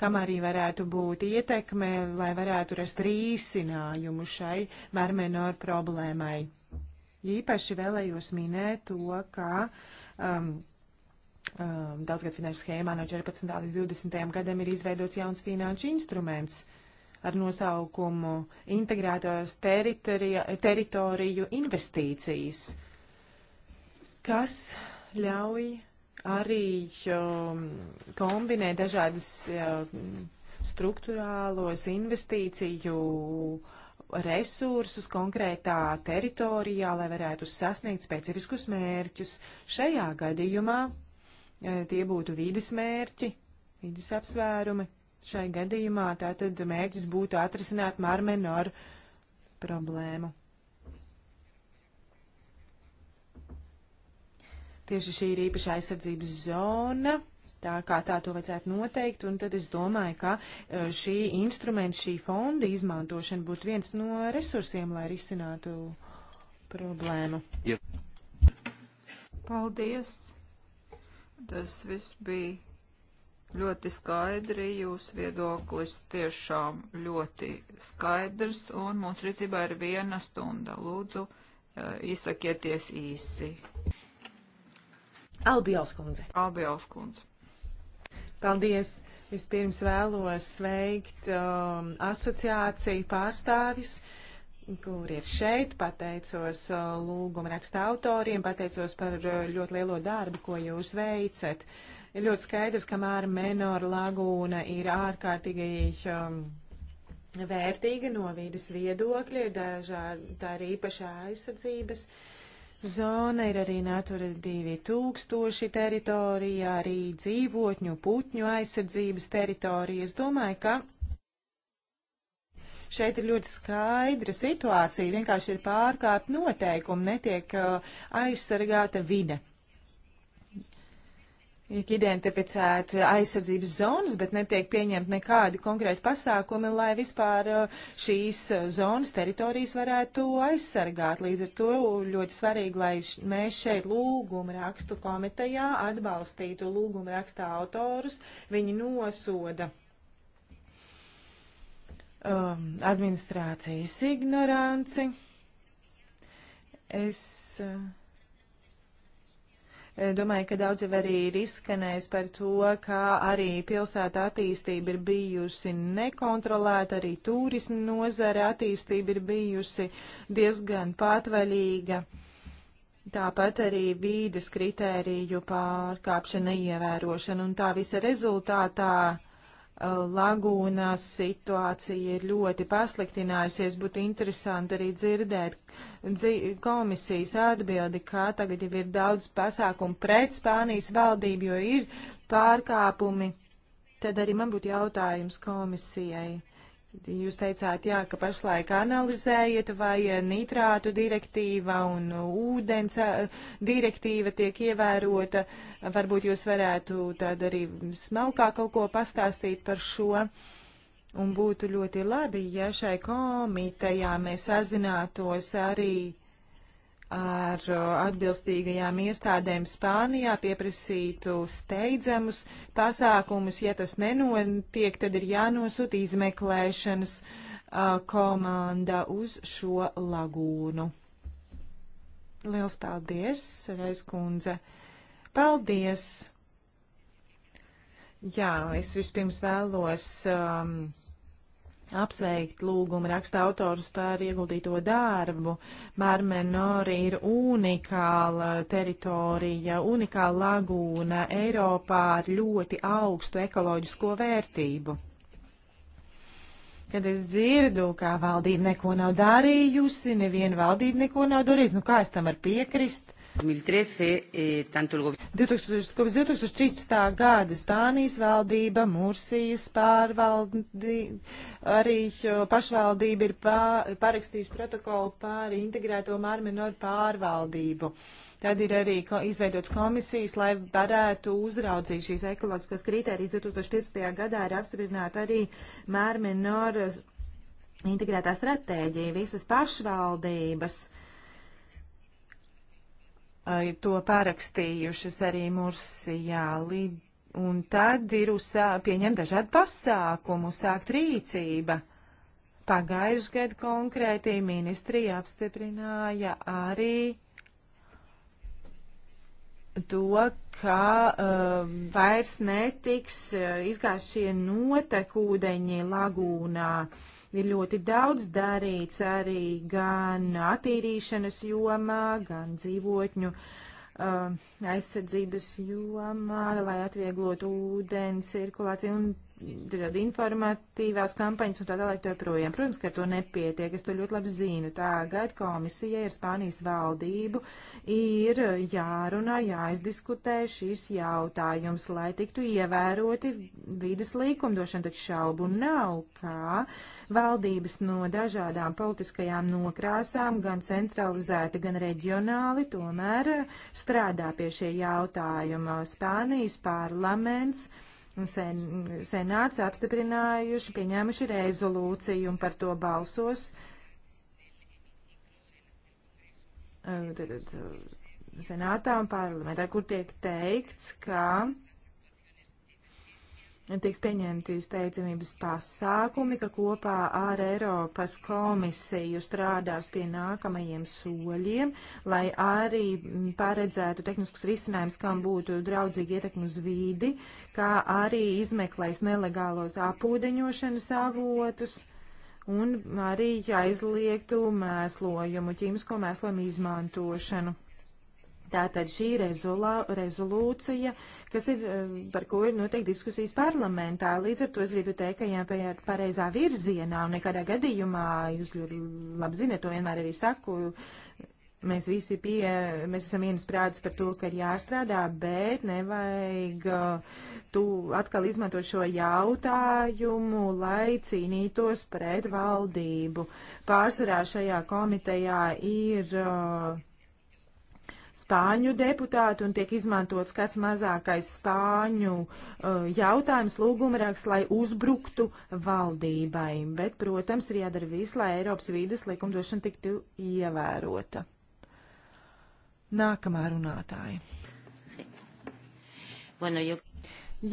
kam arī varētu būt ietekme, lai varētu rast risinājumu šai Marmenor problēmai. Īpaši vēlējos minēt to, ka um, um, daudzgad finanšu schēmā no 14. līdz 20. gadam ir izveidots jauns finanšu instruments ar nosaukumu integrētās teritoriju investīcijas, kas ļauj arī um, kombinē dažādas struktūrālos investīciju resursus konkrētā teritorijā, lai varētu sasniegt specifiskus mērķus. Šajā gadījumā e, tie būtu vides mērķi, vides apsvērumi. Šai gadījumā tātad mērķis būtu atrisināt marmenoru problēmu. Tieši šī ir īpaša aizsardzības zona, tā kā tā to vajadzētu noteikt, un tad es domāju, ka e, šī instrumenta, šī fonda izmantošana būtu viens no resursiem, lai risinātu problēmu. Ja. Paldies! Tas viss bija ļoti skaidri, jūsu viedoklis tiešām ļoti skaidrs, un mums rīcībā ir viena stunda. Lūdzu, e, izsakieties īsi. Albijāls kundze. Albijāls kundze. Paldies! Vispirms vēlos sveikt um, asociāciju pārstāvis, kur ir šeit, pateicos uh, lūguma raksta autoriem, pateicos par uh, ļoti lielo darbu, ko jūs veicat. Ir ļoti skaidrs, ka Māra Menora lagūna ir ārkārtīgi. Um, Vērtīga no vīdes viedokļa, dažādi tā ir īpašā aizsardzības uh, zona, ir arī Natura 2000 teritorija, arī dzīvotņu, putņu aizsardzības teritorija. Es domāju, ka šeit ir ļoti skaidra situācija, vienkārši ir pārkāpt noteikumi, netiek uh, aizsargāta vide tiek identificēti aizsardzības zonas, bet netiek pieņemti nekādi konkrēti pasākumi, lai vispār uh, šīs uh, zonas teritorijas varētu aizsargāt. Līdz ar to ļoti svarīgi, lai mēs šeit lūguma rakstu komitejā atbalstītu lūguma raksta autorus, viņi nosoda um, administrācijas ignoranci. Es uh, Eh, domāju, ka daudz jau arī ir izskanējis par to, kā arī pilsēta attīstība ir bijusi nekontrolēta, arī turismu nozara attīstība ir bijusi diezgan patvaļīga. Tāpat arī vīdes kritēriju pārkāpšana, ievērošana un tā visa rezultātā lagūnās situācija ir ļoti pasliktinājusies. Būtu interesanti arī dzirdēt dzi komisijas atbildi, kā tagad jau ir daudz pasākumu pret Spānijas valdību, jo ir pārkāpumi. Tad arī man būtu jautājums komisijai. Jūs teicāt, jā, ka pašlaik analizējat, vai eh, nitrātu direktīva un eh, ūdens eh, direktīva tiek ievērota. Varbūt jūs varētu tad arī smalkāk kaut ko pastāstīt par šo. Un būtu ļoti labi, ja šai komitejā mēs sazinātos arī ar uh, atbilstīgajām iestādēm Spānijā pieprasītu steidzamus pasākumus. Ja tas nenotiek, tad ir jānosūta izmeklēšanas uh, komanda uz šo lagūnu. Liels paldies, Reiskundze. Paldies! Jā, es vispirms vēlos. Um, apsveikt lūgumu raksta autors par ieguldīto darbu. Marmenori ir unikāla teritorija, unikāla lagūna Eiropā ar ļoti augstu ekoloģisko vērtību. Kad es dzirdu, kā valdība neko nav darījusi, neviena valdība neko nav darījusi, nu kā es tam varu piekrist? 2013. gada Spānijas valdība, Mursijas pārvaldi, arī э, pašvaldība ir pār, parakstījusi protokolu pār integrēto marmenoru pārvaldību. Tad ir arī ko, izveidots komisijas, lai varētu uzraudzīt šīs ekoloģiskos kritērijas. 2015. gadā ir apstiprināta arī Mērminoras integrētā stratēģija. Visas pašvaldības uh, to pārakstījušas arī Mursijā. Un tad ir uzsā, pieņem dažādi pasākumu, sākt rīcība. Pagājuši gadu konkrētī ministrija apstiprināja arī to, ka uh, vairs netiks uh, izgāzt šie notekūdeņi lagūnā. Uh, Ir ļoti daudz darīts arī gan attīrīšanas jomā, gan dzīvotņu uh, aizsardzības jomā, lai atvieglotu ūdens cirkulāciju un dažādi informatīvās kampaņas un tā tālāk joprojām. Protams, ka ar to nepietiek, es to ļoti labi zinu. Tagad komisija ar Spānijas valdību ir jārunā, jāizdiskutē šis jautājums, lai tiktu ievēroti vidas līkumdošana, taču šaubu nav, kā valdības no dažādām politiskajām nokrāsām, gan centralizēti, gan reģionāli, tomēr strādā pie šie jautājuma. Spānijas parlaments. Thank you sen, senāts apstiprinājuši, pieņēmuši rezolūciju un par to balsos. Senātā un parlamentā, kur tiek teikts, ka tiks pieņemti steidzamības pasākumi, ka kopā ar Eiropas komisiju strādās pie nākamajiem soļiem, lai arī paredzētu tehniskus risinājumus, kam būtu draudzīgi ietekmi uz vīdi, kā arī izmeklēs nelegālos apūdeņošanas avotus un arī aizliegtu mēslojumu, ķīmisko mēslojumu izmantošanu. Tātad šī rezolā, rezolūcija, kas ir, eh, par ko ir noteikti diskusijas parlamentā, līdz ar to es gribu teikt, ka jāpējāt pareizā virzienā un nekādā gadījumā, jūs ļoti labi zinat, to vienmēr arī saku, mēs visi pie, mēs esam vienas prātas par to, ka ir jāstrādā, bet nevajag eh, tu atkal izmanto šo jautājumu, lai cīnītos pret valdību. Pārsvarā šajā komitejā ir. Uh, spāņu deputāti un tiek izmantots kāds mazākais spāņu uh, jautājums lūgumraksts, lai uzbruktu valdībai. Bet, protams, ir jādara viss, lai Eiropas vīdes likumdošana tiktu ievērota. Nākamā runātāja. Bueno, yo...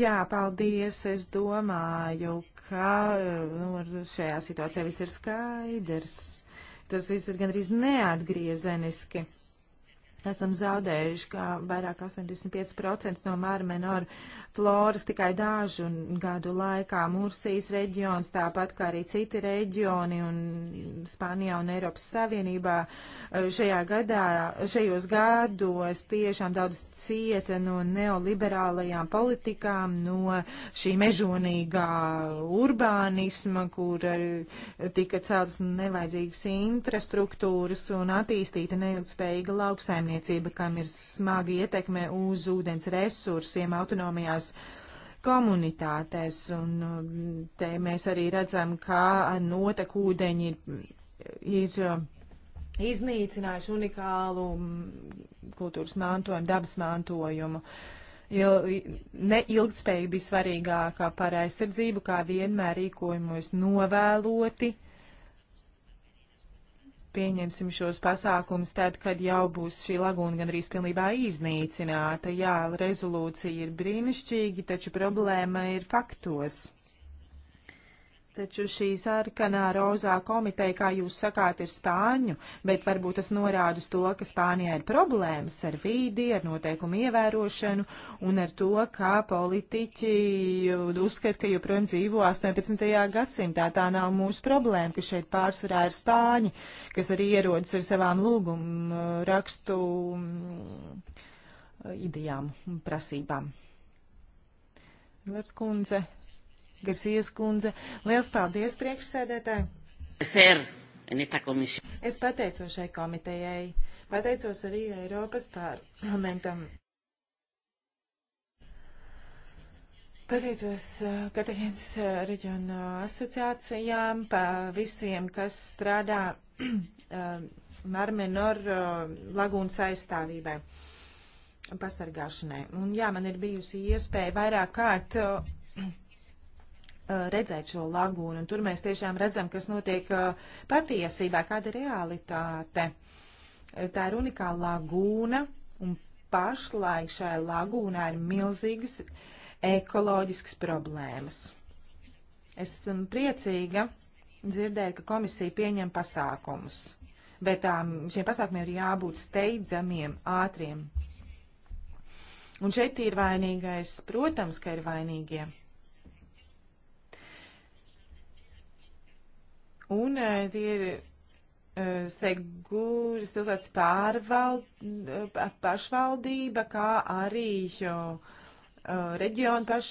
Jā, paldies. Es domāju, ka uh, nu, šajā situācijā viss ir skaidrs. Tas viss ir gandrīz neatgriezeniski esam zaudējuši kā vairāk 85% no mārmenoru floras tikai dažu gadu laikā. Mursijas reģions, tāpat kā arī citi reģioni un Spānijā un Eiropas Savienībā eh, šajā gadā, šajos gados tiešām daudz cieta no neoliberālajām politikām, no šī mežonīgā urbānisma, kur eh, tika celtas nevajadzīgas infrastruktūras un attīstīta neilgspējīga lauksaimniecība, kam ir smaga ietekme uz ūdens resursiem autonomijās savās komunitātēs. Un mm, te mēs arī redzam, kā notekūdeņi ir, ir mm, iznīcinājuši unikālu mm, kultūras mantojumu, dabas mantojumu. Il, neilgtspēja bija svarīgākā par aizsardzību, kā vienmēr rīkojumos novēloti. Uh, pieņemsim šos pasākumus tad, kad jau būs šī lagūna gandrīz pilnībā iznīcināta. Jā, rezolūcija ir brīnišķīgi, taču problēma ir faktos. Taču šī sarkanā rozā komiteja, kā jūs sakāt, ir spāņu, bet varbūt tas norāda uz to, ka Spānijā ir problēmas ar vīdi, ar noteikumu ievērošanu un ar to, kā politiķi uzskata, ka joprojām dzīvo 18. gadsimtā. Tā nav mūsu problēma, ka šeit pārsvarā ir spāņi, kas arī ierodas ar savām lūgumu rakstu mm, idejām un prasībām. Lars Kunze, Garsies kundze. Liels paldies priekšsēdētāji! Es pateicos šai komitejai, pateicos arī Eiropas parlamentam. Pateicos eh, Katehēnas eh, reģionu asociācijām, pa visiem, kas strādā eh, Marmenor lagūnas aizstāvībai un pasargāšanai. Un jā, man ir bijusi iespēja vairāk kārt Uh, redzēt šo lagūnu, un tur mēs tiešām redzam, kas notiek uh, patiesībā, kāda ir realitāte. Uh, tā ir unikāla lagūna, un pašlaik šai lagūnā ir milzīgas ekoloģiskas problēmas. Es esmu priecīga dzirdēt, ka komisija pieņem pasākumus, bet tām, šiem pasākumiem ir jābūt steidzamiem, ātriem. Un šeit ir vainīgais, protams, ka ir vainīgie Un eh, tie ir eh, Seguras pilsētas eh, pašvaldība, kā arī uh, reģiona paš,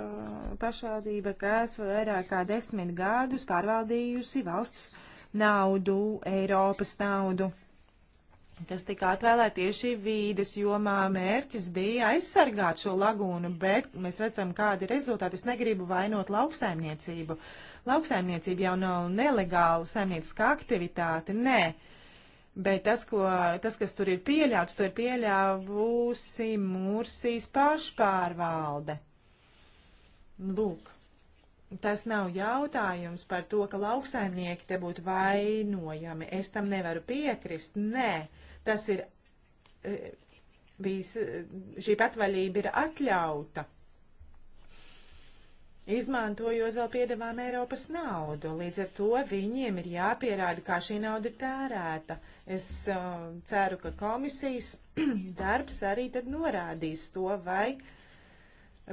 uh, pašvaldība, kas vairāk kā desmit gadus pārvaldījusi valsts naudu, Eiropas naudu kas tika atvēlēta tieši vīdes jomā. Mērķis bija aizsargāt šo lagūnu, bet mēs redzam, kādi ir rezultāti. Es negribu vainot lauksaimniecību. Lauksaimniecība jau nav nelegāla saimnieciskā aktivitāte, nē. Bet tas, ko, tas, kas tur ir pieļauts, to ir pieļāvusi Mursijas pašpārvalde. Lūk. Tas nav jautājums par to, ka lauksaimnieki te būtu vainojami. Es tam nevaru piekrist. Nē, Tas ir e, bijis, e, šī patvaļība ir atļauta, izmantojot vēl piedevām Eiropas naudu. Līdz ar to viņiem ir jāpierāda, kā šī nauda ir tērēta. Es uh, ceru, ka komisijas darbs arī tad norādīs to, vai uh,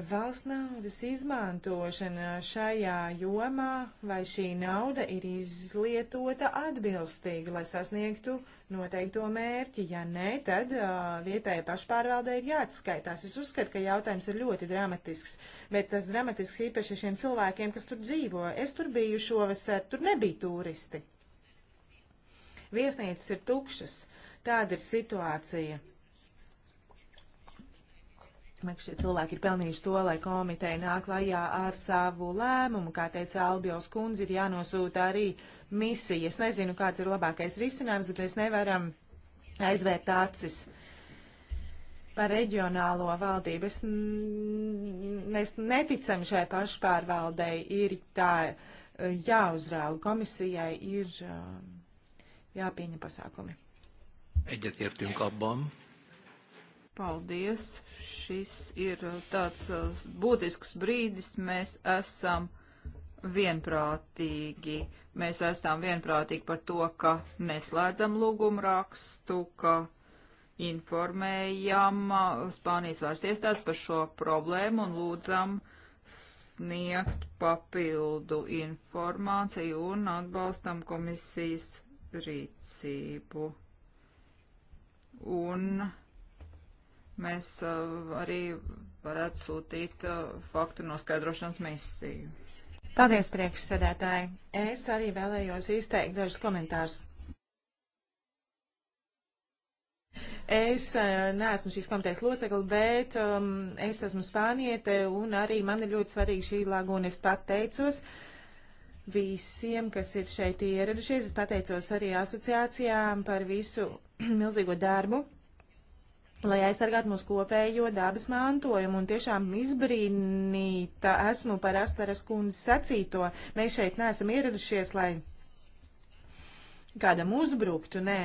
Valsts naudas izmantošana šajā jomā vai šī nauda ir izlietota atbilstīgi, lai sasniegtu noteikto mērķi. Ja nē, tad uh, vietējai pašpārvaldei ir jāatskaitās. Es uzskatu, ka jautājums ir ļoti dramatisks, bet tas dramatisks īpaši šiem cilvēkiem, kas tur dzīvo. Es tur biju šovasar, tur nebija turisti. Viesnīcas ir tukšas. Tāda ir situācija. Man šie cilvēki ir pelnījuši to, lai komiteja nāk lajā ar savu lēmumu. Kā teica Albijos kundze, ir jānosūta arī misija. Es nezinu, kāds ir labākais risinājums, bet mēs nevaram aizvērt acis par reģionālo valdību. Es, mēs neticam šai pašpārvaldei. Ir tā eh, jāuzrauga. Komisijai ir eh, jāpieņem pasākumi. Egyetértünk abban, Paldies! Šis ir uh, tāds uh, būtisks brīdis. Mēs esam vienprātīgi. Mēs esam vienprātīgi par to, ka neslēdzam lūgumu rakstu, ka informējam uh, Spānijas vairs iestādes par šo problēmu un lūdzam sniegt papildu informāciju un atbalstam komisijas rīcību. Un mēs uh, arī varētu sūtīt uh, faktu noskaidrošanas misiju. Paldies, priekšsēdētāji. Es arī vēlējos izteikt dažus komentārus. Es uh, neesmu šīs komitejas locekli, bet um, es esmu spāniete un arī man ir ļoti svarīga šī laguna. Es pateicos visiem, kas ir šeit ieradušies. Es pateicos arī asociācijām par visu milzīgo darbu, lai aizsargātu mūsu kopējo dabas mantojumu. Un tiešām izbrīnīta esmu par Astaras kundzes sacīto. Mēs šeit neesam ieradušies, lai kādam uzbruktu, nē.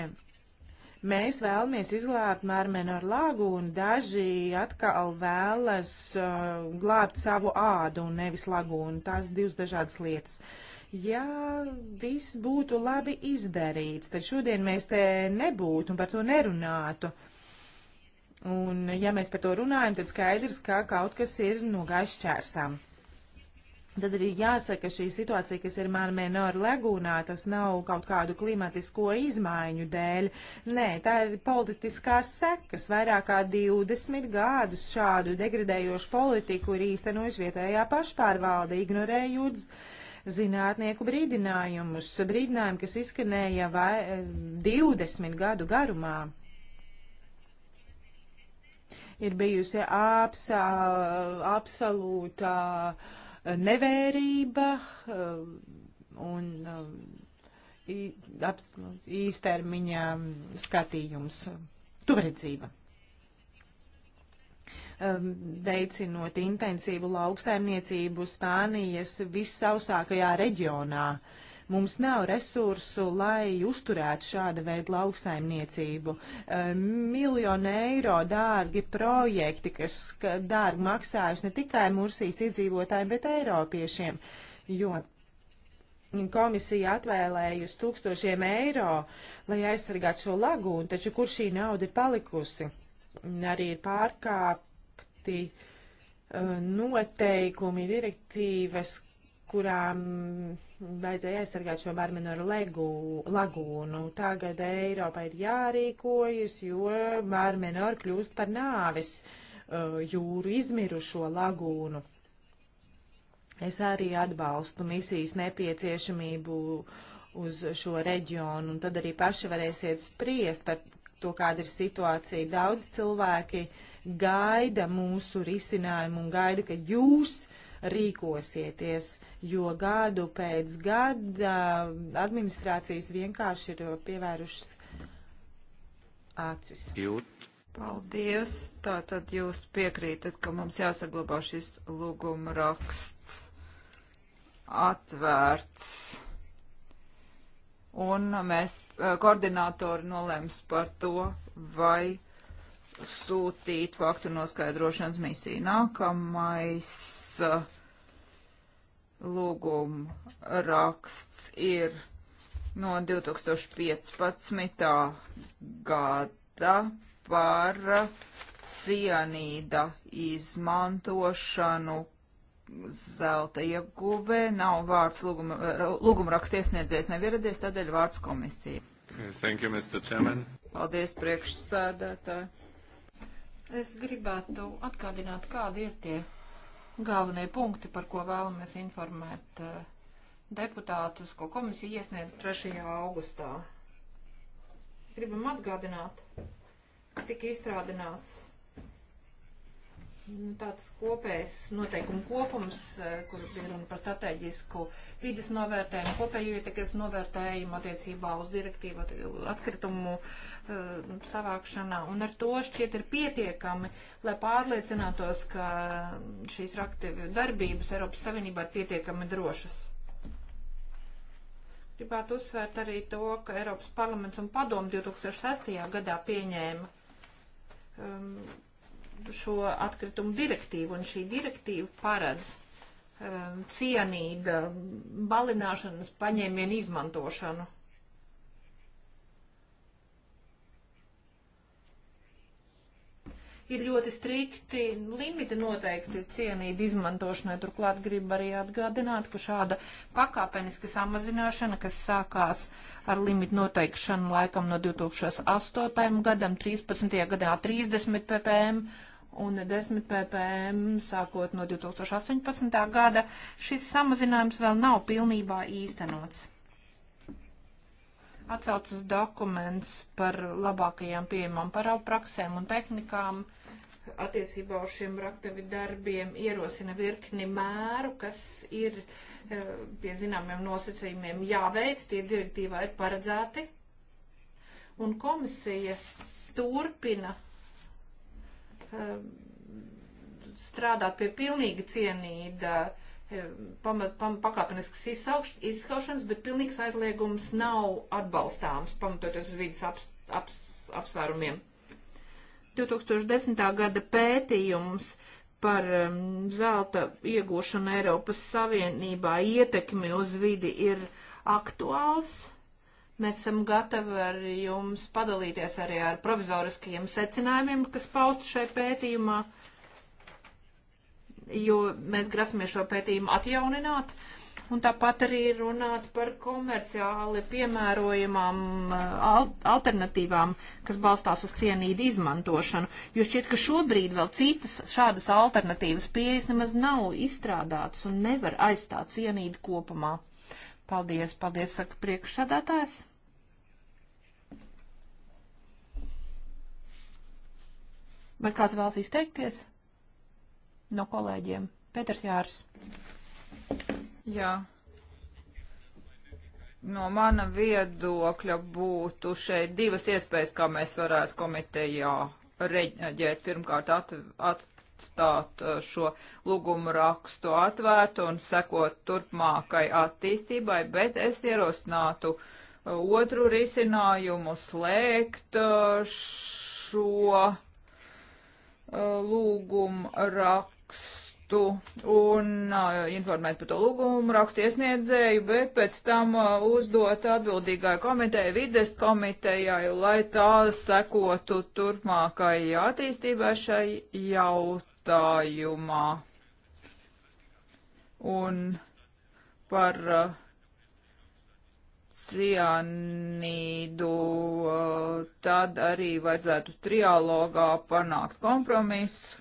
Mēs vēlamies izglābt Marmenoru lagūnu, daži atkal vēlas uh, glābt savu ādu un nevis lagūnu. Tās divas dažādas lietas. Ja viss būtu labi izdarīts, tad šodien mēs te nebūtu un par to nerunātu. Uh, Un, ja mēs par to runājam, tad skaidrs, ka kaut kas ir nogājis čērsām. Tad arī jāsaka, ka šī situācija, kas ir Mārmēnora legūnā, tas nav kaut kādu klimatisko izmaiņu dēļ. Nē, tā ir politiskās sekas. Vairāk kā 20 gadus šādu degradējošu politiku ir īstenojuši vietējā pašpārvalde, ignorējot zinātnieku brīdinājumus, brīdinājumi, kas izskanēja vai, 20 eh, gadu garumā ir bijusi apsa, absolūta nevērība un absolūts īstermiņa skatījums, tuvredzība. Veicinot intensīvu lauksaimniecību Spānijas vissausākajā reģionā. Uh, Mums nav resursu, lai uzturētu šāda veida lauksaimniecību. Eh, Miljonu eiro dārgi projekti, kas dārgi maksājuši ne tikai Mursijas iedzīvotājiem, bet Eiropiešiem. Jo Komisija atvēlējusi tūkstošiem eiro, lai aizsargātu šo lagūnu, taču kur šī nauda ir palikusi? Arī ir pārkāpti uh, noteikumi, direktīvas, kurām vajadzēja aizsargāt šo Marmenoru lagūnu. Tagad Eiropā ir jārīkojas, jo Marmenor kļūst par nāvis uh, jūru izmirušo lagūnu. Es arī atbalstu misijas nepieciešamību uz šo reģionu, un tad arī paši varēsiet spriest par to, kāda ir situācija. Daudz cilvēki gaida mūsu risinājumu un gaida, ka jūs uh, rīkosieties, jo gadu pēc gada administrācijas vienkārši ir pievērušas acis. Jūt. Paldies. Tātad jūs piekrītat, ka mums jāsaglabā šis lūguma raksts atvērts. Un mēs, eh, koordinātori nolēms par to, vai sūtīt faktu noskaidrošanas misiju. Nākamais. Uh, lūguma raksts ir no 2015. gada par cianīda izmantošanu zelta ieguvē. Nav vārds lūguma, lūguma raksts iesniedzējs nevieradies, tādēļ vārds komisija. Thank you, Mr. Chairman. Paldies, priekšsēdētāji. Es gribētu atgādināt, kādi ir tie galvenie punkti, par ko vēlamies informēt eh, deputātus, ko komisija iesniedz 3. augustā. Gribam atgādināt, ka tika izstrādināts nu, tāds kopējs noteikumu kopums, eh, kur ir runa par strateģisku vidas novērtējumu, kopēju ietekmes novērtējumu attiecībā uz direktīvu atkritumu uh, savākšanā. Un ar to šķiet ir pietiekami, lai pārliecinātos, ka šīs aktīvi darbības Eiropas Savienībā ir pietiekami drošas. Gribētu uzsvērt arī to, ka Eiropas parlaments un padomu 2006. gadā pieņēma um, šo atkritumu direktīvu, un šī direktīva paredz um, cienīga balināšanas paņēmienu izmantošanu. ir ļoti strikti limiti noteikti cienīti izmantošanai. Turklāt gribu arī atgādināt, ka šāda pakāpeniska samazināšana, kas sākās ar limitu noteikšanu laikam no 2008. gadam, 13. gadā 30 ppm un 10 ppm sākot no 2018. gada. Šis samazinājums vēl nav pilnībā īstenots. Atcaucas dokuments par labākajām pieejamām paraugpraksēm un tehnikām attiecībā uz šiem raktavi darbiem ierosina virkni mēru, kas ir eh, pie zināmiem nosacījumiem jāveic, tie direktīvā ir paredzēti. Un komisija turpina Um, strādāt pie pilnīgi cienīta um, pamat, pamat, pakāpeniskas izskaušanas, bet pilnīgs aizliegums nav atbalstāms, pamatoties uz vidas aps, aps, apsvērumiem. 2010. gada pētījums par um, zelta iegūšanu Eiropas Savienībā ietekmi uz vidi ir aktuāls Mēs esam gatavi ar jums padalīties arī ar provizoriskajiem secinājumiem, kas paust šai pētījumā, jo mēs grasamies šo pētījumu atjaunināt. Un tāpat arī runāt par komerciāli piemērojamām uh, al alternatīvām, kas balstās uz cienīdu izmantošanu. Jo šķiet, ka šobrīd vēl citas šādas alternatīvas pieejas nemaz nav izstrādātas un nevar aizstāt cienīdu kopumā. Paldies, paldies, saka priekšsādātājs. Vai kāds vēlas izteikties no kolēģiem? Pēters Jārs. Jā. No mana viedokļa būtu šeit divas iespējas, kā mēs varētu komitejā reģēt. Pirmkārt, at, at, atstāt eh, šo lūgumu rakstu atvērtu un sekot turpmākai attīstībai, bet es ierosinātu eh, otru risinājumu slēgt eh, šo lūgumu rakstu lietu un informēt par to lūgumu rakstu iesniedzēju, bet pēc tam uzdot atbildīgai komitejai, vides komitejai, lai tā sekotu turpmākai attīstībai šai jautājumā. Un par uh, cianīdu, tad arī vajadzētu trialogā panākt kompromisu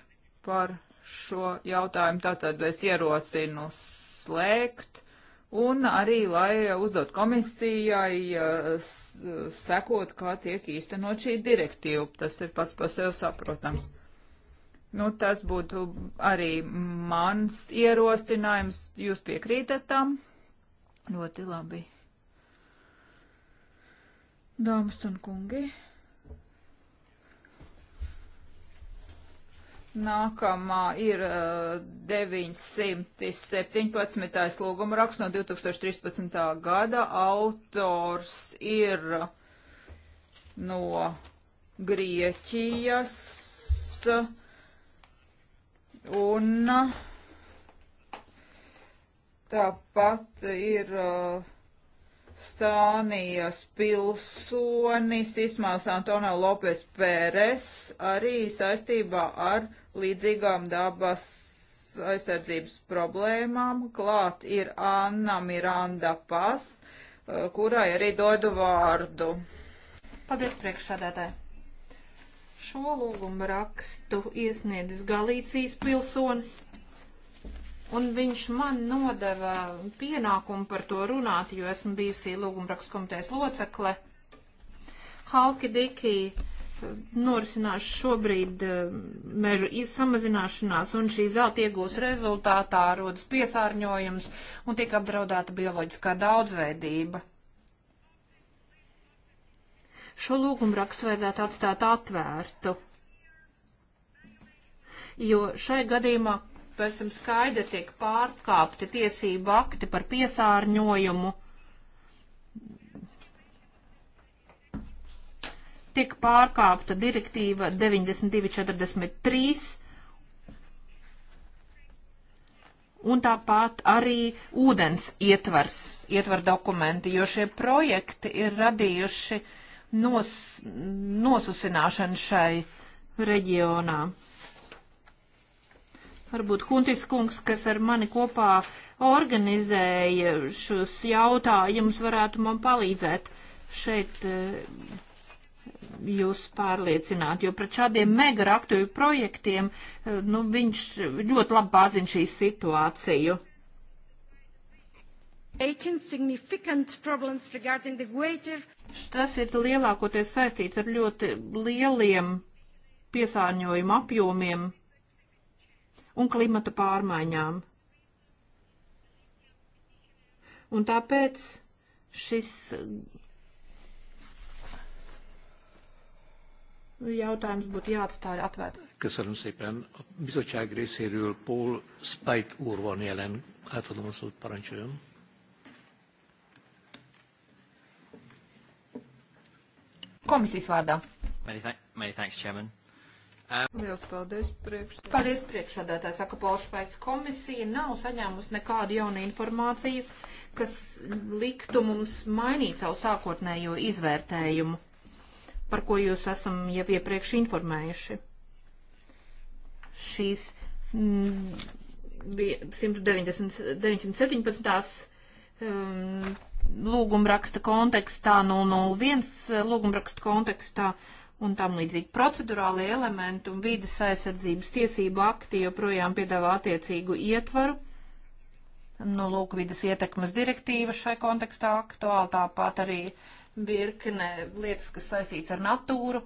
par šo jautājumu. Tātad es ierosinu slēgt un arī, lai uzdot komisijai uh, sekot, kā tiek īstenot šī direktīva. Tas ir pats par sevi saprotams. Nu, tas būtu arī mans ierosinājums. Jūs piekrītat tam? Ļoti labi. Dāmas un kungi. Nākamā ir 917. Eh, lūguma raksts no 2013. gada. Autors ir no Grieķijas un eh, tāpat ir uh, Stānijas pilsonis Ismāls Antonio Lopes Pēres arī saistībā ar līdzīgām dabas aizsardzības problēmām. Klāt ir Anna Miranda Pas, eh, kurai arī dodu vārdu. Paldies priekšsādātāji. Šo lūgumu rakstu iesniedzis Galīcijas pilsonis un viņš man nodeva pienākumu par to runāt, jo esmu bijusi lūgumrakstu komitejas locekle. Halki Diki eh, norisinās šobrīd eh, mežu samazināšanās, un šī zelta iegūs rezultātā rodas piesārņojums un tiek apdraudēta bioloģiskā daudzveidība. Šo lūgumrakstu vajadzētu atstāt atvērtu, jo šai gadījumā pēcam skaidri tiek pārkāpti tiesību akti par piesārņojumu. Tiek pārkāpta direktīva 9243 un tāpat arī ūdens ietvars, ietvar dokumenti, jo šie projekti ir radījuši nos, nosusināšanu šai reģionā varbūt Huntis kungs, kas ar mani kopā organizēja šos jautājumus, varētu man palīdzēt šeit eh, jūs pārliecināt, jo pret šādiem mega aktīvu projektiem, eh, nu, viņš ļoti labi pārzina šī situāciju. 18 significant problems regarding the greater. Tas ir lielākoties saistīts ar ļoti lieliem piesārņojuma apjomiem un klimata pārmaiņām. Un tāpēc šis jautājums būtu jāatstāj atvērts. Köszönöm szépen. A bizottság részéről Paul Spite úr van jelen. Átadom a szót, parancsoljon. Komisijas vārdā. Many, th many thanks, Chairman. Liels paldies priekšsādātājs. Paldies priekšsādātājs. Saka Polšvaits komisija nav saņēmusi nekādu jaunu informāciju, kas liktu mums mainīt savu sākotnējo izvērtējumu, par ko jūs esam jau iepriekš informējuši. Šīs 117. Um, mm, mm, lūgumraksta kontekstā, 001 lūgumraksta kontekstā un tam līdzīgi procedurālie elementi un vīdas aizsardzības tiesību akti joprojām piedāvā attiecīgu ietvaru. Nu, lūk, vidas ietekmes direktīva šai kontekstā aktuāli, tāpat arī virkne lietas, kas saistīts ar natūru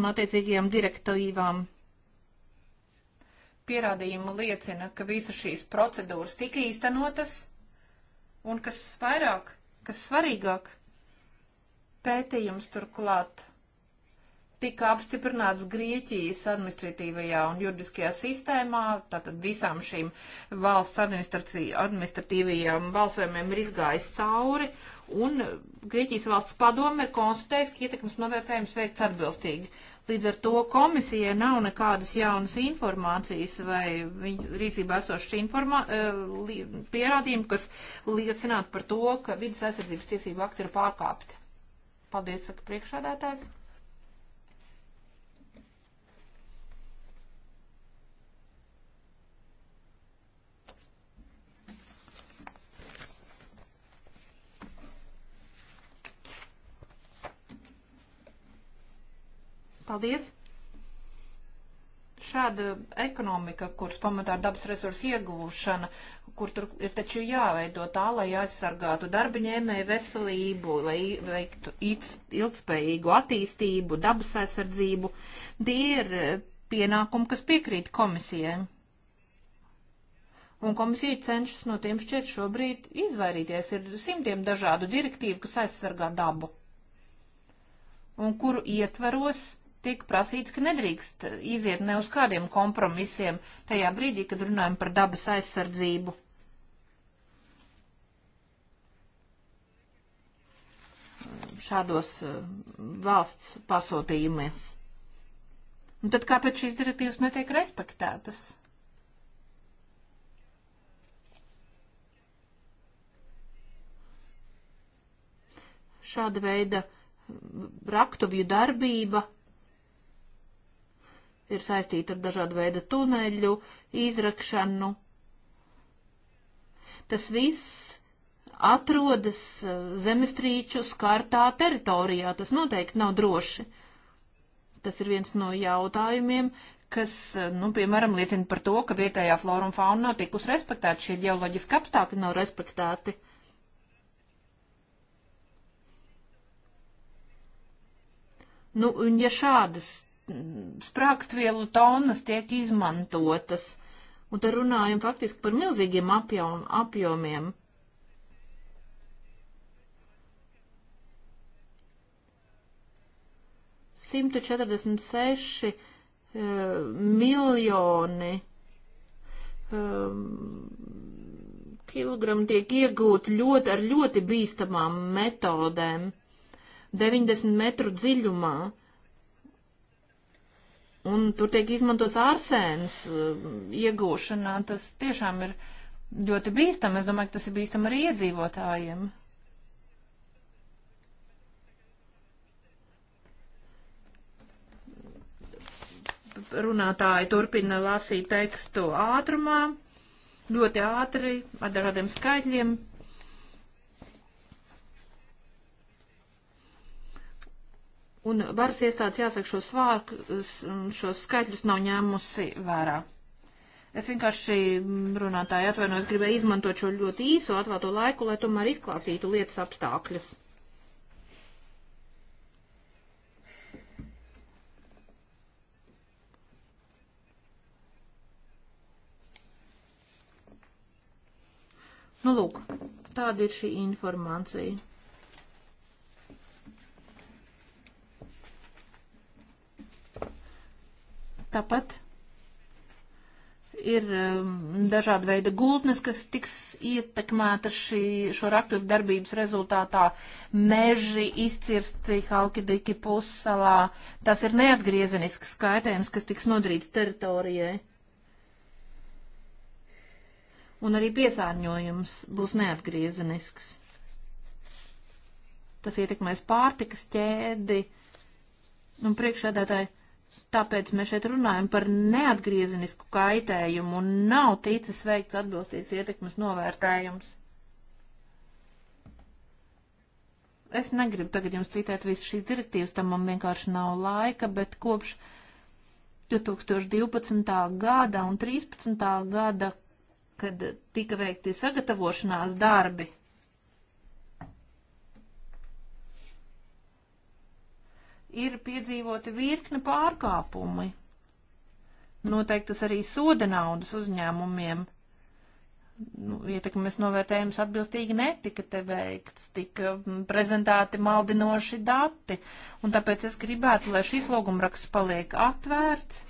un attiecīgajām direktīvām pierādījumi liecina, ka visas šīs procedūras tika īstenotas, un kas vairāk, kas svarīgāk, pētījums turklāt tika apstiprināts Grieķijas administratīvajā un juridiskajā sistēmā, tātad visām šīm valsts administratīvajām balsojumiem ir izgājis cauri, un Grieķijas valsts padome ir konstatējis, ka ietekmes novērtējums veikts atbilstīgi. Līdz ar to komisijai nav nekādas jaunas informācijas vai rīcībā esošas informā, e, pierādījumi, kas liecinātu par to, ka vidas aizsardzības tiesību akti ir pārkāpti. Paldies, saka priekšādātājs. Paldies! Šāda ekonomika, kuras pamatā ir dabas resursu iegūšana, kur tur ir taču jāveido tā, lai aizsargātu darbaņēmēju veselību, lai veiktu ilgspējīgu attīstību, dabas aizsardzību, tie ir pienākumi, kas piekrīt komisijai. Un komisija cenšas no tiem šķiet šobrīd izvairīties. Ir simtiem dažādu direktīvu, kas aizsargā dabu. Un kuru ietveros tika prasīts, ka nedrīkst iziet ne uz kādiem kompromisiem tajā brīdī, kad runājam par dabas aizsardzību. Šādos eh, valsts pasūtījumies. Un tad kāpēc šīs direktīvas netiek respektētas? Šāda veida eh, raktuvju darbība ir saistīta ar dažādu veidu tuneļu, izrakšanu. Tas viss atrodas eh, zemestrīču skartā teritorijā. Tas noteikti nav droši. Tas ir viens no jautājumiem, kas, eh, nu, piemēram, liecina par to, ka vietējā flora un fauna nav tikus respektēta, šie ģeoloģiski apstākļi nav respektēti. Nu, un ja šādas sprākstvielu tonnas tiek izmantotas. Un te runājam faktiski par milzīgiem apjom, apjomiem. Simtu četrdesmit seši eh, miljoni um, ehm, kilogramu tiek iegūti ļoti, ar ļoti bīstamām metodēm, 90 metru dziļumā. Uh, Un tur tiek izmantots ārsēns eh, iegūšanā. Tas tiešām ir ļoti bīstam. Es domāju, ka tas ir bīstam arī iedzīvotājiem. Runātāji turpina lasīt tekstu ātrumā, ļoti ātri, ar dažādiem skaitļiem, Un varas iestādes, jāsaka, šos, svārk, šos skaitļus nav ņēmusi vērā. Es vienkārši runātāji atvainojos, gribēju izmantot šo ļoti īso atvēlto laiku, lai tomēr izklāstītu lietas apstākļus. Nu, lūk, tāda ir šī informācija. Tāpat ir um, dažāda veida gultnes, kas tiks ietekmēta šī, šo raktuvu darbības rezultātā. Meži izcirsti Halkidiki pussalā. Tas ir neatgriezenisks skaitējums, kas tiks nodarīts teritorijai. Un arī piesārņojums būs neatgriezenisks. Tas ietekmēs pārtikas ķēdi un priekšēdētāji Tāpēc mēs šeit runājam par neatgriezenisku kaitējumu un nav ticis veikts atbilstīgs ietekmes novērtējums. Es negribu tagad jums citēt visu šīs direktīvas, tam man vienkārši nav laika, bet kopš 2012. gada un 2013. gada, kad tika veikti sagatavošanās darbi, ir piedzīvoti virkne pārkāpumi. Noteikti tas arī soda naudas uzņēmumiem. Nu, ietekmes novērtējums atbilstīgi netika te veikts, tika mm, prezentēti maldinoši dati, un tāpēc es gribētu, lai šis logumraksts paliek atvērts.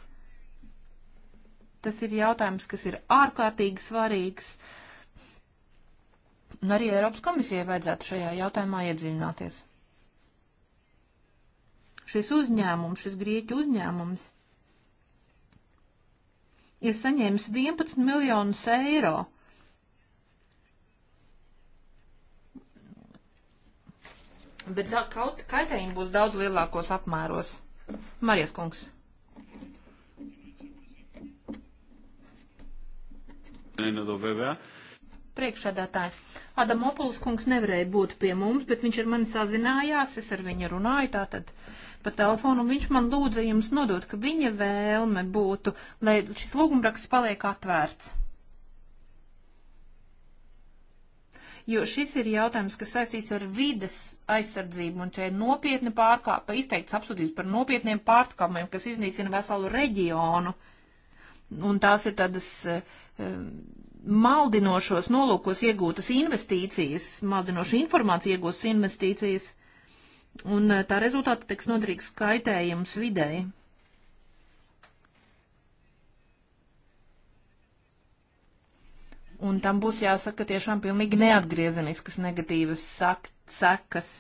Tas ir jautājums, kas ir ārkārtīgi svarīgs. Un arī Eiropas komisijai vajadzētu šajā jautājumā iedziļināties. Šis uzņēmums, šis grieķu uzņēmums ir saņēmis 11 miljonus eiro. Bet kaut kaitējumi būs daudz lielākos apmēros. Marijas kungs. Priekšādātāji. Adamopulis kungs nevarēja būt pie mums, bet viņš ar mani sazinājās, es ar viņu runāju, tātad. Uh, pa telefonu, un viņš man lūdza jums nodot, ka viņa vēlme būtu, lai šis lūgumraksts paliek atvērts. Jo šis ir jautājums, kas saistīts ar vides aizsardzību, un šeit nopietni pārkāpa, izteikts apsūdzības par nopietniem pārkāpumiem, kas iznīcina veselu reģionu. Un tās ir tādas um, maldinošos nolūkos iegūtas investīcijas, maldinoša informācija iegūtas investīcijas un eh, tā rezultāta tiks nodarīgs kaitējums videi. Un tam būs jāsaka tiešām pilnīgi neatgriezeniskas negatīvas sak sekas.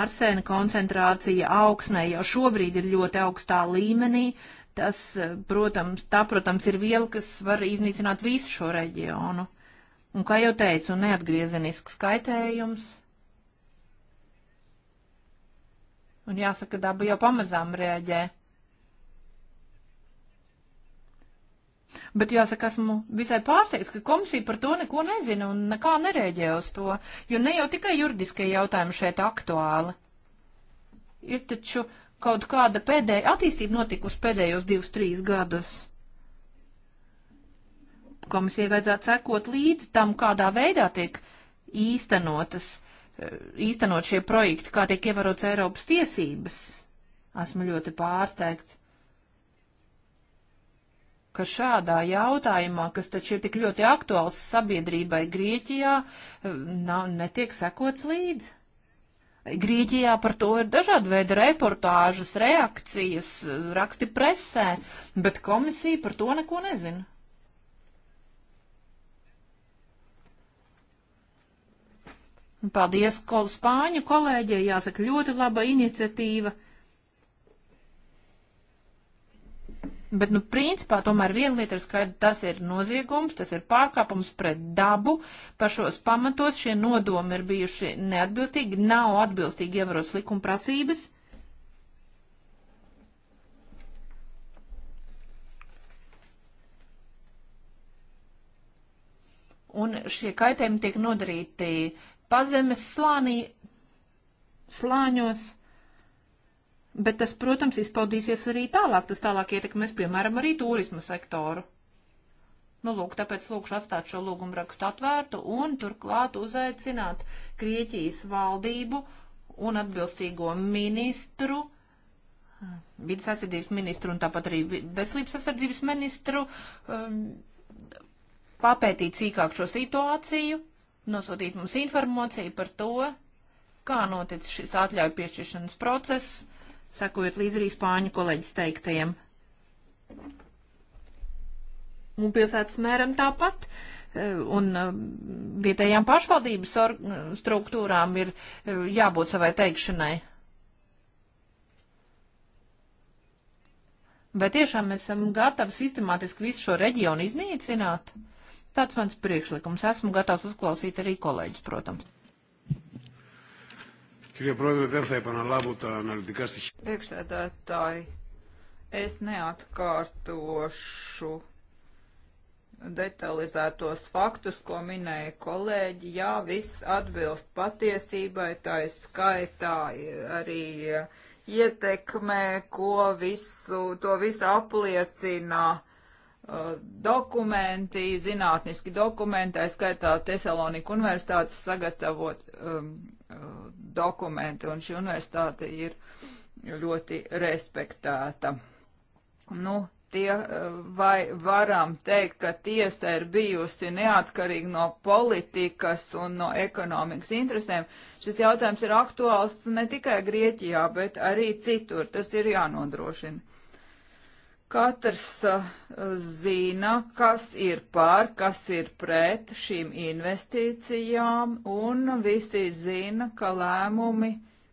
Arsēna koncentrācija augsnē jau šobrīd ir ļoti augstā līmenī. Tas, eh, protams, tā, protams, ir viela, kas var iznīcināt visu šo reģionu. Un, kā jau teicu, neatgriezenisks kaitējums. Un jāsaka, daba jau pamazām reaģē. Bet jāsaka, esmu visai pārsteigts, ka komisija par to neko nezina un nekā nereaģē uz to, jo ne jau tikai juridiskie jautājumi šeit aktuāli. Ir taču kaut kāda pēdējā attīstība notikusi pēdējos divus, trīs gadus komisijai vajadzētu sekot līdz tam, kādā veidā tiek īstenotas, eh, īstenot šie projekti, kā tiek ievarots Eiropas tiesības. Esmu ļoti pārsteigts, ka šādā jautājumā, kas taču ir tik ļoti aktuāls sabiedrībai Grieķijā, eh, nav, netiek sekots līdzi. Grieķijā par to ir dažādi veidi reportāžas, reakcijas, eh, raksti presē, bet komisija par to neko nezina. Paldies kol Spāņu kolēģei, jāsaka, ļoti laba iniciatīva. Bet, nu, principā, tomēr viena lieta ir skaidra, tas ir noziegums, tas ir pārkāpums pret dabu. Par šos pamatos šie nodomi ir bijuši neatbilstīgi, nav atbilstīgi ievarots likuma prasības. un šie kaitējumi tiek nodarīti pazemes slānī, slāņos, bet tas, protams, izpaudīsies arī tālāk, tas tālāk ietekmēs, piemēram, arī turisma sektoru. Nu, lūk, tāpēc lūkšu atstāt šo lūgumu rakstu atvērtu un turklāt uzaicināt Krieķijas valdību un atbilstīgo ministru, vidas aizsardzības ministru un tāpat arī veselības aizsardzības ministru, um, papētīt sīkāk šo situāciju nosūtīt mums informāciju par to, kā noticis šis atļauju piešķiršanas process, sekojot līdz arī spāņu kolēģis teiktajiem. Un pilsētas mēram tāpat e, un e, vietējām pašvaldības e, struktūrām ir jābūt savai teikšanai. Vai tiešām mēs esam gatavi sistemātiski visu šo reģionu iznīcināt? Mm. Tāds mans priekšlikums. Esmu gatavs uzklausīt arī kolēģis, protams. Priekšsēdētāji, es neatkārtošu detalizētos faktus, ko minēja kolēģi. Jā, viss atbilst patiesībai, tā ir skaitā arī ietekmē, ko visu, to visu apliecina Uh, dokumenti, zinātniski dokumenti, aizskaitā Tesalonika universitātes sagatavot um, uh, dokumenti, un šī universitāte ir ļoti respektēta. Nu, tie uh, vai varam teikt, ka tiesa ir bijusi neatkarīga no politikas un no ekonomikas interesēm. Šis jautājums ir aktuāls ne tikai Grieķijā, bet arī citur. Tas ir jānodrošina. Katrs eh, zina, kas ir pār, kas ir pret šīm investīcijām, un visi zina, ka lēmumi,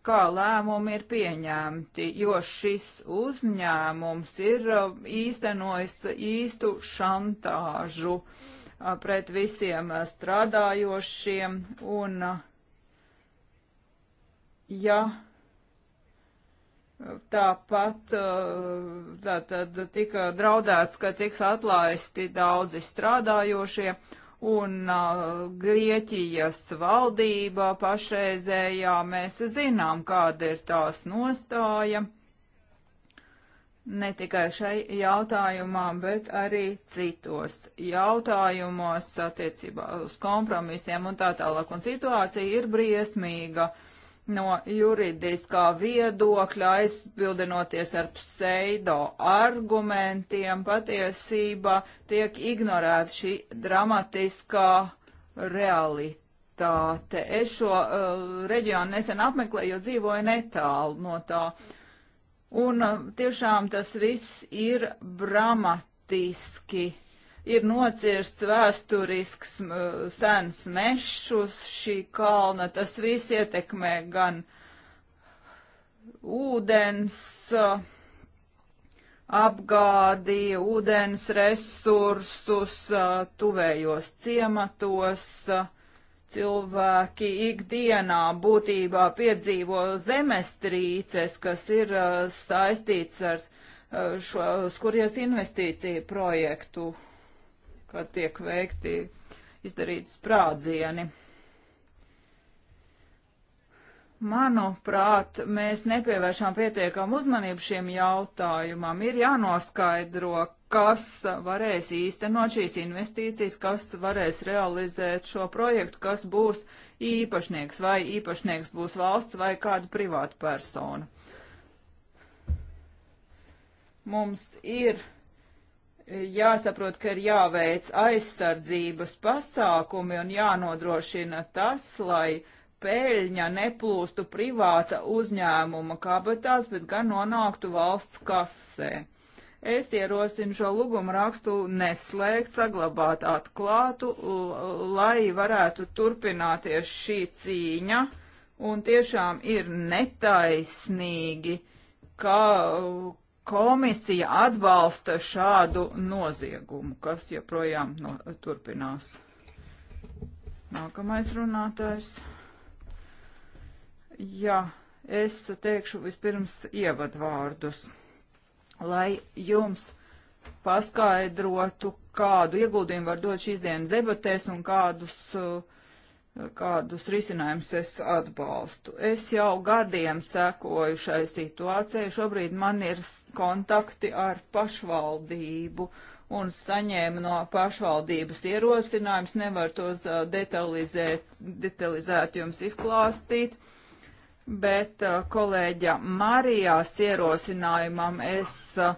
kā lēmumi ir pieņemti, jo šis uzņēmums ir eh, īstenojis īstu šantāžu eh, pret visiem strādājošiem, un ja Tāpat eh, tā, tad tika draudēts, ka tiks atlaisti daudzi strādājošie, un eh, Grieķijas valdība pašreizējā mēs zinām, kāda ir tās nostāja ne tikai šai jautājumā, bet arī citos jautājumos attiecībā uz kompromisiem un tā tālāk. Un situācija ir briesmīga. Uh, no juridiskā viedokļa, aizbildinoties ar pseido argumentiem, patiesībā tiek ignorēta šī dramatiskā realitāte. Es šo uh, reģionu nesen apmeklēju, jo dzīvoju netālu no tā. Un uh, tiešām tas viss ir dramatiski ir nocirsts vēsturisks sens mežs uz šī kalna. Tas viss ietekmē gan ūdens apgādi, ūdens resursus, tuvējos ciematos. Cilvēki ikdienā būtībā piedzīvo zemestrīces, kas ir saistīts ar šo skuries investīciju projektu kad tiek veikti izdarīti sprādzieni. Manuprāt, mēs nepievēršam pietiekam uzmanību šiem jautājumam. Ir jānoskaidro, kas varēs īstenot šīs investīcijas, kas varēs realizēt šo projektu, kas būs īpašnieks, vai īpašnieks būs valsts vai kāda privāta persona. Mums ir jāsaprot, ka ir jāveic aizsardzības pasākumi un jānodrošina tas, lai peļņa neplūstu privāta uzņēmuma kabatās, bet gan nonāktu valsts kasē. Es ierosinu šo lūgumu rakstu neslēgt, saglabāt atklātu, lai varētu turpināties šī cīņa, un tiešām ir netaisnīgi, ka komisija atbalsta šādu noziegumu, kas joprojām no, turpinās. Nākamais runātājs. Jā, es teikšu vispirms ievadvārdus, lai jums paskaidrotu, kādu ieguldījumu var dot šīs dienas debatēs un kādus uh, kādus risinājumus es atbalstu. Es jau gadiem sekoju šai situācijai, šobrīd man ir kontakti ar pašvaldību un saņēmu no pašvaldības ierosinājums, nevar tos detalizēt, detalizēt jums izklāstīt, bet kolēģa Marijas ierosinājumam es uh,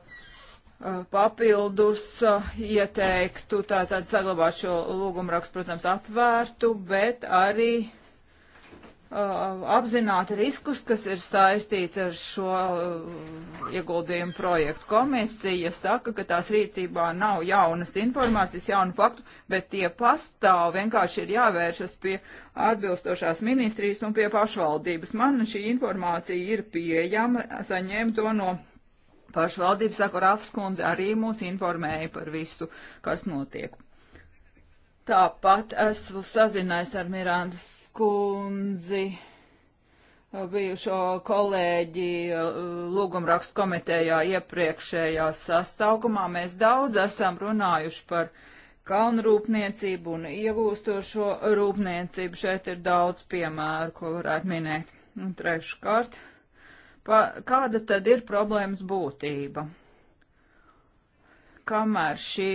Uh, papildus uh, ieteiktu tātad saglabāt šo lūgumrakstu, protams, atvērtu, bet arī uh, apzināt riskus, kas ir saistīti ar šo uh, ieguldījumu projektu. Komisija saka, ka tās rīcībā nav jaunas informācijas, jaunu faktu, bet tie pastāv, vienkārši ir jāvēršas pie atbilstošās ministrijas un pie pašvaldības. Man šī informācija ir pieejama, saņēmu to no pašvaldības, kur apskundze arī mūs informēja par visu, kas notiek. Tāpat esmu sazinājis ar Mirānas kundzi, bijušo kolēģi uh, lūgumrakstu komitejā iepriekšējā sastāvgumā. Mēs daudz esam runājuši par kalnrūpniecību un iegūstošo rūpniecību. Šeit ir daudz piemēru, ko varētu minēt. Un treškārt. Pa, kāda tad ir problēmas būtība? Kamēr šī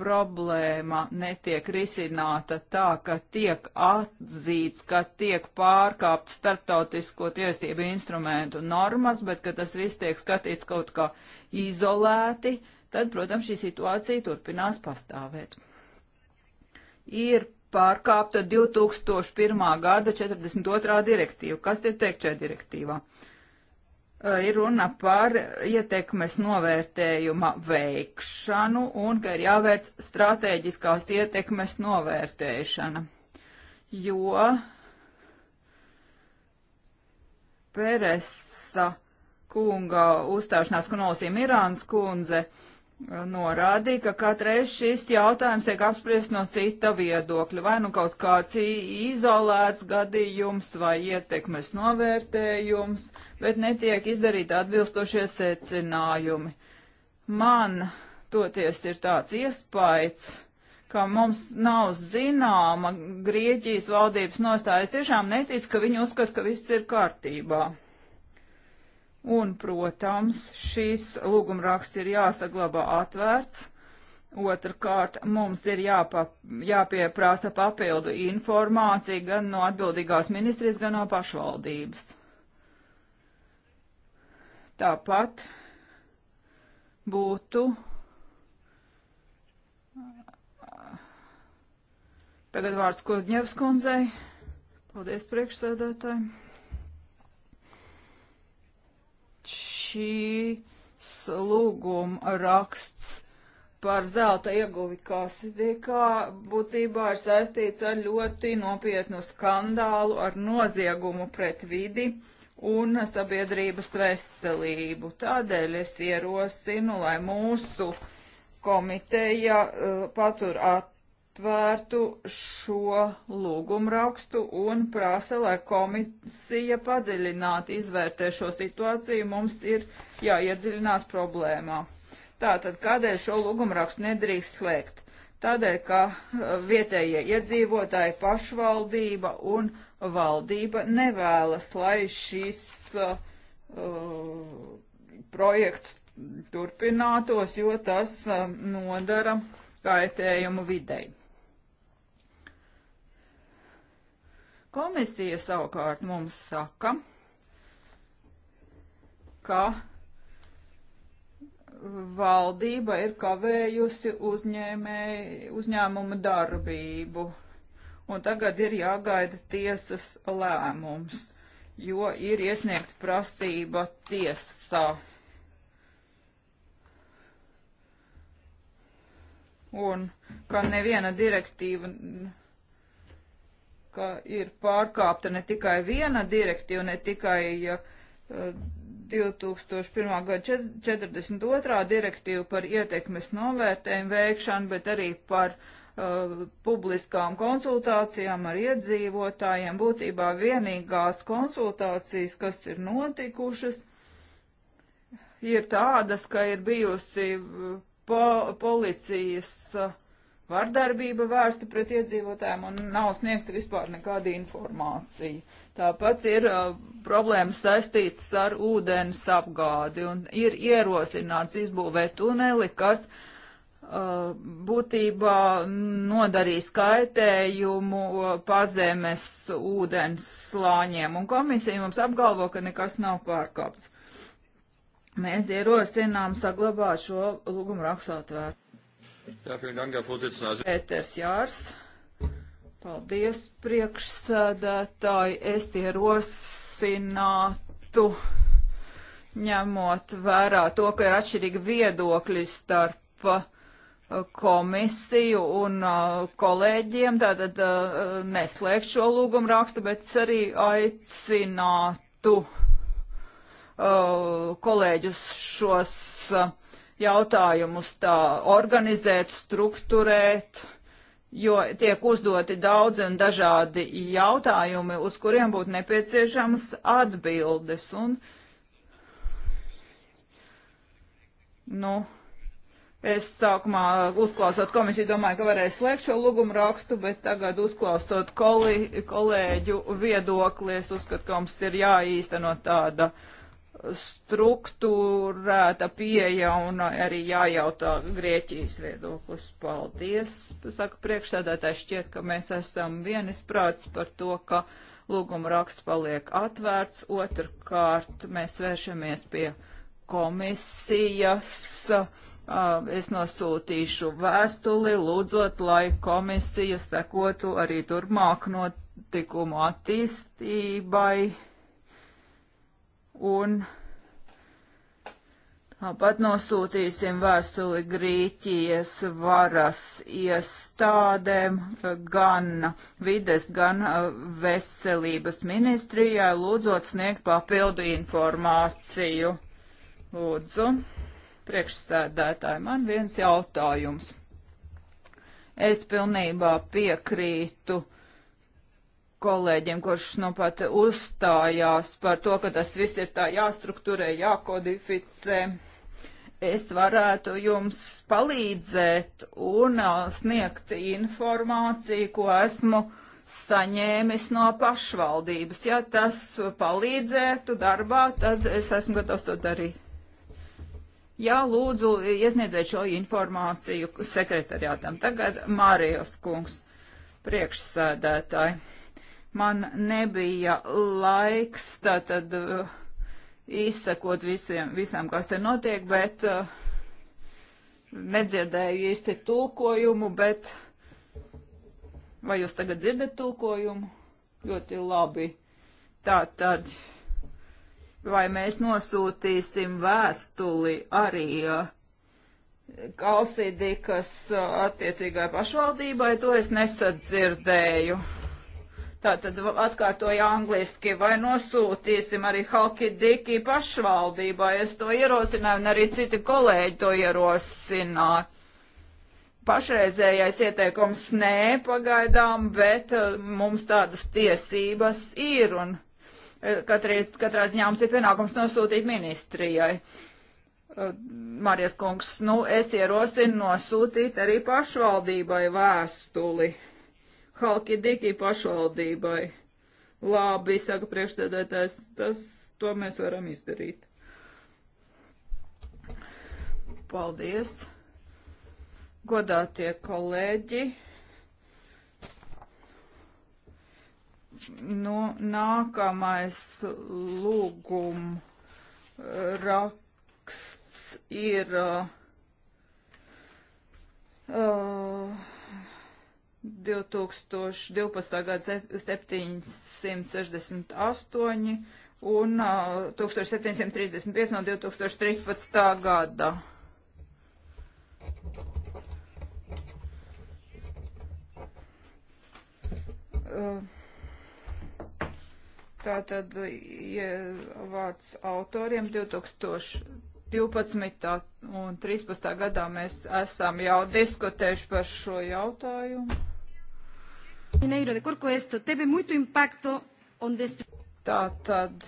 problēma netiek risināta tā, ka tiek atzīts, ka tiek pārkāpt starptautisko tiesību instrumentu normas, bet ka tas viss tiek skatīts kaut kā izolēti, tad, protams, šī situācija turpinās pastāvēt. Ir pārkāpta 2001. gada 42. direktīva. Kas ir teikt šajā direktīvā? Eh, ir runa par ietekmes novērtējuma veikšanu un ka ir jāveic strateģiskās ietekmes novērtēšana, jo Peresa kunga uzstāšanās, ko nolasīja Mirāns kundze, uh, norādīja, ka katreiz šis jautājums tiek apspriests no cita viedokļa, vai nu kaut kāds izolēts gadījums vai ietekmes novērtējums, bet netiek izdarīti atbilstošie secinājumi. Man toties ir tāds iespējas, ka mums nav zināma Grieķijas valdības nostājas. Tiešām netic, ka viņi uzskata, ka viss ir kārtībā. Un, protams, šīs lūgumraksts ir jāsaglabā atvērts. Otrakārt, mums ir jāpa, jāpieprasa papildu informācija gan no atbildīgās ministrijas, gan no pašvaldības. Tāpat būtu tagad vārds Kurģņevs kundzei. Paldies priekšsēdētājiem šīs lūguma raksts par zelta ieguvi Kasidikā būtībā ir saistīts ar ļoti nopietnu skandālu, ar noziegumu pret vidi un sabiedrības veselību. Tādēļ es ierosinu, lai mūsu komiteja uh, patur at aptvērtu šo lūgumrakstu un prasa, lai komisija padziļināti izvērtē šo situāciju, mums ir jāiedziļinās problēmā. Tātad, kādēļ šo lūgumrakstu nedrīkst slēgt? Tādēļ, ka uh, vietējie iedzīvotāji, pašvaldība un valdība nevēlas, lai šis uh, uh projekts turpinātos, jo tas uh, nodara kaitējumu videi. Komisija savukārt mums saka, ka valdība ir kavējusi uzņēmē, uzņēmuma darbību, un tagad ir jāgaida tiesas lēmums, jo ir iesniegta prasība tiesā. Un ka neviena direktīva ka ir pārkāpta ne tikai viena direktīva, ne tikai uh, eh, 2001. gada 42. direktīva par ietekmes novērtējumu veikšanu, bet arī par uh, publiskām konsultācijām ar iedzīvotājiem. Būtībā vienīgās konsultācijas, kas ir notikušas, ir tādas, ka ir bijusi eh, po policijas uh, vardarbība vērsta pret iedzīvotājiem un nav sniegta vispār nekāda informācija. Tāpat ir uh, problēmas saistītas ar ūdens apgādi un ir ierosināts izbūvēt tuneli, kas uh, būtībā nodarīs kaitējumu uh, pazemes ūdens slāņiem, un komisija mums apgalvo, ka nekas nav pārkāpts. Mēs ierosinām saglabāt šo lūgumu rakstu atvērtu. Jā, Dank, Pēters Jārs. Paldies, priekšsēdētāji. Es ierosinātu, ņemot vērā to, ka ir atšķirīgi viedokļi starp uh, komisiju un uh, kolēģiem, tātad uh, neslēgt šo lūgumu rakstu, bet es arī aicinātu kolēģus šos uh, jautājumus tā organizēt, strukturēt, jo tiek uzdoti daudzi un dažādi jautājumi, uz kuriem būtu nepieciešamas atbildes. Un, nu, Es sākumā uzklausot komisiju domāju, ka varēs slēgt šo lūgumu rakstu, bet tagad uzklausot kolī, kolēģu viedokli, es uzskatu, ka mums ir jāīsteno tāda uh, struktūrēta pieeja un arī jājautā Grieķijas viedoklis. Paldies! Saka priekšsēdētāji šķiet, ka mēs esam vienisprāts par to, ka lūguma raksts paliek atvērts. Otrkārt, mēs vēršamies pie komisijas. Es nosūtīšu vēstuli, lūdzot, lai komisija sekotu arī turpmāk notikumu attīstībai un tāpat nosūtīsim vēstuli Grīķijas varas iestādēm gan vides, gan uh, veselības ministrijai, lūdzot sniegt papildu informāciju. Lūdzu, priekšstādētāji, man viens jautājums. Es pilnībā piekrītu uh, kolēģiem, kurš nu pat uzstājās par to, ka tas viss ir tā jāstrukturē, jākodificē. Es varētu jums palīdzēt un sniegt informāciju, ko esmu saņēmis no pašvaldības. Ja tas palīdzētu darbā, tad es esmu gatavs to darīt. Jā, lūdzu, iesniedziet šo informāciju sekretariātam. Tagad Mārijos kungs, priekšsēdētāji man nebija laiks tātad uh, izsekot visiem, visam, kas te notiek, bet uh, nedzirdēju īsti tulkojumu, bet vai jūs tagad dzirdat tulkojumu? Ļoti labi. Tātad, vai mēs nosūtīsim vēstuli arī uh, Kalsīdī, kas attiecīgai pašvaldībai, to es nesadzirdēju. Tātad atkārtoja angliski, vai nosūtīsim arī Halkidiki pašvaldībā. Es to ierosināju, un arī citi kolēģi to ierosināja. Pašreizējais ieteikums nē pagaidām, bet eh, mums tādas tiesības ir, un eh, katreiz, katrā ziņā mums ir pienākums nosūtīt ministrijai. Eh, Marijas kungs, nu es ierosinu nosūtīt arī pašvaldībai vēstuli. Halkidiki pašvaldībai. Labi, saka priekšstādētājs, tas, to mēs varam izdarīt. Paldies. Godātie kolēģi. Nu, nākamais lūgum raksts ir. Uh, uh 2012. gada 768 un uh, 1735 no 2013. gada. Uh, Tātad ja vārds autoriem 2012. un 2013. gadā mēs esam jau diskutējuši par šo jautājumu. Mineiro de Corcoesto teve muito impacto on this... Tā tad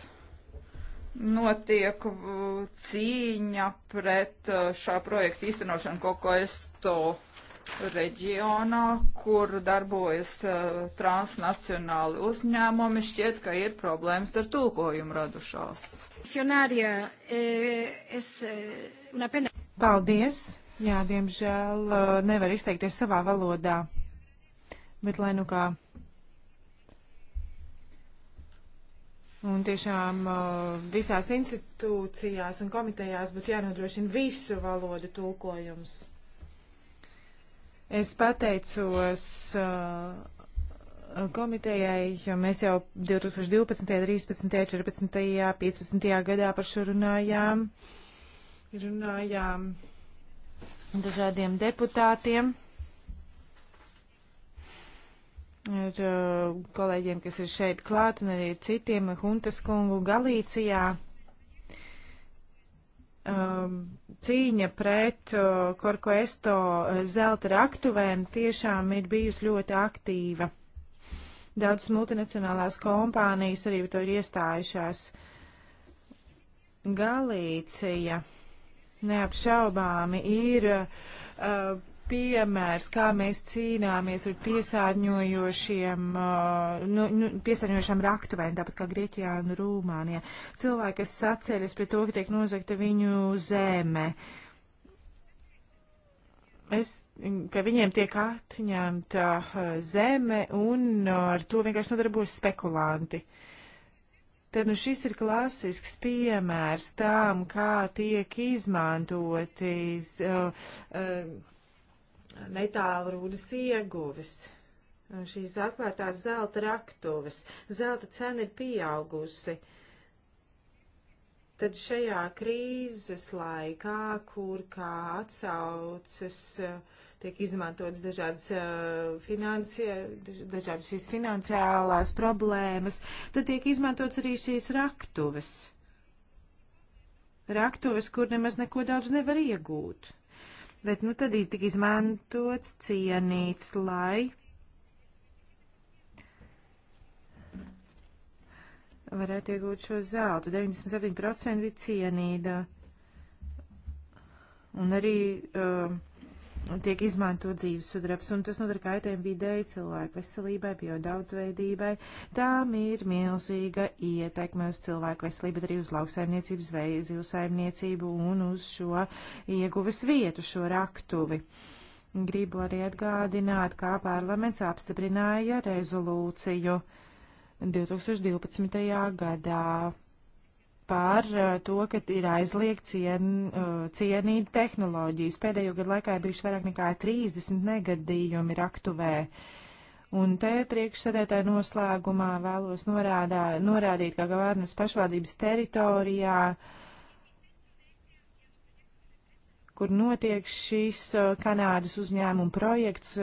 notiek uh, cīņa pret uh, šā projekta īstenošanu Kokoesto reģionā, kur darbojas uh, transnacionāli uzņēmumi, šķiet, ka ir problēmas ar tulkojumu radušās. Eh, eh, Paldies! Jā, diemžēl uh, nevar izteikties savā valodā. Bet lai nu kā. Un tiešām uh, visās institūcijās un komitejās būtu jānodrošina visu valodu tulkojums. Es pateicos uh, komitejai, jo mēs jau 2012., 13., 14., 15. gadā par šo runājām. Runājām dažādiem deputātiem ar uh, kolēģiem, kas ir šeit klāt, un arī citiem Huntas kungu Galīcijā. Um, cīņa pret uh, korkoesto uh, zelta raktuvēm tiešām ir bijusi ļoti aktīva. Daudzas multinacionālās kompānijas arī to ir iestājušās. Galīcija neapšaubāmi ir uh, piemērs, kā mēs cīnāmies ar piesārņojošiem, uh, nu, nu, piesārņojošiem raktuvēm, tāpat kā Grieķijā un Rumānijā. Cilvēki, kas sacēļas pie to, ka tiek nozagta viņu zeme. Es, ka viņiem tiek atņemta uh, zeme un uh, ar to vienkārši nodarbojas spekulanti. Tad nu šis ir klasisks piemērs tām, kā tiek izmantoti. Uh, uh, metāla rūdas ieguvis. Un šīs atklātās zelta raktuves, zelta cena ir pieaugusi. Tad šajā krīzes laikā, kur kā atsaucas, tiek izmantotas dažādas, finansie, dažādas šīs finansiālās problēmas, tad tiek izmantotas arī šīs raktuves. Raktuves, kur nemaz neko daudz nevar iegūt bet nu tad tika izmantots cienīts, lai varētu iegūt šo zeltu. 97% bija cienīta. Un arī uh, tiek izmantot dzīves sudrabs, un tas nodara kaitējumu vidēji cilvēku veselībai, biodaudzveidībai. Tām ir milzīga ietekme uz cilvēku veselību, bet arī uz lauksaimniecības veidu, zivsaimniecību un uz šo ieguves vietu, šo raktuvi. Gribu arī atgādināt, kā parlaments apstiprināja rezolūciju 2012. gadā par eh, to, ka ir aizliegt cien, eh, cienīt tehnoloģijas. Pēdējo gadu laikā ir bijuši vairāk nekā 30 negadījumi raktuvē. Un te priekšsēdētāji noslēgumā vēlos norādā, norādīt, ka Gavārnas pašvaldības teritorijā uh, kur notiek šis eh, Kanādas uzņēmuma projekts,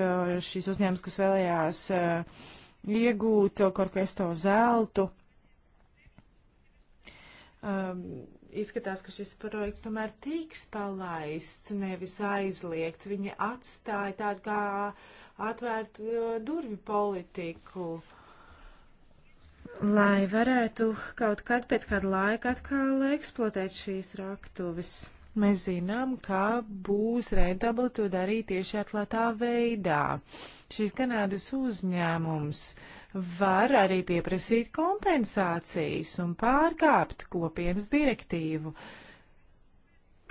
šis uzņēmums, kas vēlējās iegūt Korkesto zeltu um, izskatās, ka šis projekts tomēr tiks palaists, nevis aizliegts. Viņi atstāja tādu kā atvērtu uh, durvju politiku. Lai varētu kaut kad pēc kāda laika atkal eksploatēt šīs raktuves. Mēs zinām, ka būs rentabli to darīt tieši atklātā veidā. Šis Kanādas uzņēmums uh, var arī pieprasīt kompensācijas un pārkāpt kopienas direktīvu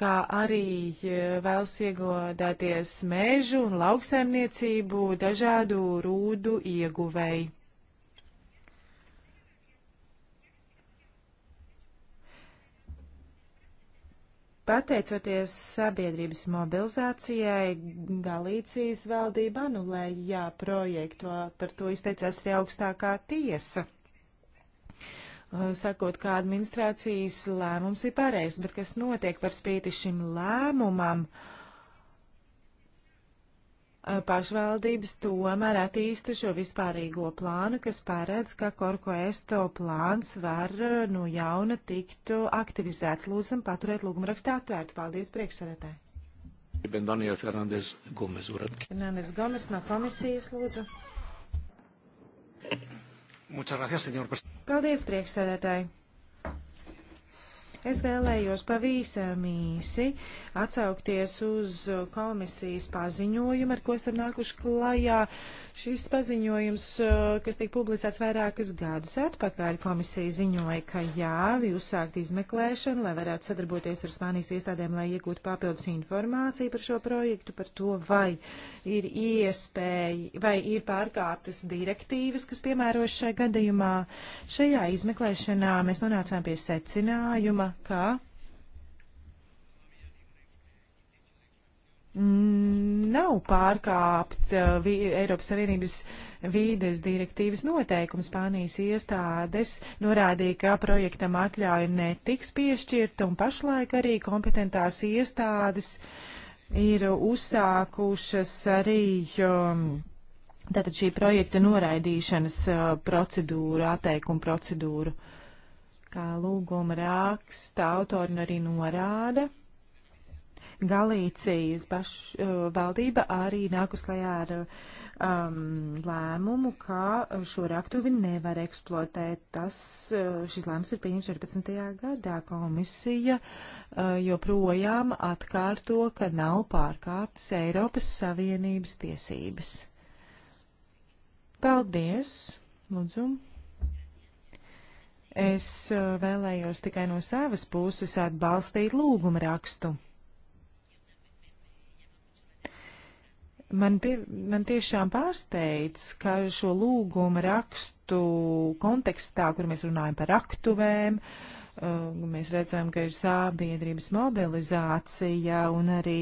kā arī e, vēlas iegādāties mežu un lauksaimniecību dažādu rūdu ieguvēji. Pateicoties sabiedrības mobilizācijai, Galīcijas valdība anulēja projektu, par to izteicās arī augstākā tiesa. Uh, sakot, kā administrācijas lēmums ir pareizs, bet kas notiek par spīti šim lēmumam? Uh, Eh, pašvaldības tomēr attīsta šo vispārīgo plānu, kas paredz, ka Korko Esto plāns var eh, no jauna tikt aktivizēts. Lūdzam, paturēt lūgumu rakstu atvērtu. Paldies priekšsēdētāji. Bendanija Fernandes Gomes urat. Fernandes Gomes no komisijas lūdzu. Muchas gracias, señor presidente. Paldies priekšsēdētāji. Es vēlējos pavisam īsi atsaukties uz komisijas paziņojumu, ar ko esam nākuši klajā. Šis paziņojums, eh, kas tika publicēts vairākas gadus atpakaļ, komisija ziņoja, ka jā, uzsākt izmeklēšanu, lai varētu sadarboties ar Spānijas iestādēm, lai iegūtu papildus informāciju par šo projektu, par to, vai ir iespēja, vai ir pārkāptas direktīvas, kas piemērošas šajā gadījumā. Šajā izmeklēšanā mēs nonācām pie secinājuma, ka nav pārkāpt uh, Eiropas Savienības vīdes direktīvas noteikums. Spānijas iestādes norādīja, ka projektam atļauja netiks piešķirta un pašlaik arī kompetentās iestādes ir uzsākušas arī um, tātad šī projekta noraidīšanas uh, procedūru, atteikumu procedūru. Uh, kā lūguma raksta autori arī norāda. Galīcijas baš, uh, valdība arī nākus klajā ar um, lēmumu, ka šo raktuvi nevar eksploatēt. Tas, uh, šis lēmums ir pieņemts 14. gadā. Komisija uh, joprojām atkārto, ka nav pārkārtas Eiropas Savienības tiesības. Paldies! Lūdzu! Es uh, vēlējos tikai no savas puses atbalstīt lūgumu rakstu. Man, pie, man tiešām pārsteidz, ka šo lūgumu rakstu kontekstā, kur mēs runājam par aktuvēm, uh, Ehm, mēs redzam, ka ir sabiedrības mobilizācija un arī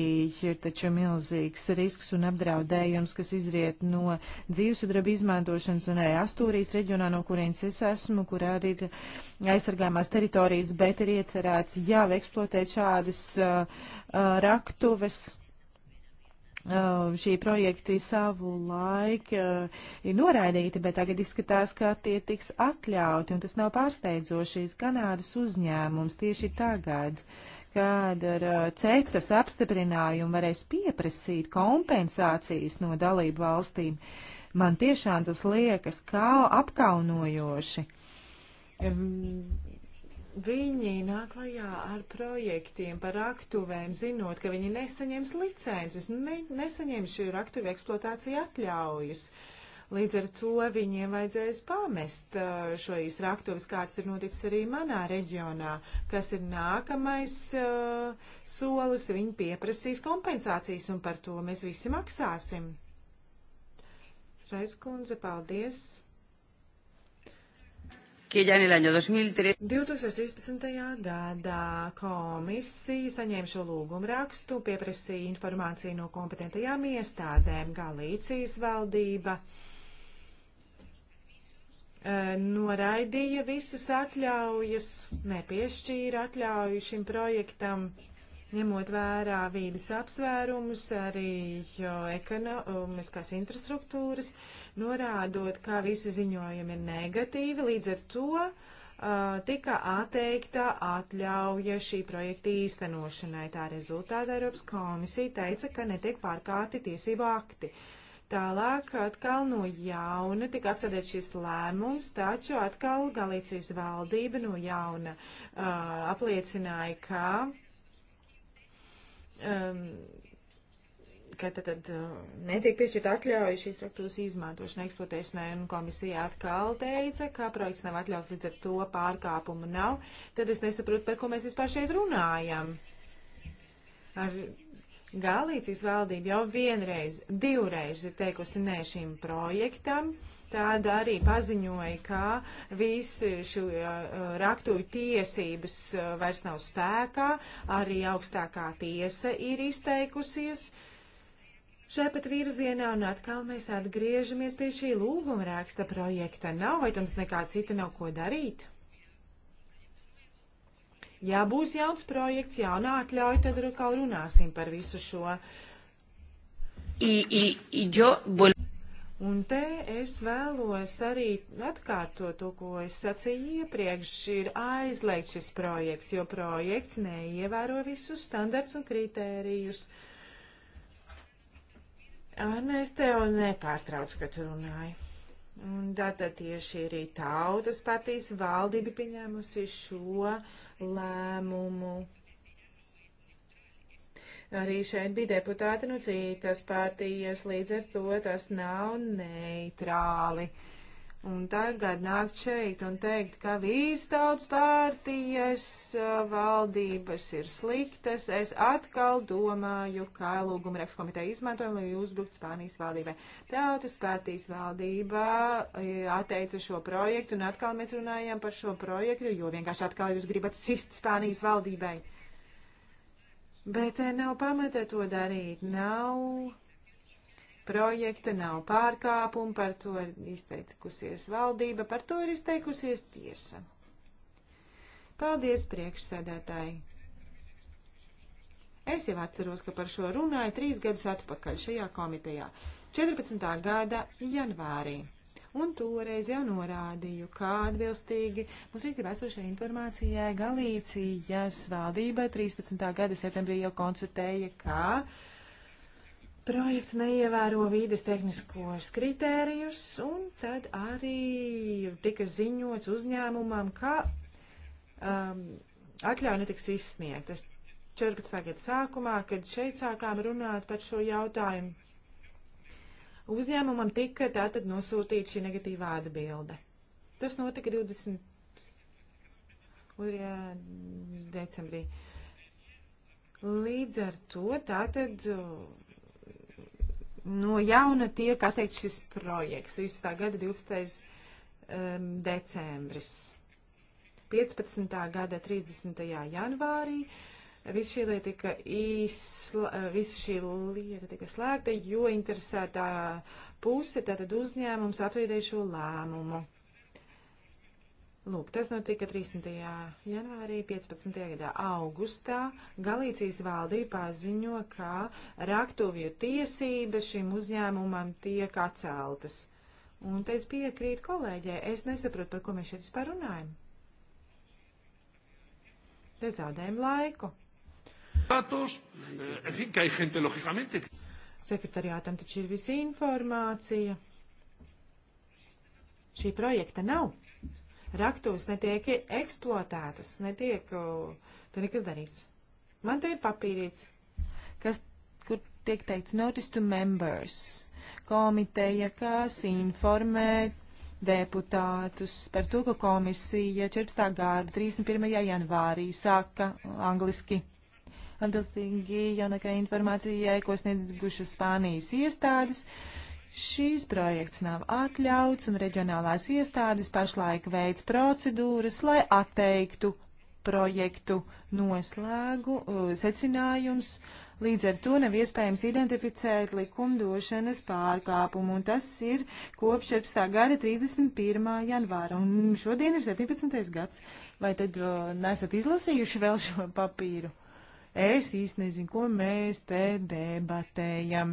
ir taču milzīgs risks un apdraudējums, kas izriet no dzīvesudraba izmantošanas un arī Astūrijas reģionā, no kurienes es esmu, kur arī ir aizsargājumās teritorijas, bet ir iecerēts jau eksploatēt šādas uh, raktuves Uh, šī projekti savu laiku uh, ir noraidīti, bet tagad izskatās, ka tie tiks atļauti, un tas nav pārsteidzošīs Kanādas uzņēmums tieši tagad kad ar uh, cetas apstiprinājumu varēs pieprasīt kompensācijas no dalību valstīm. Man tiešām tas liekas kā apkaunojoši um, Viņi nāk klajā ar projektiem par aktuvēm, zinot, ka viņi nesaņems licences, ne, nesaņems šī aktuvi eksploatācija atļaujas. Līdz ar to viņiem vajadzēs pamest uh, šīs raktuves, kāds ir noticis arī manā reģionā, kas ir nākamais uh, solis. Viņi pieprasīs kompensācijas, un par to mēs visi maksāsim. Raizkundze, paldies! que ya en el año 2003. 2016. gadā komisija saņēma šo lūgumu rakstu, pieprasīja informāciju no kompetentajām iestādēm, Galīcijas valdība e, noraidīja visas atļaujas, nepiešķīra atļauju šim projektam ņemot vērā vīdes apsvērumus, arī ekonomiskās infrastruktūras, norādot, kā visi ziņojumi ir negatīvi. Līdz ar to uh, tika atteikta atļauja šī projekta īstenošanai. Tā rezultātā Eiropas komisija teica, ka netiek pārkārti tiesību akti. Tālāk atkal no jauna tika apsvērdēts šis lēmums, taču atkal Galīcijas valdība no jauna uh, apliecināja, ka um, ka tad, tad uh, netiek piešķirta atļauja šīs struktūras izmantošanai, eksploatēšanai, un komisija atkal teica, ka projekts nav atļauts, līdz ar to pārkāpumu nav, tad es nesaprotu, par ko mēs vispār šeit runājam. Ar Galīcijas valdība jau vienreiz, divreiz ir teikusi nē šim projektam. Uh, tad arī paziņoja, ka visi šie uh, raktuju tiesības uh, vairs nav spēkā, arī augstākā tiesa ir izteikusies. Šai pat virzienā un atkal mēs atgriežamies pie šī lūguma raksta projekta. Nav, vai tums nekā cita nav ko darīt? Ja būs jauns projekts, jaunā atļauja, tad atkal runāsim par visu šo. I, i, i, jo, bol... Un te es vēlos arī atkārtot to, ko es sacīju iepriekš, ir aizliegt šis projekts, jo projekts neievēro visus standarts un kritērijus. Anna, es tev nepārtraucu, ka tu runāji. Un tātad tieši arī tautas partijas valdība pieņēmusi šo lēmumu. Arī šeit bija deputāti no citas partijas, līdz ar to tas nav neitrāli. Un tagad nākt šeit un teikt, ka visas tautas pārtījas valdības ir sliktas, es atkal domāju, ka lūguma rekskomiteja izmantojam, lai uzbrukt Spānijas valdībai. Tautas pārtīs valdība atteica šo projektu, un atkal mēs runājam par šo projektu, jo vienkārši atkal jūs gribat sist Spānijas valdībai. Uh, Bet eh, nav pamata to darīt, nav projekta, nav pārkāpuma, par to ir izteikusies valdība, par to ir izteikusies tiesa. Paldies, priekšsēdētāji! Es jau atceros, ka par šo runāju trīs gadus atpakaļ šajā komitejā, 14. gada janvārī un toreiz jau norādīju, kā atbilstīgi mums rīcībā esošai informācijai Galīcijas valdība 13. gada septembrī jau konstatēja, ka projekts neievēro vīdes tehniskos kritērijus, un tad arī tika ziņots uzņēmumam, ka um, atļauja netiks izsniegta. 14. gada sākumā, kad šeit sākām runāt par šo jautājumu, uzņēmumam tika tātad nosūtīta šī negatīvā atbilde. Tas notika 20. decembrī. Līdz ar to tātad uh, no jauna tiek atteikts šis projekts. 13. gada 12. Um, decembris. 15. gada 30. janvārī Viss šī lieta tika, īsla, visa šī lieta tika slēgta, jo interesētā puse, tātad uzņēmums, apturēja šo lēmumu. Lūk, tas notika 30. janvārī, 15. gadā augustā. Galīcijas valdība paziņo, ka raktuvju tiesības šim uzņēmumam tiek atceltas. Un te es piekrītu kolēģē, es nesaprotu, par ko mēs šeit vispār runājam. Te zaudējam laiku datos, eh, en fin, ka ir gente, logicamente. Sekretariātam taču ir visa informācija. Šī projekta nav. Raktos netiek eksploatētas, netiek te nekas darīts. Man te ir papīrīts, kas, kur tiek teikts notice to members, komiteja, kas informē deputātus par to, ka komisija 14. gada 31. janvārī sāka angliski atbilstīgi jaunākai informācijai, ko sniegušas Spānijas iestādes. Šīs projekts nav atļauts un reģionālās iestādes pašlaik veids procedūras, lai atteiktu projektu noslēgu uh, secinājums. Līdz ar to nav iespējams identificēt likumdošanas pārkāpumu, un tas ir kopš 14. gada 31. janvāra, un šodien ir 17. gads. Vai tad uh, nesat izlasījuši vēl šo papīru? Es īsti nezinu, ko mēs te debatējam.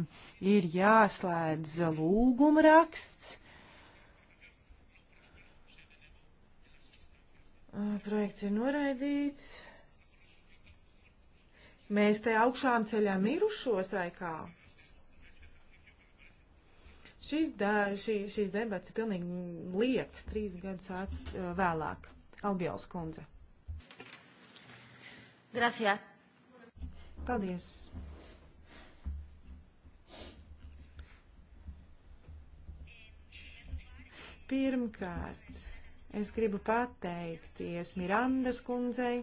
Ir jāslēdz lūguma raksts. Projekts ir noraidīts. Mēs te augšām ceļā mirušos vai kā? Šis da, šī, šīs debats ir pilnīgi liekas trīs gadus at, vēlāk. Albiels kundze. Gracias. Paldies! Pirmkārt, es gribu pateikties Mirandas kundzei,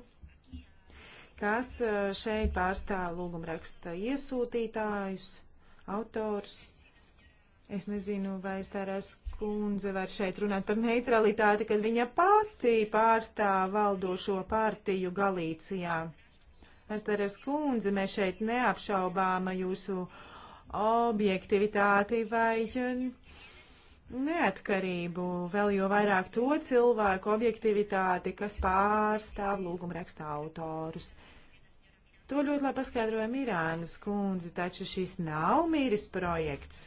kas eh, šeit pārstāv lūgumraksta iesūtītājus, autors. Es nezinu, vai Stērās kundze var šeit runāt par neutralitāti, kad viņa pati pārstāv valdošo partiju Galīcijā. Esteres kundze, mēs šeit neapšaubām jūsu objektivitāti vai um, neatkarību, vēl jo vairāk to cilvēku objektivitāti, kas pārstāv lūgumraksta autorus. To ļoti labi paskaidroja Mirānas kundze, taču šis nav mīris projekts.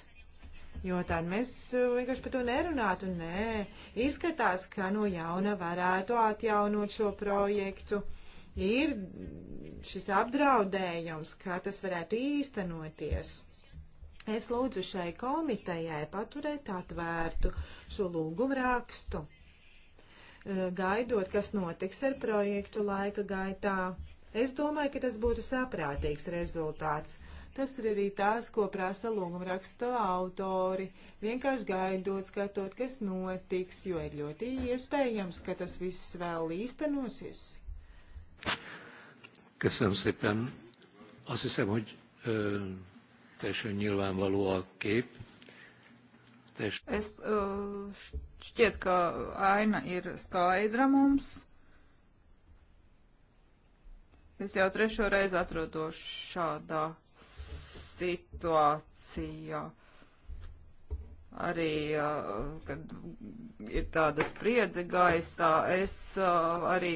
Jo tad mēs uh, vienkārši par to nerunātu. Nē, izskatās, ka no jauna varētu atjaunot šo projektu ir šis apdraudējums, kā tas varētu īstenoties. Es lūdzu šai komitejai paturēt atvērtu šo lūgumu rakstu, eh, gaidot, kas notiks ar projektu laika gaitā. Es domāju, ka tas būtu saprātīgs rezultāts. Tas ir arī tās, ko prasa lūgumraksta autori. Vienkārši gaidot, skatot, kas notiks, jo ir ļoti iespējams, ka tas viss vēl īstenosies. Köszönöm szépen. Azt hiszem, hogy ö, teljesen nyilvánvaló a kép. Teljesen... Es ö, šķiet, ka aina ir skaidra mums. Es jau trešo reizi atrodos šādā situācijā arī, kad ir tāda spriedze gaisā, es arī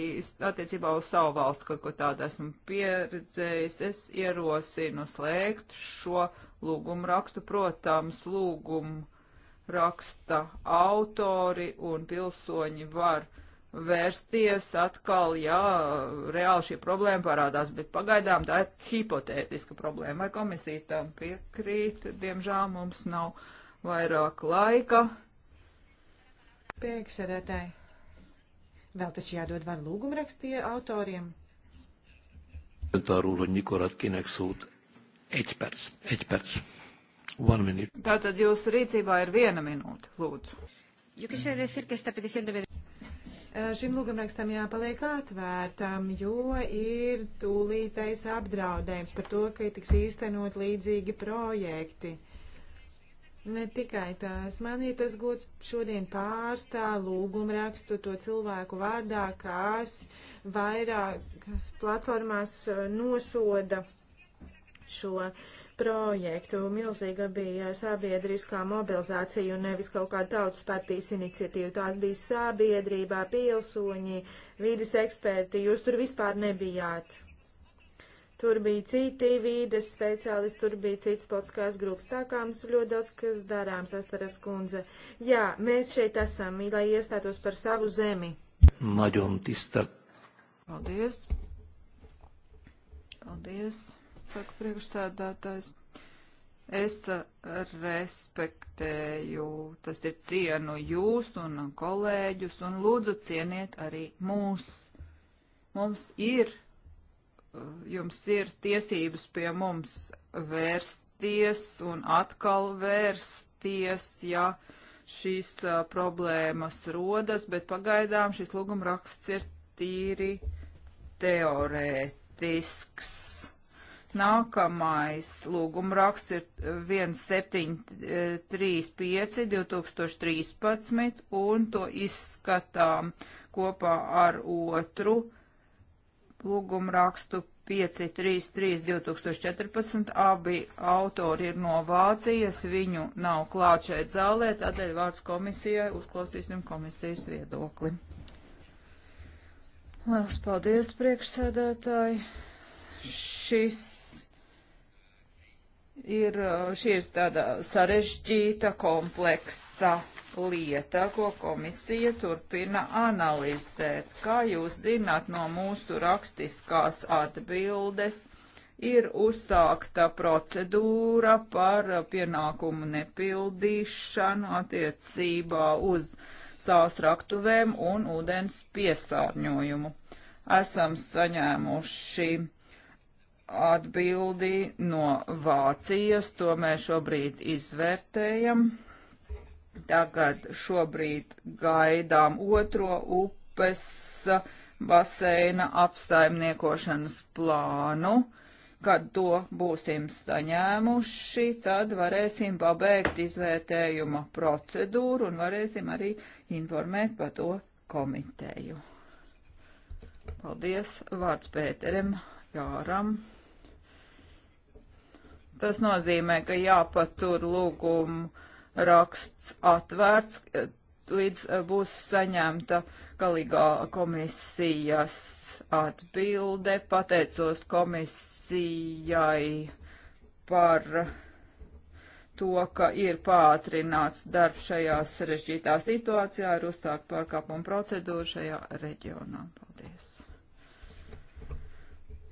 attiecībā uz savu valstu kaut ko tādu esmu pieredzējis, es ierosinu slēgt šo lūgumu rakstu, protams, lūgumu raksta autori un pilsoņi var vērsties atkal, ja reāli šī problēma parādās, bet pagaidām tā ir hipotētiska problēma. Vai komisija tam piekrīt? Diemžēl mums nav uh, vairāk laika. Priekšsēdētāji, vēl taču jādod man lūgumrakstie autoriem. Komentár úr, hogy mikor ad kinek szót. Egy perc, egy perc. One minute. Tātad jūsu rīcībā ir viena minūte, lūdzu. Šim lūgumrakstam jāpaliek atvērtam, jo ir tūlītais apdraudējums par to, ka tiks īstenot līdzīgi projekti. Ne tikai tās. Man ir tas gods šodien pārstāv lūgumu rakstu to cilvēku vārdā, kas vairākas platformās eh, nosoda šo projektu. Milzīga bija sabiedriskā mobilizācija un nevis kaut kāda tautas partijas iniciatīva. Tās bija sabiedrībā, pilsoņi, vīdes eksperti. Jūs tur vispār nebijāt Tur bija citi vīdes speciālisti, tur bija citas politiskās grupas. Tā kā mums ir ļoti daudz, kas darām, sastaras kundze. Jā, mēs šeit esam, lai iestātos par savu zemi. Naģom tista. Paldies. Paldies, saka priekšsēdētājs. Es uh, respektēju, tas ir cienu jūs un kolēģus un lūdzu cieniet arī mūs. Mums ir jums ir tiesības pie mums vērsties un atkal vērsties, ja šīs uh, problēmas rodas, bet pagaidām šis lūgumraksts ir tīri teorētisks. Nākamais lūgumraksts ir 1735 2013 un to izskatām kopā ar otru uh, lūgumu rakstu 533 2014. Abi autori ir no Vācijas, viņu nav klāt šeit zālē, tādēļ vārds komisijai uzklausīsim komisijas viedokli. Lielas paldies, priekšsēdētāji. Šis ir, šī ir tāda sarežģīta kompleksa lieta, ko komisija turpina analizēt. Kā jūs zināt no mūsu rakstiskās atbildes, ir uzsākta procedūra par pienākumu nepildīšanu attiecībā uz sāsraktuvēm un ūdens piesārņojumu. Esam saņēmuši atbildi no Vācijas, to mēs šobrīd izvērtējam. Tagad šobrīd gaidām otro upes uh, baseina apsaimniekošanas plānu. Kad to būsim saņēmuši, tad varēsim pabeigt izvērtējuma procedūru un varēsim arī informēt par to komiteju. Paldies, vārds Pēterim Jāram. Tas nozīmē, ka jāpatur lūgumu raksts atvērts, eh, līdz eh, būs saņemta galīgā komisijas atbilde. Pateicos komisijai par to, ka ir pātrināts darbs šajā sarežģītā situācijā, ir uzsākt pārkāpuma procedūru šajā reģionā. Paldies!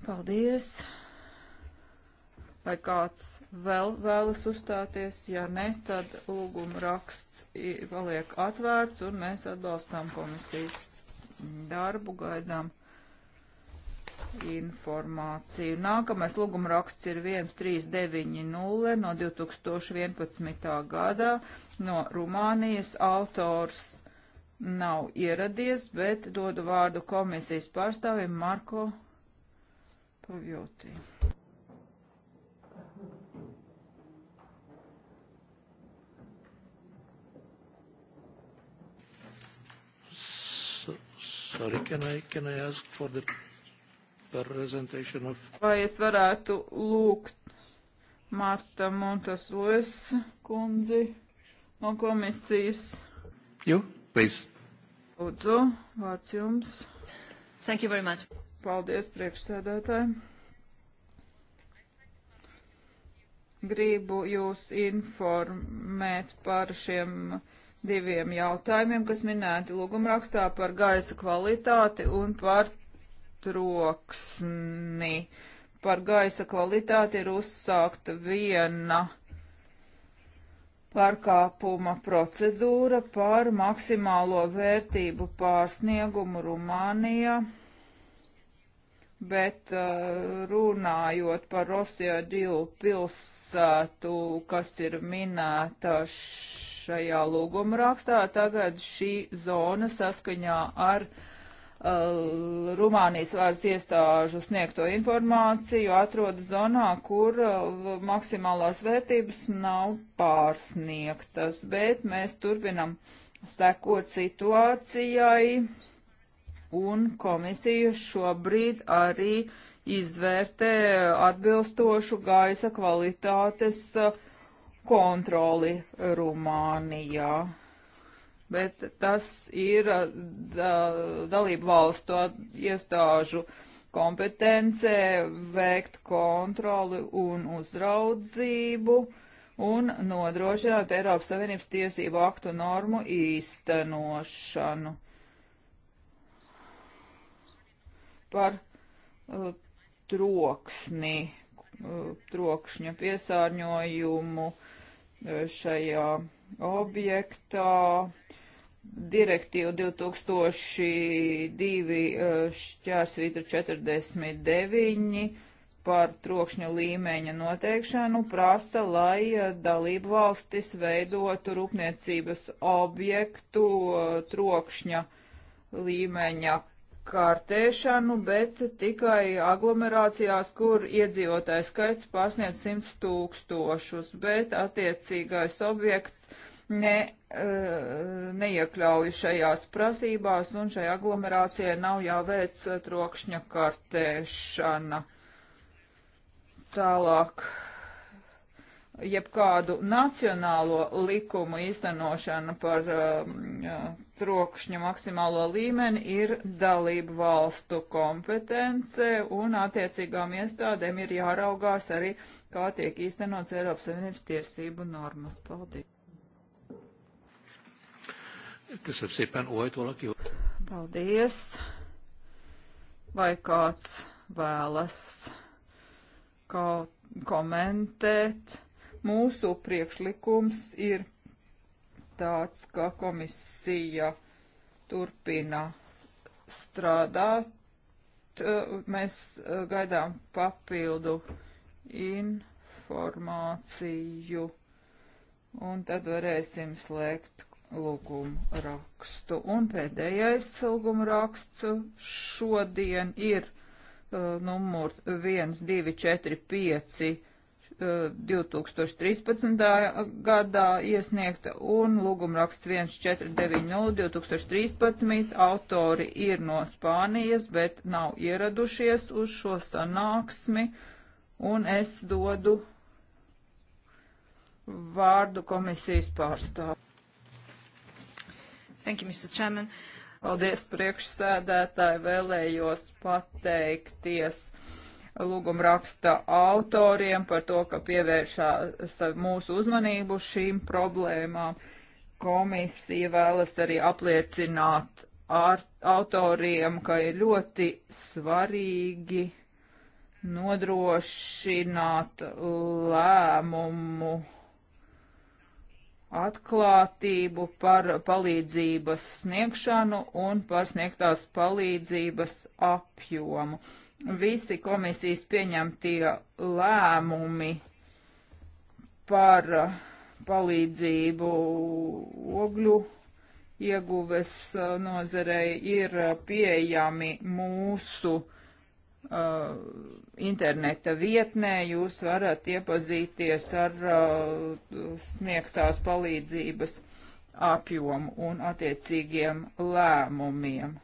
Paldies! Vai kāds vēl vēlas uzstāties? Ja ne, tad lūguma raksts paliek atvērts un mēs atbalstām komisijas darbu, gaidām informāciju. Nākamais lūguma raksts ir 1390 no 2011. gadā no Rumānijas autors nav ieradies, bet dodu vārdu komisijas pārstāvim Marko Pavjotī. Sorry, can I, can I ask for the presentation of... Vai es varētu lūgt Marta Montas Lues kundzi no komisijas? You, please. Lūdzu, vārds jums. Thank you very much. Paldies priekšsēdētājiem. Gribu jūs informēt par šiem uh, diviem jautājumiem, kas minēti lūgumrakstā par gaisa kvalitāti un par troksni. Par gaisa kvalitāti ir uzsākta viena pārkāpuma procedūra par maksimālo vērtību pārsniegumu Rumānijā, bet uh, runājot par Rosijā divu pilsētu, kas ir minēta š šajā lūguma rakstā. Tagad šī zona saskaņā ar uh, Rumānijas varas iestāžu sniegto informāciju atrodas zonā, kur uh, maksimālās vērtības nav pārsniegtas, bet mēs turpinam sekot situācijai, un komisija šobrīd arī izvērtē atbilstošu gaisa kvalitātes uh, kontroli Rumānijā. Bet tas ir uh, da, dalību valstu iestāžu kompetencē veikt kontroli un uzraudzību un nodrošināt Eiropas Savienības tiesību aktu normu īstenošanu. Par uh, troksni, uh, trokšņa piesārņojumu, uh, šajā objektā. Direktīva 2002 eh, šķērsvītra 49 par trokšņa līmeņa noteikšanu prasa, lai eh, dalību valstis veidotu rūpniecības objektu eh, trokšņa līmeņa kārtēšanu, bet tikai aglomerācijās, kur iedzīvotājs skaits pārsniedz 100 tūkstošus, bet attiecīgais objekts ne, e, neiekļauj šajās prasībās un šai aglomerācijai nav jāveic trokšņa kārtēšana. Tālāk jebkādu nacionālo likumu īstenošana par um, uh, trokšņa maksimālo līmeni ir dalību valstu kompetence un attiecīgām iestādēm ir jāraugās arī, kā tiek īstenots Eiropas Savienības tiesību normas. Paldies! Köszönöm szépen, óhajt valaki? Paldies! Vai kāds vēlas kaut komentēt? Mūsu priekšlikums ir tāds, ka komisija turpina strādāt. Mēs e, gaidām papildu informāciju, un tad varēsim slēgt lūgumu rakstu. Un pēdējais lūgumu raksts šodien ir uh, numur 1245 2013. gadā iesniegta un lūgumraksts 1490 2013. Autori ir no Spānijas, bet nav ieradušies uz šo sanāksmi un es dodu vārdu komisijas pārstāvu. Thank you, Mr. Chairman. Paldies priekšsēdētāji, vēlējos pateikties lūguma raksta autoriem par to, ka pievēršās mūsu uzmanību šīm problēmām. Komisija vēlas arī apliecināt ar autoriem, ka ir ļoti svarīgi nodrošināt lēmumu atklātību par palīdzības sniegšanu un par sniegtās palīdzības apjomu visi komisijas pieņemtie lēmumi par palīdzību ogļu ieguves uh, nozarei ir pieejami mūsu uh, interneta vietnē. Jūs varat iepazīties ar uh, sniegtās palīdzības apjomu un attiecīgiem lēmumiem.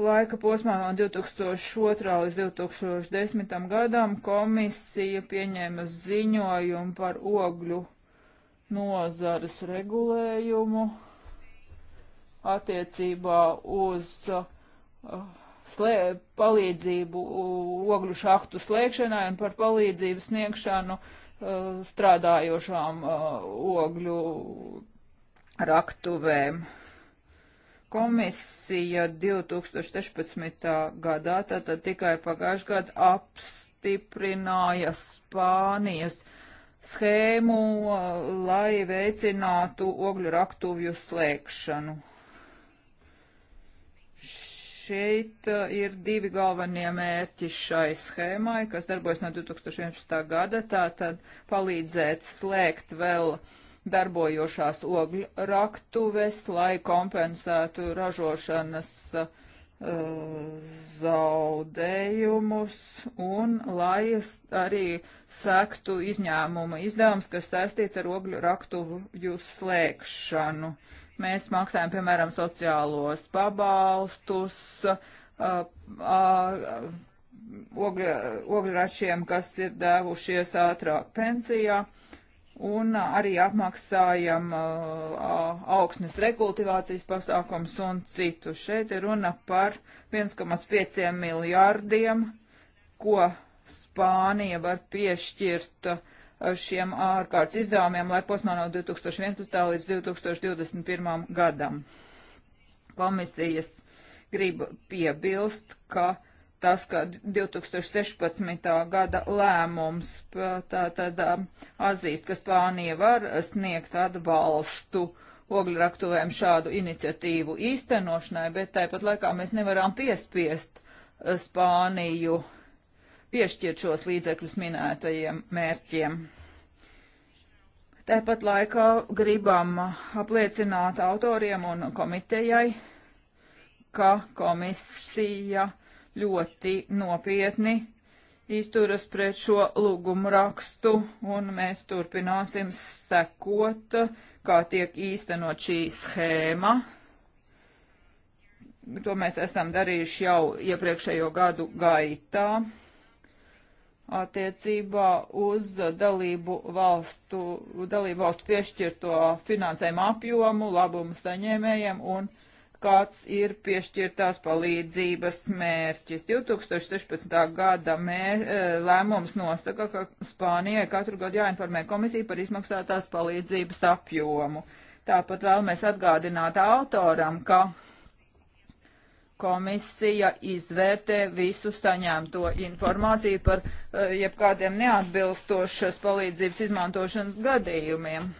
Laika posmā no 2002. līdz 2010. gadam komisija pieņēma ziņojumu par ogļu nozares regulējumu attiecībā uz uh, slē, palīdzību uh, ogļu šahtu slēgšanai un par palīdzību sniegšanu uh, strādājošām uh, ogļu raktuvēm. Uh, komisija 2016. gadā, tātad tikai pagājušajā gadā, apstiprināja Spānijas schēmu, lai veicinātu ogļu raktuvju slēgšanu. Šeit uh, ir divi galvenie mērķi šai schēmai, kas darbojas no 2011. gada, tātad palīdzēt slēgt vēl uh, darbojošās ogļu raktuves, lai kompensētu ražošanas uh, zaudējumus un lai arī sektu izņēmuma izdevums, kas saistīta ar ogļu raktuvu slēgšanu. Mēs maksājam, piemēram, sociālos pabalstus, eh, ogļu račiem, kas ir devušies ātrāk pensijā. A, un arī apmaksājam uh, augsnes rekultivācijas pasākums un citu. Šeit ir runa par 1,5 miljārdiem, ko Spānija var piešķirt uh, šiem ārkārtas izdevumiem, lai posmā no 2011. līdz 2021. gadam. Komisijas grib piebilst, ka uh, tas, ka 2016. gada lēmums tā tad um, atzīst, ka Spānija var sniegt atbalstu ogļraktuvēm šādu iniciatīvu īstenošanai, bet tāpat laikā mēs nevaram piespiest uh, Spāniju piešķirt šos līdzekļus minētajiem mērķiem. Tāpat laikā gribam apliecināt autoriem un komitejai, ka komisija ļoti nopietni izturas pret šo lūgumu rakstu, un mēs turpināsim sekot, kā tiek īstenot šī schēma. To mēs esam darījuši jau iepriekšējo gadu gaitā attiecībā uz dalību valstu, dalību valstu piešķirto finansējumu apjomu, labumu saņēmējiem un kāds ir piešķirtās palīdzības mērķis. 2016. gada mēr, eh, lēmums nosaka, ka Spānijai katru gadu jāinformē komisija par izmaksātās palīdzības apjomu. Tāpat vēlamies atgādināt autoram, ka komisija izvērtē visu saņemto informāciju par eh, jebkādiem neatbilstošas palīdzības izmantošanas gadījumiem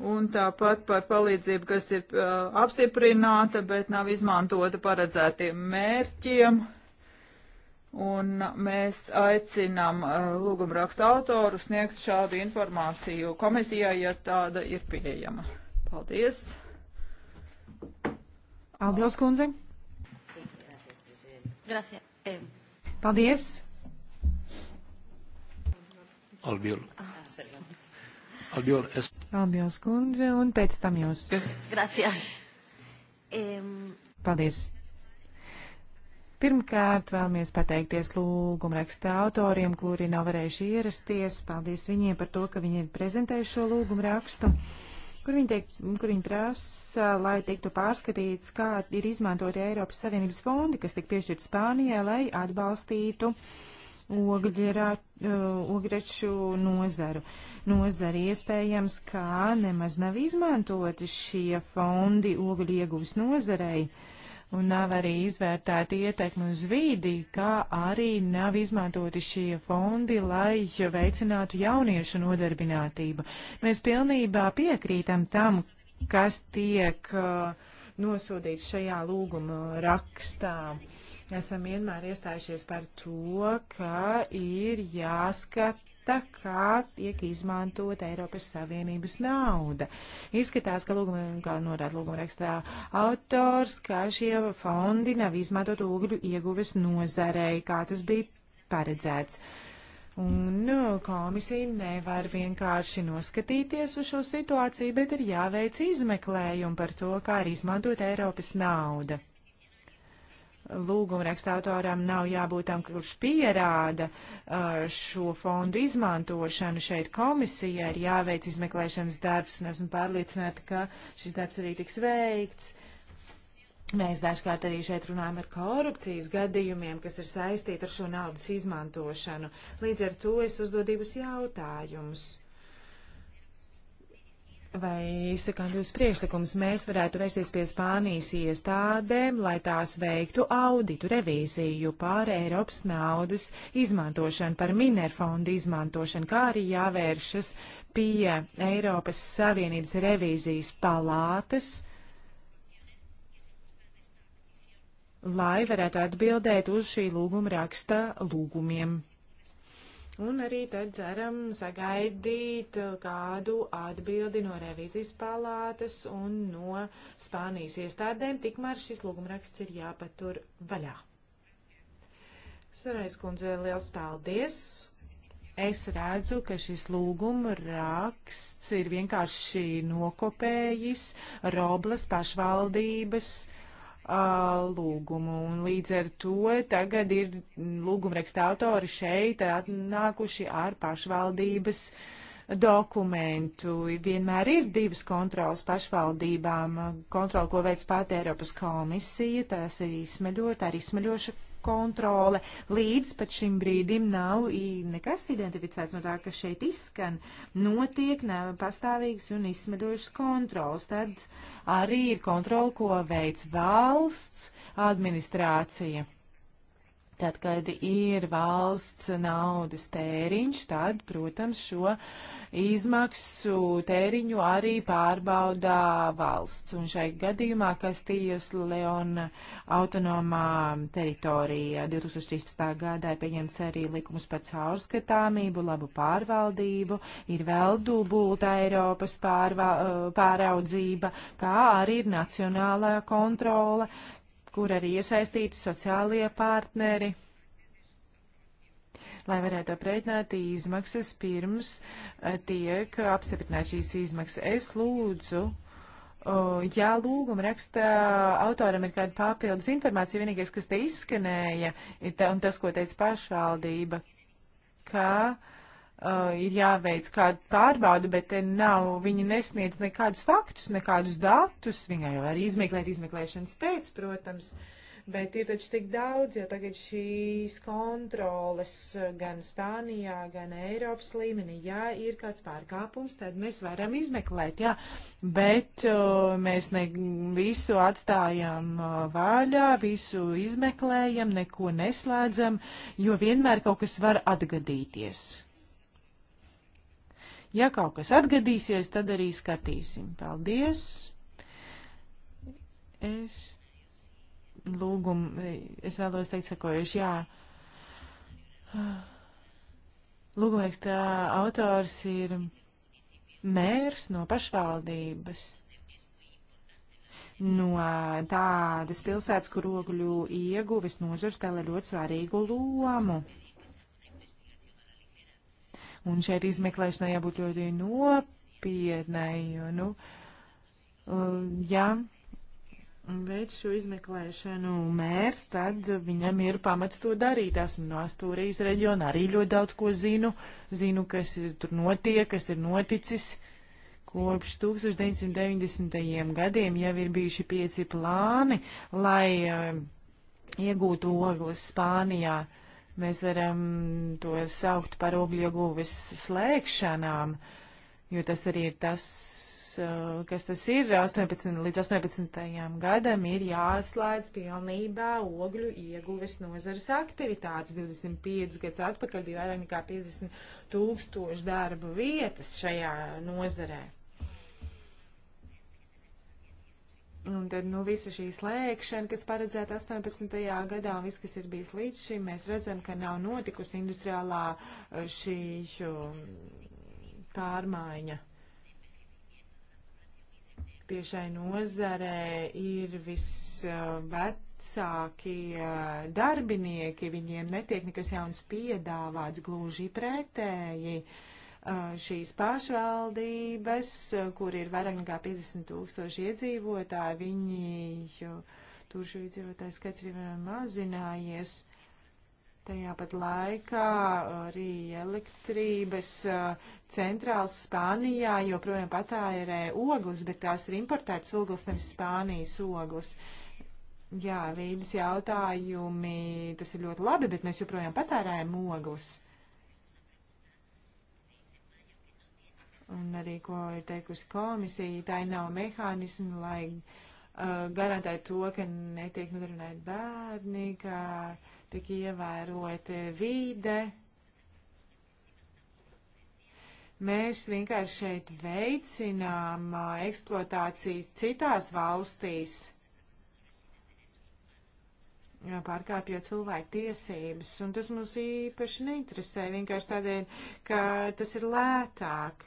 un tāpat par palīdzību, kas ir uh, apstiprināta, bet nav izmantota paredzētiem mērķiem. Un mēs aicinām uh, lūgumrakstu autoru sniegt šādu informāciju komisijai, ja tāda ir pieejama. Paldies! Albļos kundze. Eh. Paldies! Albjolu. Ah, Albiol, es... Albiol skundze un pēc tam jūs. Gracias. Um... Paldies. Pirmkārt, vēlamies pateikties lūgumraksta autoriem, kuri nav varējuši ierasties. Paldies viņiem par to, ka viņi ir prezentējuši šo lūgumrakstu, kur viņi, tiek, kur viņi prasa, lai tiktu pārskatīts, kā ir izmantoti Eiropas Savienības fondi, kas tik piešķirt Spānijai, lai atbalstītu uh, ogļrā, uh, ogļreču nozaru. Nozari iespējams, ka nemaz nav izmantoti šie fondi ogļu ieguvis nozarei. Un nav arī izvērtēta ietekme uz vīdi, kā arī nav izmantoti šie fondi, lai veicinātu jauniešu nodarbinātību. Mēs pilnībā piekrītam tam, kas tiek uh, nosūtīts šajā lūguma rakstā. Uh, Esam vienmēr iestājušies par to, ka ir jāskata tā kā tiek izmantot Eiropas Savienības nauda. Izskatās, ka lūguma, kā norāda lūguma rakstā autors, ka šie fondi nav izmantot ogļu ieguves nozarei, kā tas bija paredzēts. Un nu, komisija nevar vienkārši noskatīties uz šo situāciju, bet ir jāveic izmeklējumi par to, kā ir izmantot Eiropas nauda. Lūguma raksta autoram nav jābūt tam, kurš pierāda uh, šo fondu izmantošanu. Šeit komisija ir jāveic izmeklēšanas darbs, un esmu pārliecināta, ka šis darbs arī tiks veikts. Mēs dažkārt arī šeit runājam ar korupcijas gadījumiem, kas ir saistīti ar šo naudas izmantošanu. Līdz ar to es uzdod divus jautājumus vai izsakām jūs priešlikumus, mēs varētu vērsties pie Spānijas iestādēm, lai tās veiktu auditu revīziju pār Eiropas naudas izmantošanu, par minerfondu izmantošanu, kā arī jāvēršas pie Eiropas Savienības revīzijas palātes, lai varētu atbildēt uz šī lūguma raksta lūgumiem. Un arī tad ceram sagaidīt uh, kādu atbildi no revizijas palātes un no Spānijas iestādēm, tikmēr šis lūgumraksts ir jāpatur vaļā. Sarais kundze, liels paldies! Es redzu, ka šis lūguma raksts ir vienkārši nokopējis Roblas pašvaldības uh, lūgumu. Un līdz ar to tagad ir lūgumraksta autori šeit atnākuši ar pašvaldības dokumentu. Vienmēr ir divas kontrolas pašvaldībām. Kontrola, ko veic pati Eiropas komisija, tās ir izsmeļot, tā ir izsmeļoša kontrole. Līdz pat šim brīdim nav nekas identificēts no tā, kas šeit izskan. Notiek pastāvīgas un izsmeļošas kontrols. Tad arī ir kontrola, ko veids valsts administrācija. Tad, kad ir valsts naudas tēriņš, tad, protams, šo izmaksu tēriņu arī pārbaudā valsts. Un šai gadījumā Kastījas Leona autonomā teritorija 2013. gadā ir pieņemts arī likums par caurskatāmību, labu pārvaldību, ir vēl dubulta Eiropas pārva, pāraudzība, kā arī ir nacionālā kontrole, kur arī iesaistīti sociālie partneri, lai varētu aprēķināt izmaksas pirms eh, tiek apstiprināt šīs izmaksas. Es lūdzu, ja lūguma raksta autoram ir kāda papildus informācija, vienīgais, kas te izskanēja, ir tā, un tas, ko teica pašvaldība, ka uh, uh, ir jāveic kāda pārbauda, bet te nav, viņi nesniedz nekādus faktus, nekādus datus. Viņai var izmeklēt izmeklēšanas pēc, protams, bet ir taču tik daudz, jo tagad šīs kontroles uh, gan Spānijā, gan Eiropas līmenī, ja ir kāds pārkāpums, tad mēs varam izmeklēt, jā, bet uh, mēs ne visu atstājam uh, vaļā, visu izmeklējam, neko neslēdzam, jo vienmēr kaut kas var atgadīties. Ja kaut kas atgadīsies, tad arī skatīsim. Paldies! Es lūgumu, es vēlos teikt sakojuši, jā. Lūgumēkstā autors ir mērs no pašvaldības no tādas pilsētas, kur ogļu ieguvis nozars spēlē ļoti svarīgu lomu. Un šeit izmeklēšanai jābūt ļoti nopietnai, jo, nu, ja veids šo izmeklēšanu mērs, tad viņam ir pamats to darīt. Esmu no Astūrijas reģiona, arī ļoti daudz ko zinu. Zinu, kas tur notiek, kas ir noticis. Kopš 1990. gadiem jau ir bijuši pieci plāni, lai uh, iegūtu ogles Spānijā. Uh, Mēs varam to saukt par ogļieguves slēgšanām, jo tas arī ir tas, kas tas ir. 18 līdz 18. gadam ir jāslēdz pilnībā ogļu ieguves nozares aktivitātes. 25 gads atpakaļ bija vairāk nekā 50 tūkstoši darba vietas šajā nozarē. Un tad, nu, visa šī slēgšana, kas paredzēta 18. gadā, un viss, kas ir bijis līdz šim, mēs redzam, ka nav notikusi industriālā eh, šī pārmaiņa. Tiešai nozarē ir visvecāki eh, darbinieki, viņiem netiek nekas jauns piedāvāts, gluži pretēji. Uh, šīs pašvaldības, kur ir vairāk nekā 50 tūkstoši iedzīvotāji, viņi tur šo iedzīvotāju skaits ir mazinājies. Tajā pat laikā arī elektrības centrāls Spānijā joprojām patērē ogles, bet tās ir importētas ogles, nevis Spānijas ogles. Jā, vīdes jautājumi, tas ir ļoti labi, bet mēs joprojām patērējam ogles. Uh, un arī, ko ir teikusi komisija, tā nav mehānismi, lai uh, garantētu to, ka netiek nodarbināti bērni, ka tiek ievērota vīde. Mēs vienkārši šeit veicinām uh, eksploatācijas citās valstīs, pārkāpjot cilvēku tiesības, un tas mums īpaši neinteresē, vienkārši tādēļ, ka tas ir lētāk.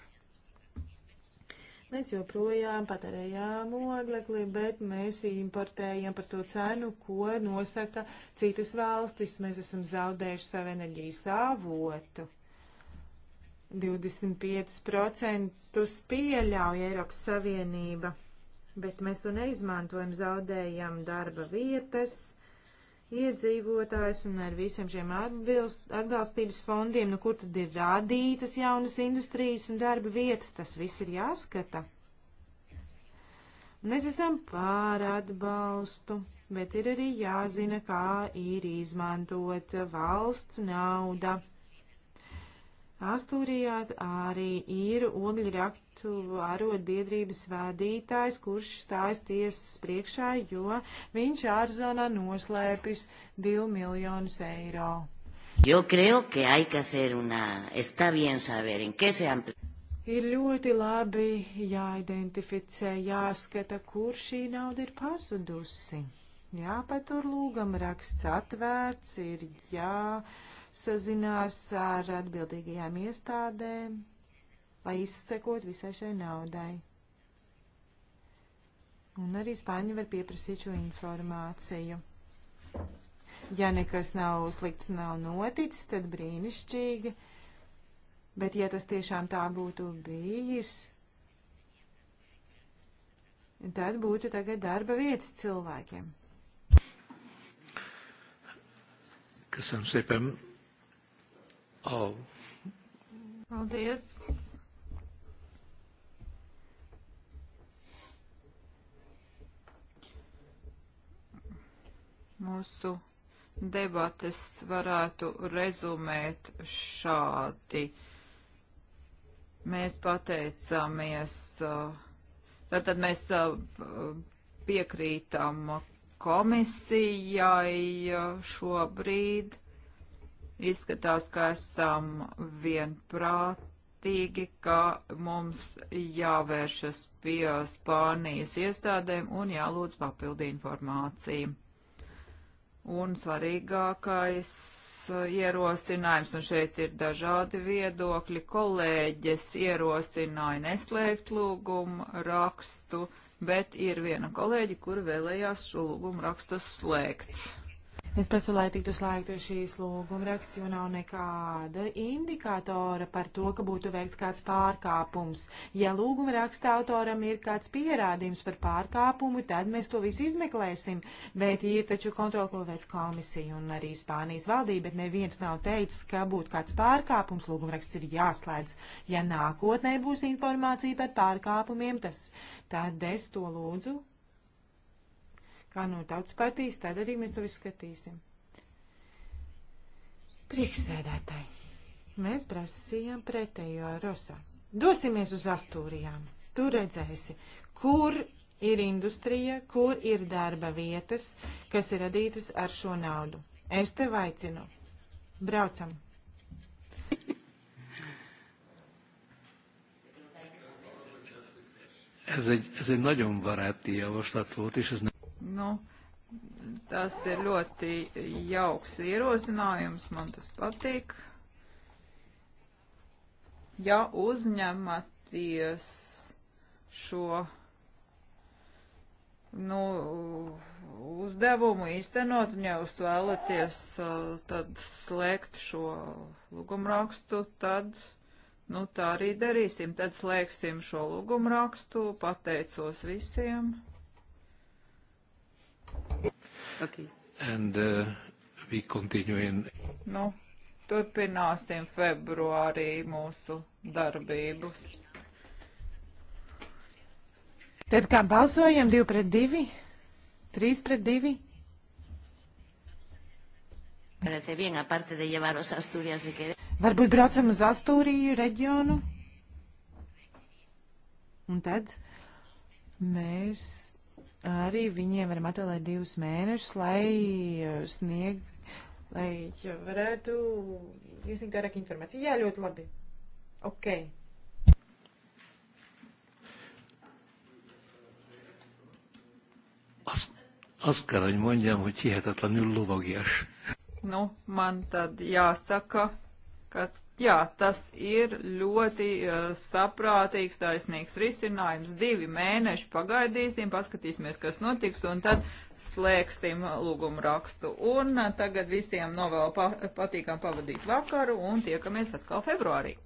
Mēs joprojām patērējām oglekli, bet mēs importējam par to cenu, ko nosaka citas valstis. Mēs esam zaudējuši savu enerģijas avotu. 25% pieļauj Eiropas Savienība, bet mēs to neizmantojam, zaudējam darba vietas iedzīvotājs un ar visiem šiem atbilst, atbalstības fondiem, nu kur tad ir rādītas jaunas industrijas un darba vietas, tas viss ir jāskata. Mēs esam pār atbalstu, bet ir arī jāzina, kā ir izmantot valsts nauda. Astūrijās arī ir ogļu raktu arotbiedrības vadītājs, kurš stājas tiesas priekšā, jo viņš ārzonā noslēpis 2 miljonus eiro. Yo creo que hay que hacer una... Está bien saber en qué se han... Ir ļoti labi jāidentificē, jāskata, kur šī nauda ir pazudusi. Jāpatur lūgam raksts atvērts, ir jā. Ja sazinās ar atbildīgajām iestādēm, lai izsekot visai šai naudai. Un arī Spāņi var pieprasīt šo informāciju. Ja nekas nav slikts, nav noticis, tad brīnišķīgi. Bet ja tas tiešām tā būtu bijis, tad būtu tagad darba vietas cilvēkiem. Köszönöm szépen. Oh. Paldies! Mūsu debates varētu rezumēt šādi. Mēs pateicamies, uh, tātad mēs uh, piekrītam komisijai uh, šobrīd Izskatās, ka esam vienprātīgi, ka mums jāvēršas pie Spānijas iestādēm un jālūdz papildi informāciju. Un svarīgākais uh, ierosinājums, un šeit ir dažādi viedokļi, kolēģis ierosināja neslēgt lūgumu rakstu, bet ir viena kolēģi, kur vēlējās šo lūgumu rakstu slēgt. Es prasu, lai tiktu slēgta šīs lūgumraksts, jo nav nekāda indikātora par to, ka būtu veikts kāds pārkāpums. Ja lūgumraksta autoram ir kāds pierādījums par pārkāpumu, tad mēs to visu izmeklēsim, bet ir taču kontrola, ko veids komisija un arī Spānijas valdība, bet neviens nav teicis, ka būtu kāds pārkāpums, lūgumraksts ir jāslēdz. Ja nākotnē būs informācija par pārkāpumiem, tas tad es to lūdzu kā no nu tautas partijas, tad arī mēs to izskatīsim. Priekšsēdētāji, mēs prasījām pretējo Rosā. Dosimies uz Astūrijām. Tur redzēsi, kur ir industrija, kur ir darba vietas, kas ir radītas ar šo naudu. Es te aicinu. Braucam! Ez egy, ez egy nagyon baráti javaslat volt, és ez nem... Nu, tas ir ļoti jauks ierosinājums, man tas patīk. Ja uzņematies šo nu, uzdevumu īstenot, un ja jūs vēlaties uh, tad slēgt šo lūgumrakstu, tad nu, tā arī darīsim. Tad slēgsim šo lūgumrakstu, pateicos visiem. Okay. And, uh, we continue in... Nu, turpināsim februārī mūsu darbības. Tad kā balsojam? 2 pret 2? 3 pret 2? Parece bien, aparte de llevaros a Asturias si queréis. Varbūt braucam uz Astūriju reģionu. Un tad mēs arī viņiem varam atvēlēt divus mēnešus, lai eh, snieg, lai eh, varētu iesniegt vairāk informāciju. Jā, ļoti labi. Ok. Azt, azt kell, hogy mondjam, hogy hihetetlenül lovagias. Nu, man tad jāsaka, ka Jā, tas ir ļoti uh, saprātīgs, taisnīgs risinājums. Divi mēneši pagaidīsim, paskatīsimies, kas notiks, un tad slēgsim eh, lūgumu rakstu. Un uh, tagad visiem novēl pa patīkam pavadīt vakaru, un tiekamies atkal februārī.